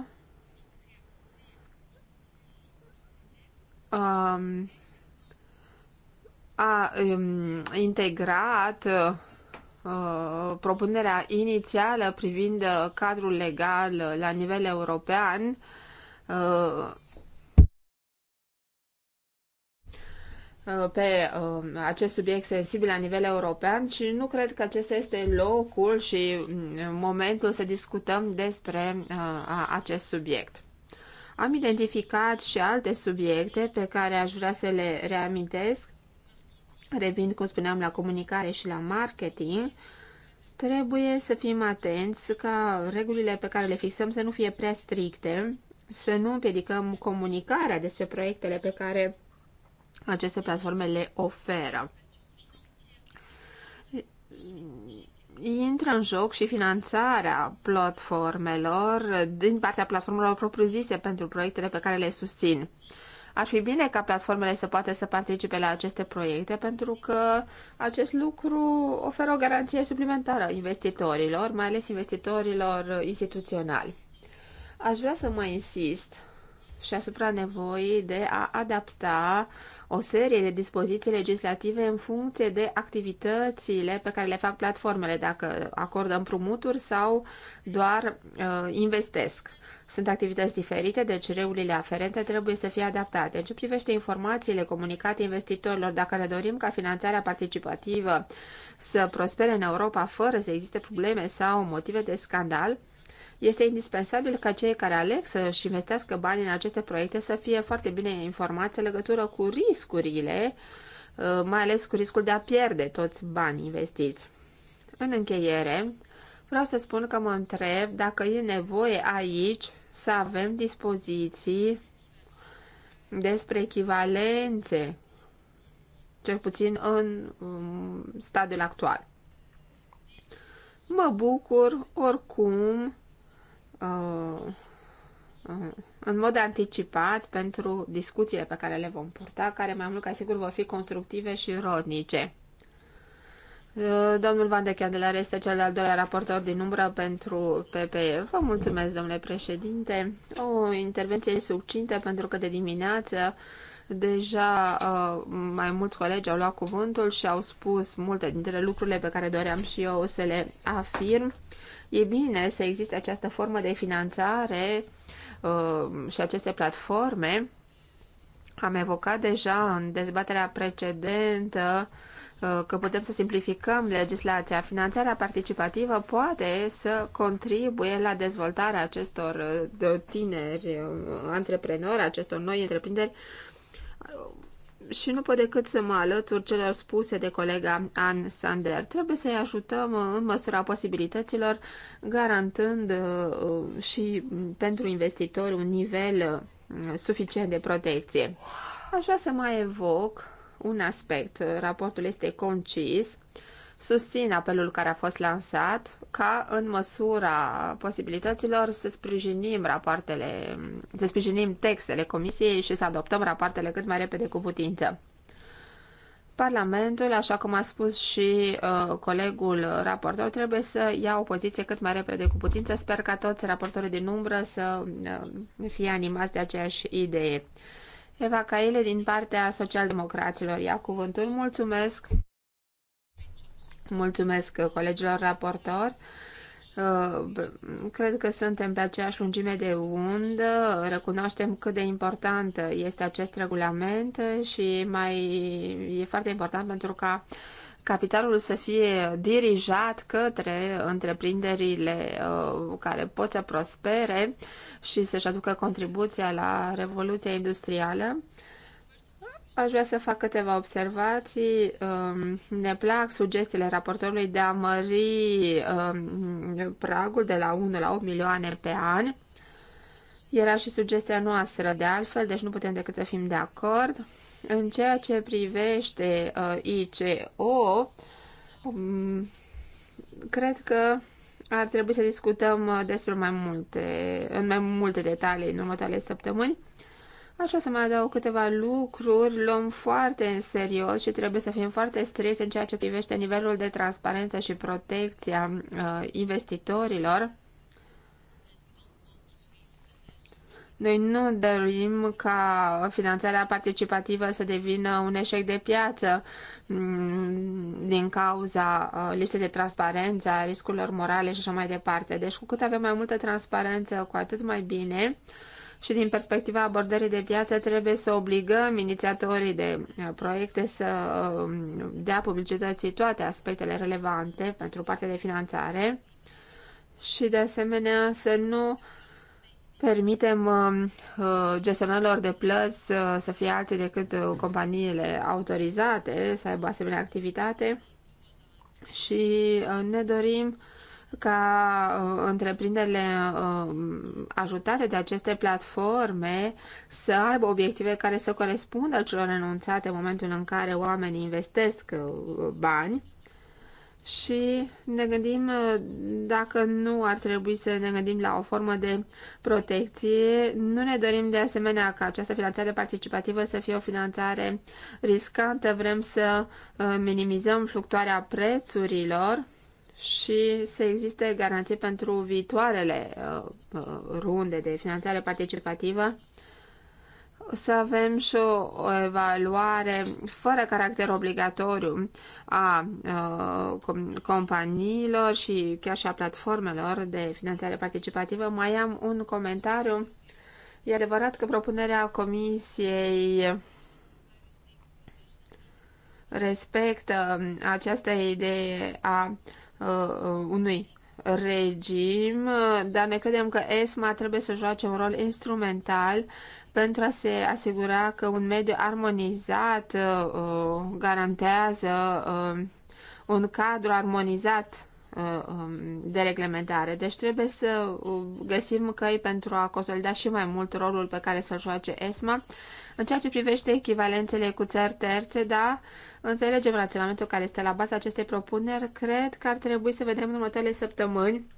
um, a um, integrat uh, Uh, propunerea inițială privind uh, cadrul legal uh, la nivel european pe acest subiect sensibil la nivel european și nu cred că acesta este locul și mm, momentul să discutăm despre acest subiect. Am identificat și alte subiecte pe care aș vrea să le reamintesc revind, cum spuneam, la comunicare și la marketing, trebuie să fim atenți ca regulile pe care le fixăm să nu fie prea stricte, să nu împiedicăm comunicarea despre proiectele pe care aceste platforme le oferă. Intră în joc și finanțarea platformelor din partea platformelor propriu-zise pentru proiectele pe care le susțin. Ar fi bine ca platformele să poată să participe la aceste proiecte pentru că acest lucru oferă o garanție suplimentară investitorilor, mai ales investitorilor instituționali. Aș vrea să mai insist și asupra nevoii de a adapta o serie de dispoziții legislative în funcție de activitățile pe care le fac platformele, dacă acordă împrumuturi sau doar uh, investesc. Sunt activități diferite, deci regulile aferente trebuie să fie adaptate. În ce privește informațiile comunicate investitorilor, dacă ne dorim ca finanțarea participativă să prospere în Europa fără să existe probleme sau motive de scandal, este indispensabil ca cei care aleg să-și investească bani în aceste proiecte să fie foarte bine informați în legătură cu riscurile, uh, mai ales cu riscul de a pierde toți banii investiți. În încheiere, vreau să spun că mă întreb dacă e nevoie aici să avem dispoziții despre echivalențe, cel puțin în mm, stadiul actual. Mă bucur oricum uh, uh, în mod anticipat pentru discuțiile pe care le vom purta, care mai mult ca sigur vor fi constructive și rodnice. Uh, domnul Van de Chiadelar este cel de-al doilea raportor din umbră pentru PPE. Vă mulțumesc, domnule președinte. O intervenție succintă pentru că de dimineață deja uh, mai mulți colegi au luat cuvântul și au spus multe dintre lucrurile pe care doream și eu să le afirm. E bine să existe această formă de finanțare uh, și aceste platforme. Am evocat deja în dezbaterea precedentă uh, Uh, că putem să simplificăm legislația. Finanțarea participativă poate să contribuie la dezvoltarea acestor uh, tineri uh, antreprenori, acestor noi întreprinderi și nu pot decât să mă alătur celor spuse de colega Ann Sander. Trebuie să-i ajutăm în măsura posibilităților, garantând și pentru investitori un nivel suficient de protecție. Aș vrea să mai evoc un aspect. Raportul este concis, susțin apelul care a fost lansat ca în măsura posibilităților să sprijinim rapoartele, să sprijinim textele comisiei și să adoptăm rapoartele cât mai repede cu putință. Parlamentul, așa cum a spus și uh, colegul raportor, trebuie să ia o poziție cât mai repede cu putință. Sper ca toți raportorii din umbră să uh, fie animați de aceeași idee. Eva Caile din partea socialdemocraților ia cuvântul. Mulțumesc! Mulțumesc colegilor raportori. Cred că suntem pe aceeași lungime de undă, recunoaștem cât de important este acest regulament și mai e foarte important pentru ca capitalul să fie dirijat către întreprinderile uh, care pot să prospere și să-și aducă contribuția la revoluția industrială. Aș vrea să fac câteva observații. Um, ne plac sugestiile raportorului de a mări um, pragul de la 1 la 8 milioane pe an. Era și sugestia noastră de altfel, deci nu putem decât să fim de acord. În ceea ce privește uh, ICO, um, cred că ar trebui să discutăm uh, despre mai multe, în mai multe detalii în următoarele săptămâni. Așa să mai adaug câteva lucruri, luăm foarte în serios și trebuie să fim foarte stricți în ceea ce privește nivelul de transparență și protecția uh, investitorilor. Noi nu dorim ca finanțarea participativă să devină un eșec de piață mm, din cauza uh, lipsei de transparență, a riscurilor morale și așa mai departe. Deci cu cât avem mai multă transparență, cu atât mai bine și din perspectiva abordării de piață trebuie să obligăm inițiatorii de uh, proiecte să um, dea publicității toate aspectele relevante pentru partea de finanțare și de asemenea să nu permitem um, uh, gestionarilor de plăți uh, să fie alții decât uh, companiile autorizate să aibă asemenea activitate și ne dorim ca întreprinderile um, ajutate de aceste platforme să aibă obiective care să corespundă celor enunțate în momentul în care oamenii investesc bani și ne gândim uh, dacă nu ar trebui să ne gândim la o formă de protecție. Nu ne dorim de asemenea ca această finanțare participativă să fie o finanțare riscantă. Vrem să uh, minimizăm fluctuarea prețurilor și să existe garanții pentru viitoarele uh, runde de finanțare participativă să avem și o evaluare fără caracter obligatoriu a uh, companiilor și chiar și a platformelor de finanțare participativă. Mai am un comentariu. E adevărat că propunerea comisiei respectă um, această idee a uh, uh, unui regim, dar ne credem că ESMA trebuie să joace un rol instrumental pentru a se asigura că un mediu armonizat uh, garantează uh, un cadru armonizat uh, um, de reglementare. Deci trebuie să uh, găsim căi pentru a consolida și mai mult rolul pe care să-l joace ESMA. În ceea ce privește echivalențele cu țări terțe, da, uh, înțelegem raționamentul care este la baza acestei propuneri, cred că ar trebui să vedem în următoarele săptămâni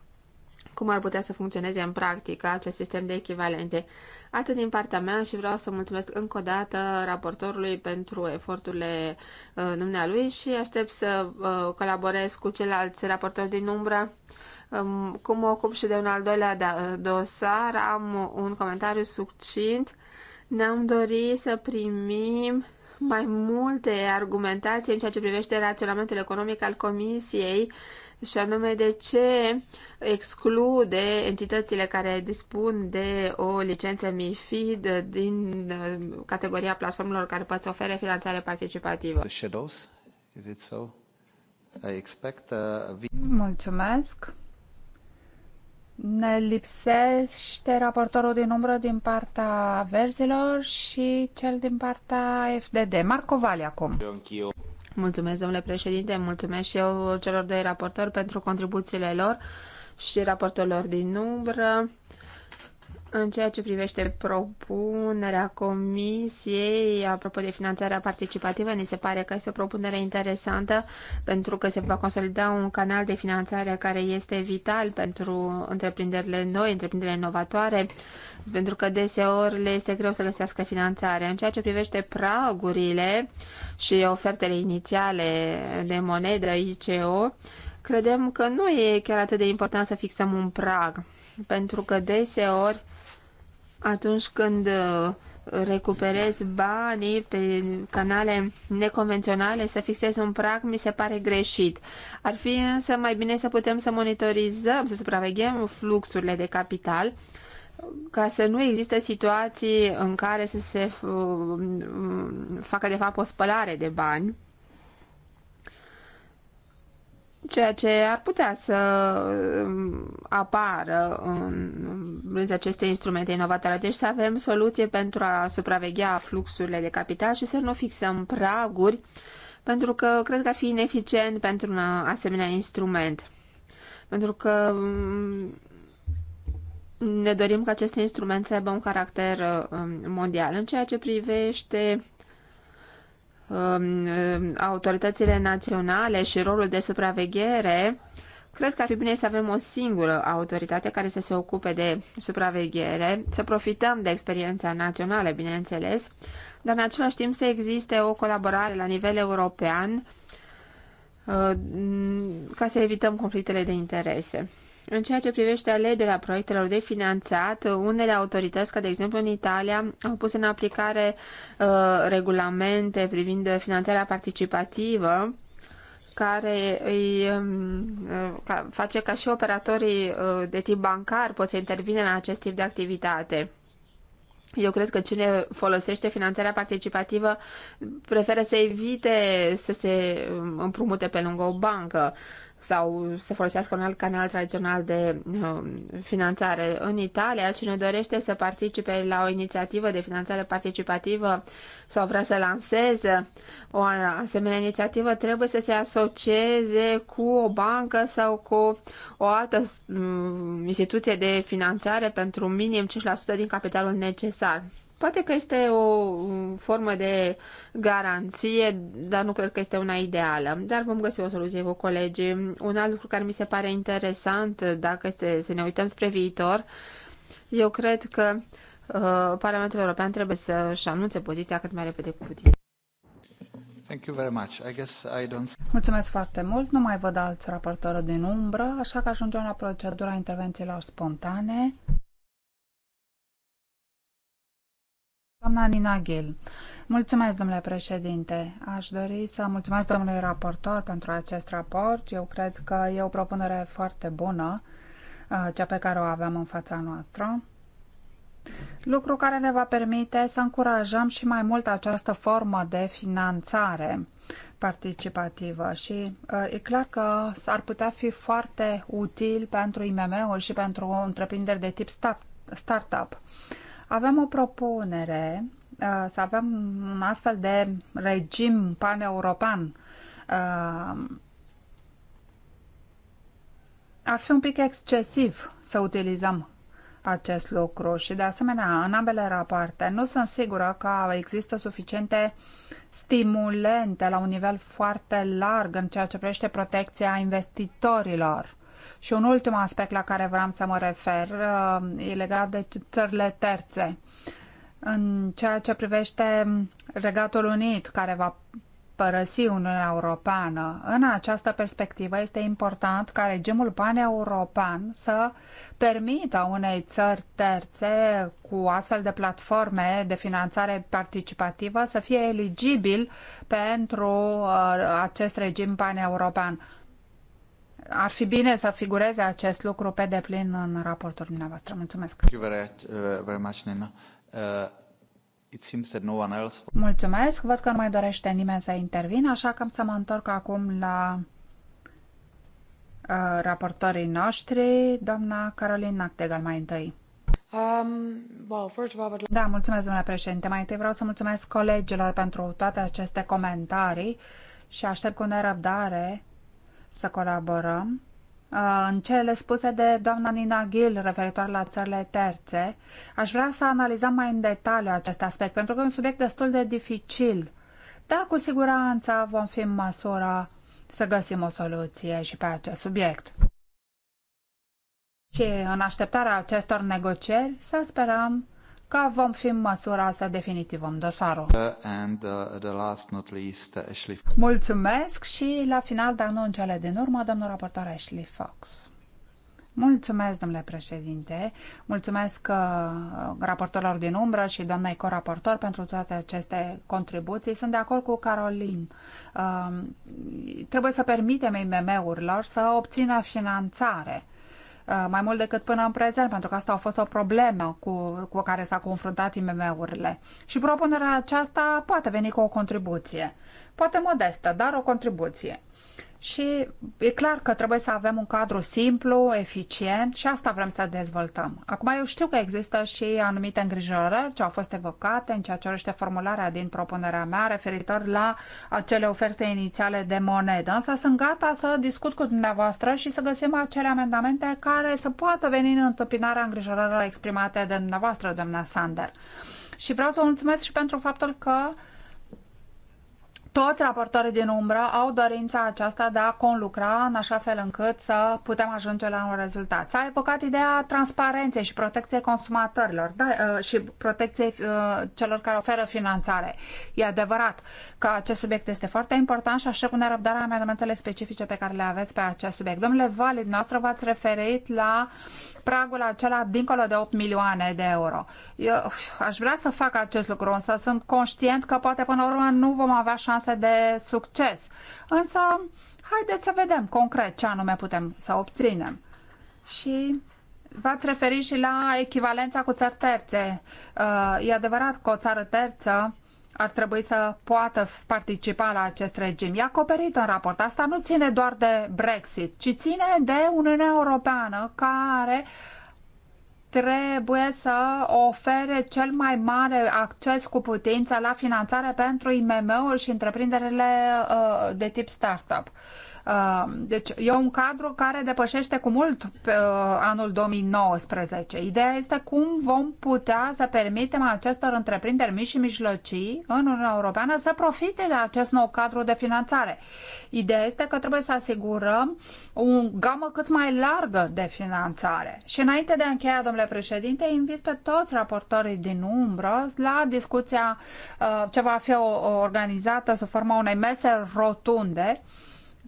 cum ar putea să funcționeze în practică acest sistem de echivalente. Atât din partea mea și vreau să mulțumesc încă o dată raportorului pentru eforturile uh, dumnealui și aștept să uh, colaborez cu ceilalți raportori din umbra. Um, cum mă ocup și de un al doilea da, uh, dosar, am un comentariu succint. Ne-am dorit să primim mai multe argumentații în ceea ce privește raționamentul economic al Comisiei și anume de ce exclude entitățile care dispun de o licență MIFID din uh, categoria platformelor care pot să ofere finanțare participativă. Uh, Mulțumesc. Ne lipsește raportorul din umbră din partea verzilor și cel din partea FDD. Marco Vali acum. Mulțumesc, domnule președinte, mulțumesc și eu celor doi raportori pentru contribuțiile lor și raportorilor din umbră. În ceea ce privește propunerea comisiei apropo de finanțarea participativă, ni se pare că este o propunere interesantă pentru că se va consolida un canal de finanțare care este vital pentru întreprinderile noi, întreprinderile inovatoare, pentru că deseori le este greu să găsească finanțare. În ceea ce privește pragurile și ofertele inițiale de monedă ICO, credem că nu e chiar atât de important să fixăm un prag, pentru că deseori atunci când uh, recuperez banii pe canale neconvenționale, să fixez un prag, mi se pare greșit. Ar fi însă mai bine să putem să monitorizăm, să supraveghem fluxurile de capital, ca să nu există situații în care să se uh, uh, facă de fapt o spălare de bani ceea ce ar putea să um, apară în, în aceste instrumente inovatoare. Deci să avem soluție pentru a supraveghea fluxurile de capital și să nu fixăm praguri, pentru că cred că ar fi ineficient pentru un asemenea instrument. Pentru că um, ne dorim ca acest instrument să aibă un caracter um, mondial. În ceea ce privește Um, um, autoritățile naționale și rolul de supraveghere, cred că ar fi bine să avem o singură autoritate care să se ocupe de supraveghere, să profităm de experiența națională, bineînțeles, dar în același timp să existe o colaborare la nivel european uh, ca să evităm conflictele de interese. În ceea ce privește alegerea proiectelor de finanțat, unele autorități, ca de exemplu în Italia, au pus în aplicare uh, regulamente privind finanțarea participativă, care îi um, uh, face ca și operatorii uh, de tip bancar pot să intervine în acest tip de activitate. Eu cred că cine folosește finanțarea participativă preferă să evite să se um, împrumute pe lângă o bancă sau să folosească un alt canal tradițional de um, finanțare. În Italia, cine dorește să participe la o inițiativă de finanțare participativă sau vrea să lanseze o asemenea inițiativă, trebuie să se asocieze cu o bancă sau cu o altă um, instituție de finanțare pentru minim 5% din capitalul necesar. Poate că este o um, formă de garanție, dar nu cred că este una ideală. Dar vom găsi o soluție cu colegii. Un alt lucru care mi se pare interesant, dacă este să ne uităm spre viitor, eu cred că uh, Parlamentul European trebuie să-și anunțe poziția cât mai repede cu Putin. Thank you very much. I guess I don't... Mulțumesc foarte mult. Nu mai văd alți raportori din umbră, așa că ajungem la procedura intervențiilor spontane. Doamna Nina Ghil. Mulțumesc, domnule președinte. Aș dori să mulțumesc domnului raportor pentru acest raport. Eu cred că e o propunere foarte bună, uh, cea pe care o avem în fața noastră. Lucru care ne va permite să încurajăm și mai mult această formă de finanțare participativă și uh, e clar că ar putea fi foarte util pentru IMM-uri și pentru întreprinderi de tip startup. Avem o propunere uh, să avem un astfel de regim paneuropan. Uh, ar fi un pic excesiv să utilizăm acest lucru și de asemenea în ambele rapoarte nu sunt sigură că există suficiente stimulente la un nivel foarte larg în ceea ce privește protecția investitorilor. Și un ultim aspect la care vreau să mă refer uh, e legat de țările terțe. În ceea ce privește Regatul Unit, care va părăsi Uniunea Europeană. În această perspectivă este important ca regimul pan-european să permită unei țări terțe cu astfel de platforme de finanțare participativă să fie eligibil pentru uh, acest regim pan-european ar fi bine să figureze acest lucru pe deplin în raportul dumneavoastră. Mulțumesc. Mulțumesc. Văd că nu mai dorește nimeni să intervină, așa că am să mă întorc acum la uh, raportorii noștri, doamna Caroline Nactegal mai întâi. Um, well, first of all, but... Da, mulțumesc, domnule președinte. Mai întâi vreau să mulțumesc colegilor pentru toate aceste comentarii și aștept cu nerăbdare să colaborăm. Uh, în cele spuse de doamna Nina Gil referitor la țările terțe, aș vrea să analizăm mai în detaliu acest aspect, pentru că e un subiect destul de dificil, dar cu siguranță vom fi în măsură să găsim o soluție și pe acest subiect. Și în așteptarea acestor negocieri, să sperăm că vom fi în măsura să definitivăm dosarul. Uh, and, uh, the last, not least, uh, Ashley. Mulțumesc și la final, dar nu în cele din urmă, domnul raportor Ashley Fox. Mulțumesc, domnule președinte. Mulțumesc uh, raportorilor din umbră și doamnei coraportor pentru toate aceste contribuții. Sunt de acord cu Carolin. Uh, trebuie să permitem IMM-urilor să obțină finanțare. Uh, mai mult decât până în prezent, pentru că asta a fost o problemă cu, cu care s-a confruntat IMM-urile. Și propunerea aceasta poate veni cu o contribuție, poate modestă, dar o contribuție. Și e clar că trebuie să avem un cadru simplu, eficient și asta vrem să dezvoltăm. Acum eu știu că există și anumite îngrijorări ce au fost evocate în ceea ce orește formularea din propunerea mea referitor la acele oferte inițiale de monedă, însă sunt gata să discut cu dumneavoastră și să găsim acele amendamente care să poată veni în întâmpinarea îngrijorărilor exprimate de dumneavoastră, doamna Sander. Și vreau să vă mulțumesc și pentru faptul că toți raportorii din umbră au dorința aceasta de a conlucra în așa fel încât să putem ajunge la un rezultat. S-a evocat ideea transparenței și protecției consumatorilor da, uh, și protecției uh, celor care oferă finanțare. E adevărat că acest subiect este foarte important și aștept cu nerăbdare amendamentele specifice pe care le aveți pe acest subiect. Domnule Valid, noastră v-ați referit la pragul acela dincolo de 8 milioane de euro. Eu aș vrea să fac acest lucru, însă sunt conștient că poate până la urmă nu vom avea șanse de succes. Însă, haideți să vedem concret ce anume putem să obținem. Și V-ați referit și la echivalența cu țări terțe. Uh, e adevărat că o țară terță ar trebui să poată participa la acest regim. E acoperit în raport. Asta nu ține doar de Brexit, ci ține de Uniunea Europeană care trebuie să ofere cel mai mare acces cu putință la finanțare pentru IMM-uri și întreprinderile uh, de tip startup. up Um, deci e un cadru care depășește cu mult pe uh, anul 2019. Ideea este cum vom putea să permitem acestor întreprinderi mici și mijlocii în Uniunea Europeană să profite de acest nou cadru de finanțare. Ideea este că trebuie să asigurăm o gamă cât mai largă de finanțare. Și înainte de a încheia, domnule președinte, invit pe toți raportorii din umbră la discuția uh, ce va fi organizată sub forma unei mese rotunde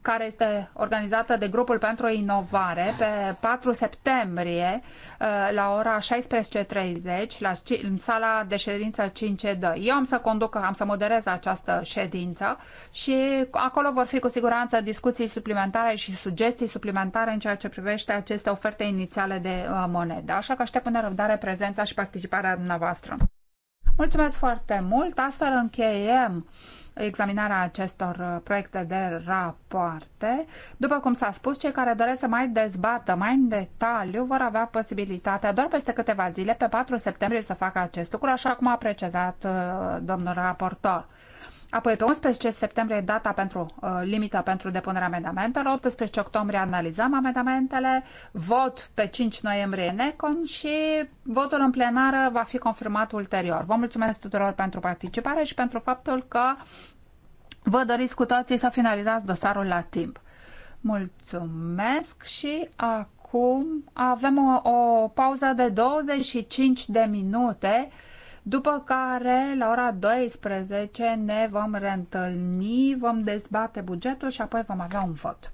care este organizată de Grupul pentru Inovare pe 4 septembrie uh, la ora 16.30 la, în sala de ședință 5.2. Eu am să conduc, am să moderez această ședință și acolo vor fi cu siguranță discuții suplimentare și sugestii suplimentare în ceea ce privește aceste oferte inițiale de uh, monedă. Așa că aștept cu nerăbdare prezența și participarea dumneavoastră. Mulțumesc foarte mult! Astfel încheiem examinarea acestor uh, proiecte de rapoarte. După cum s-a spus, cei care doresc să mai dezbată mai în detaliu vor avea posibilitatea doar peste câteva zile, pe 4 septembrie, să facă acest lucru, așa cum a precizat uh, domnul raportor. Apoi, pe 11 septembrie, data pentru uh, limită pentru depunerea amendamentelor, 18 octombrie analizăm amendamentele, vot pe 5 noiembrie NECON și votul în plenară va fi confirmat ulterior. Vă mulțumesc tuturor pentru participare și pentru faptul că vă doriți cu toții să finalizați dosarul la timp. Mulțumesc și acum avem o, o pauză de 25 de minute după care la ora 12 ne vom reîntâlni, vom dezbate bugetul și apoi vom avea un vot.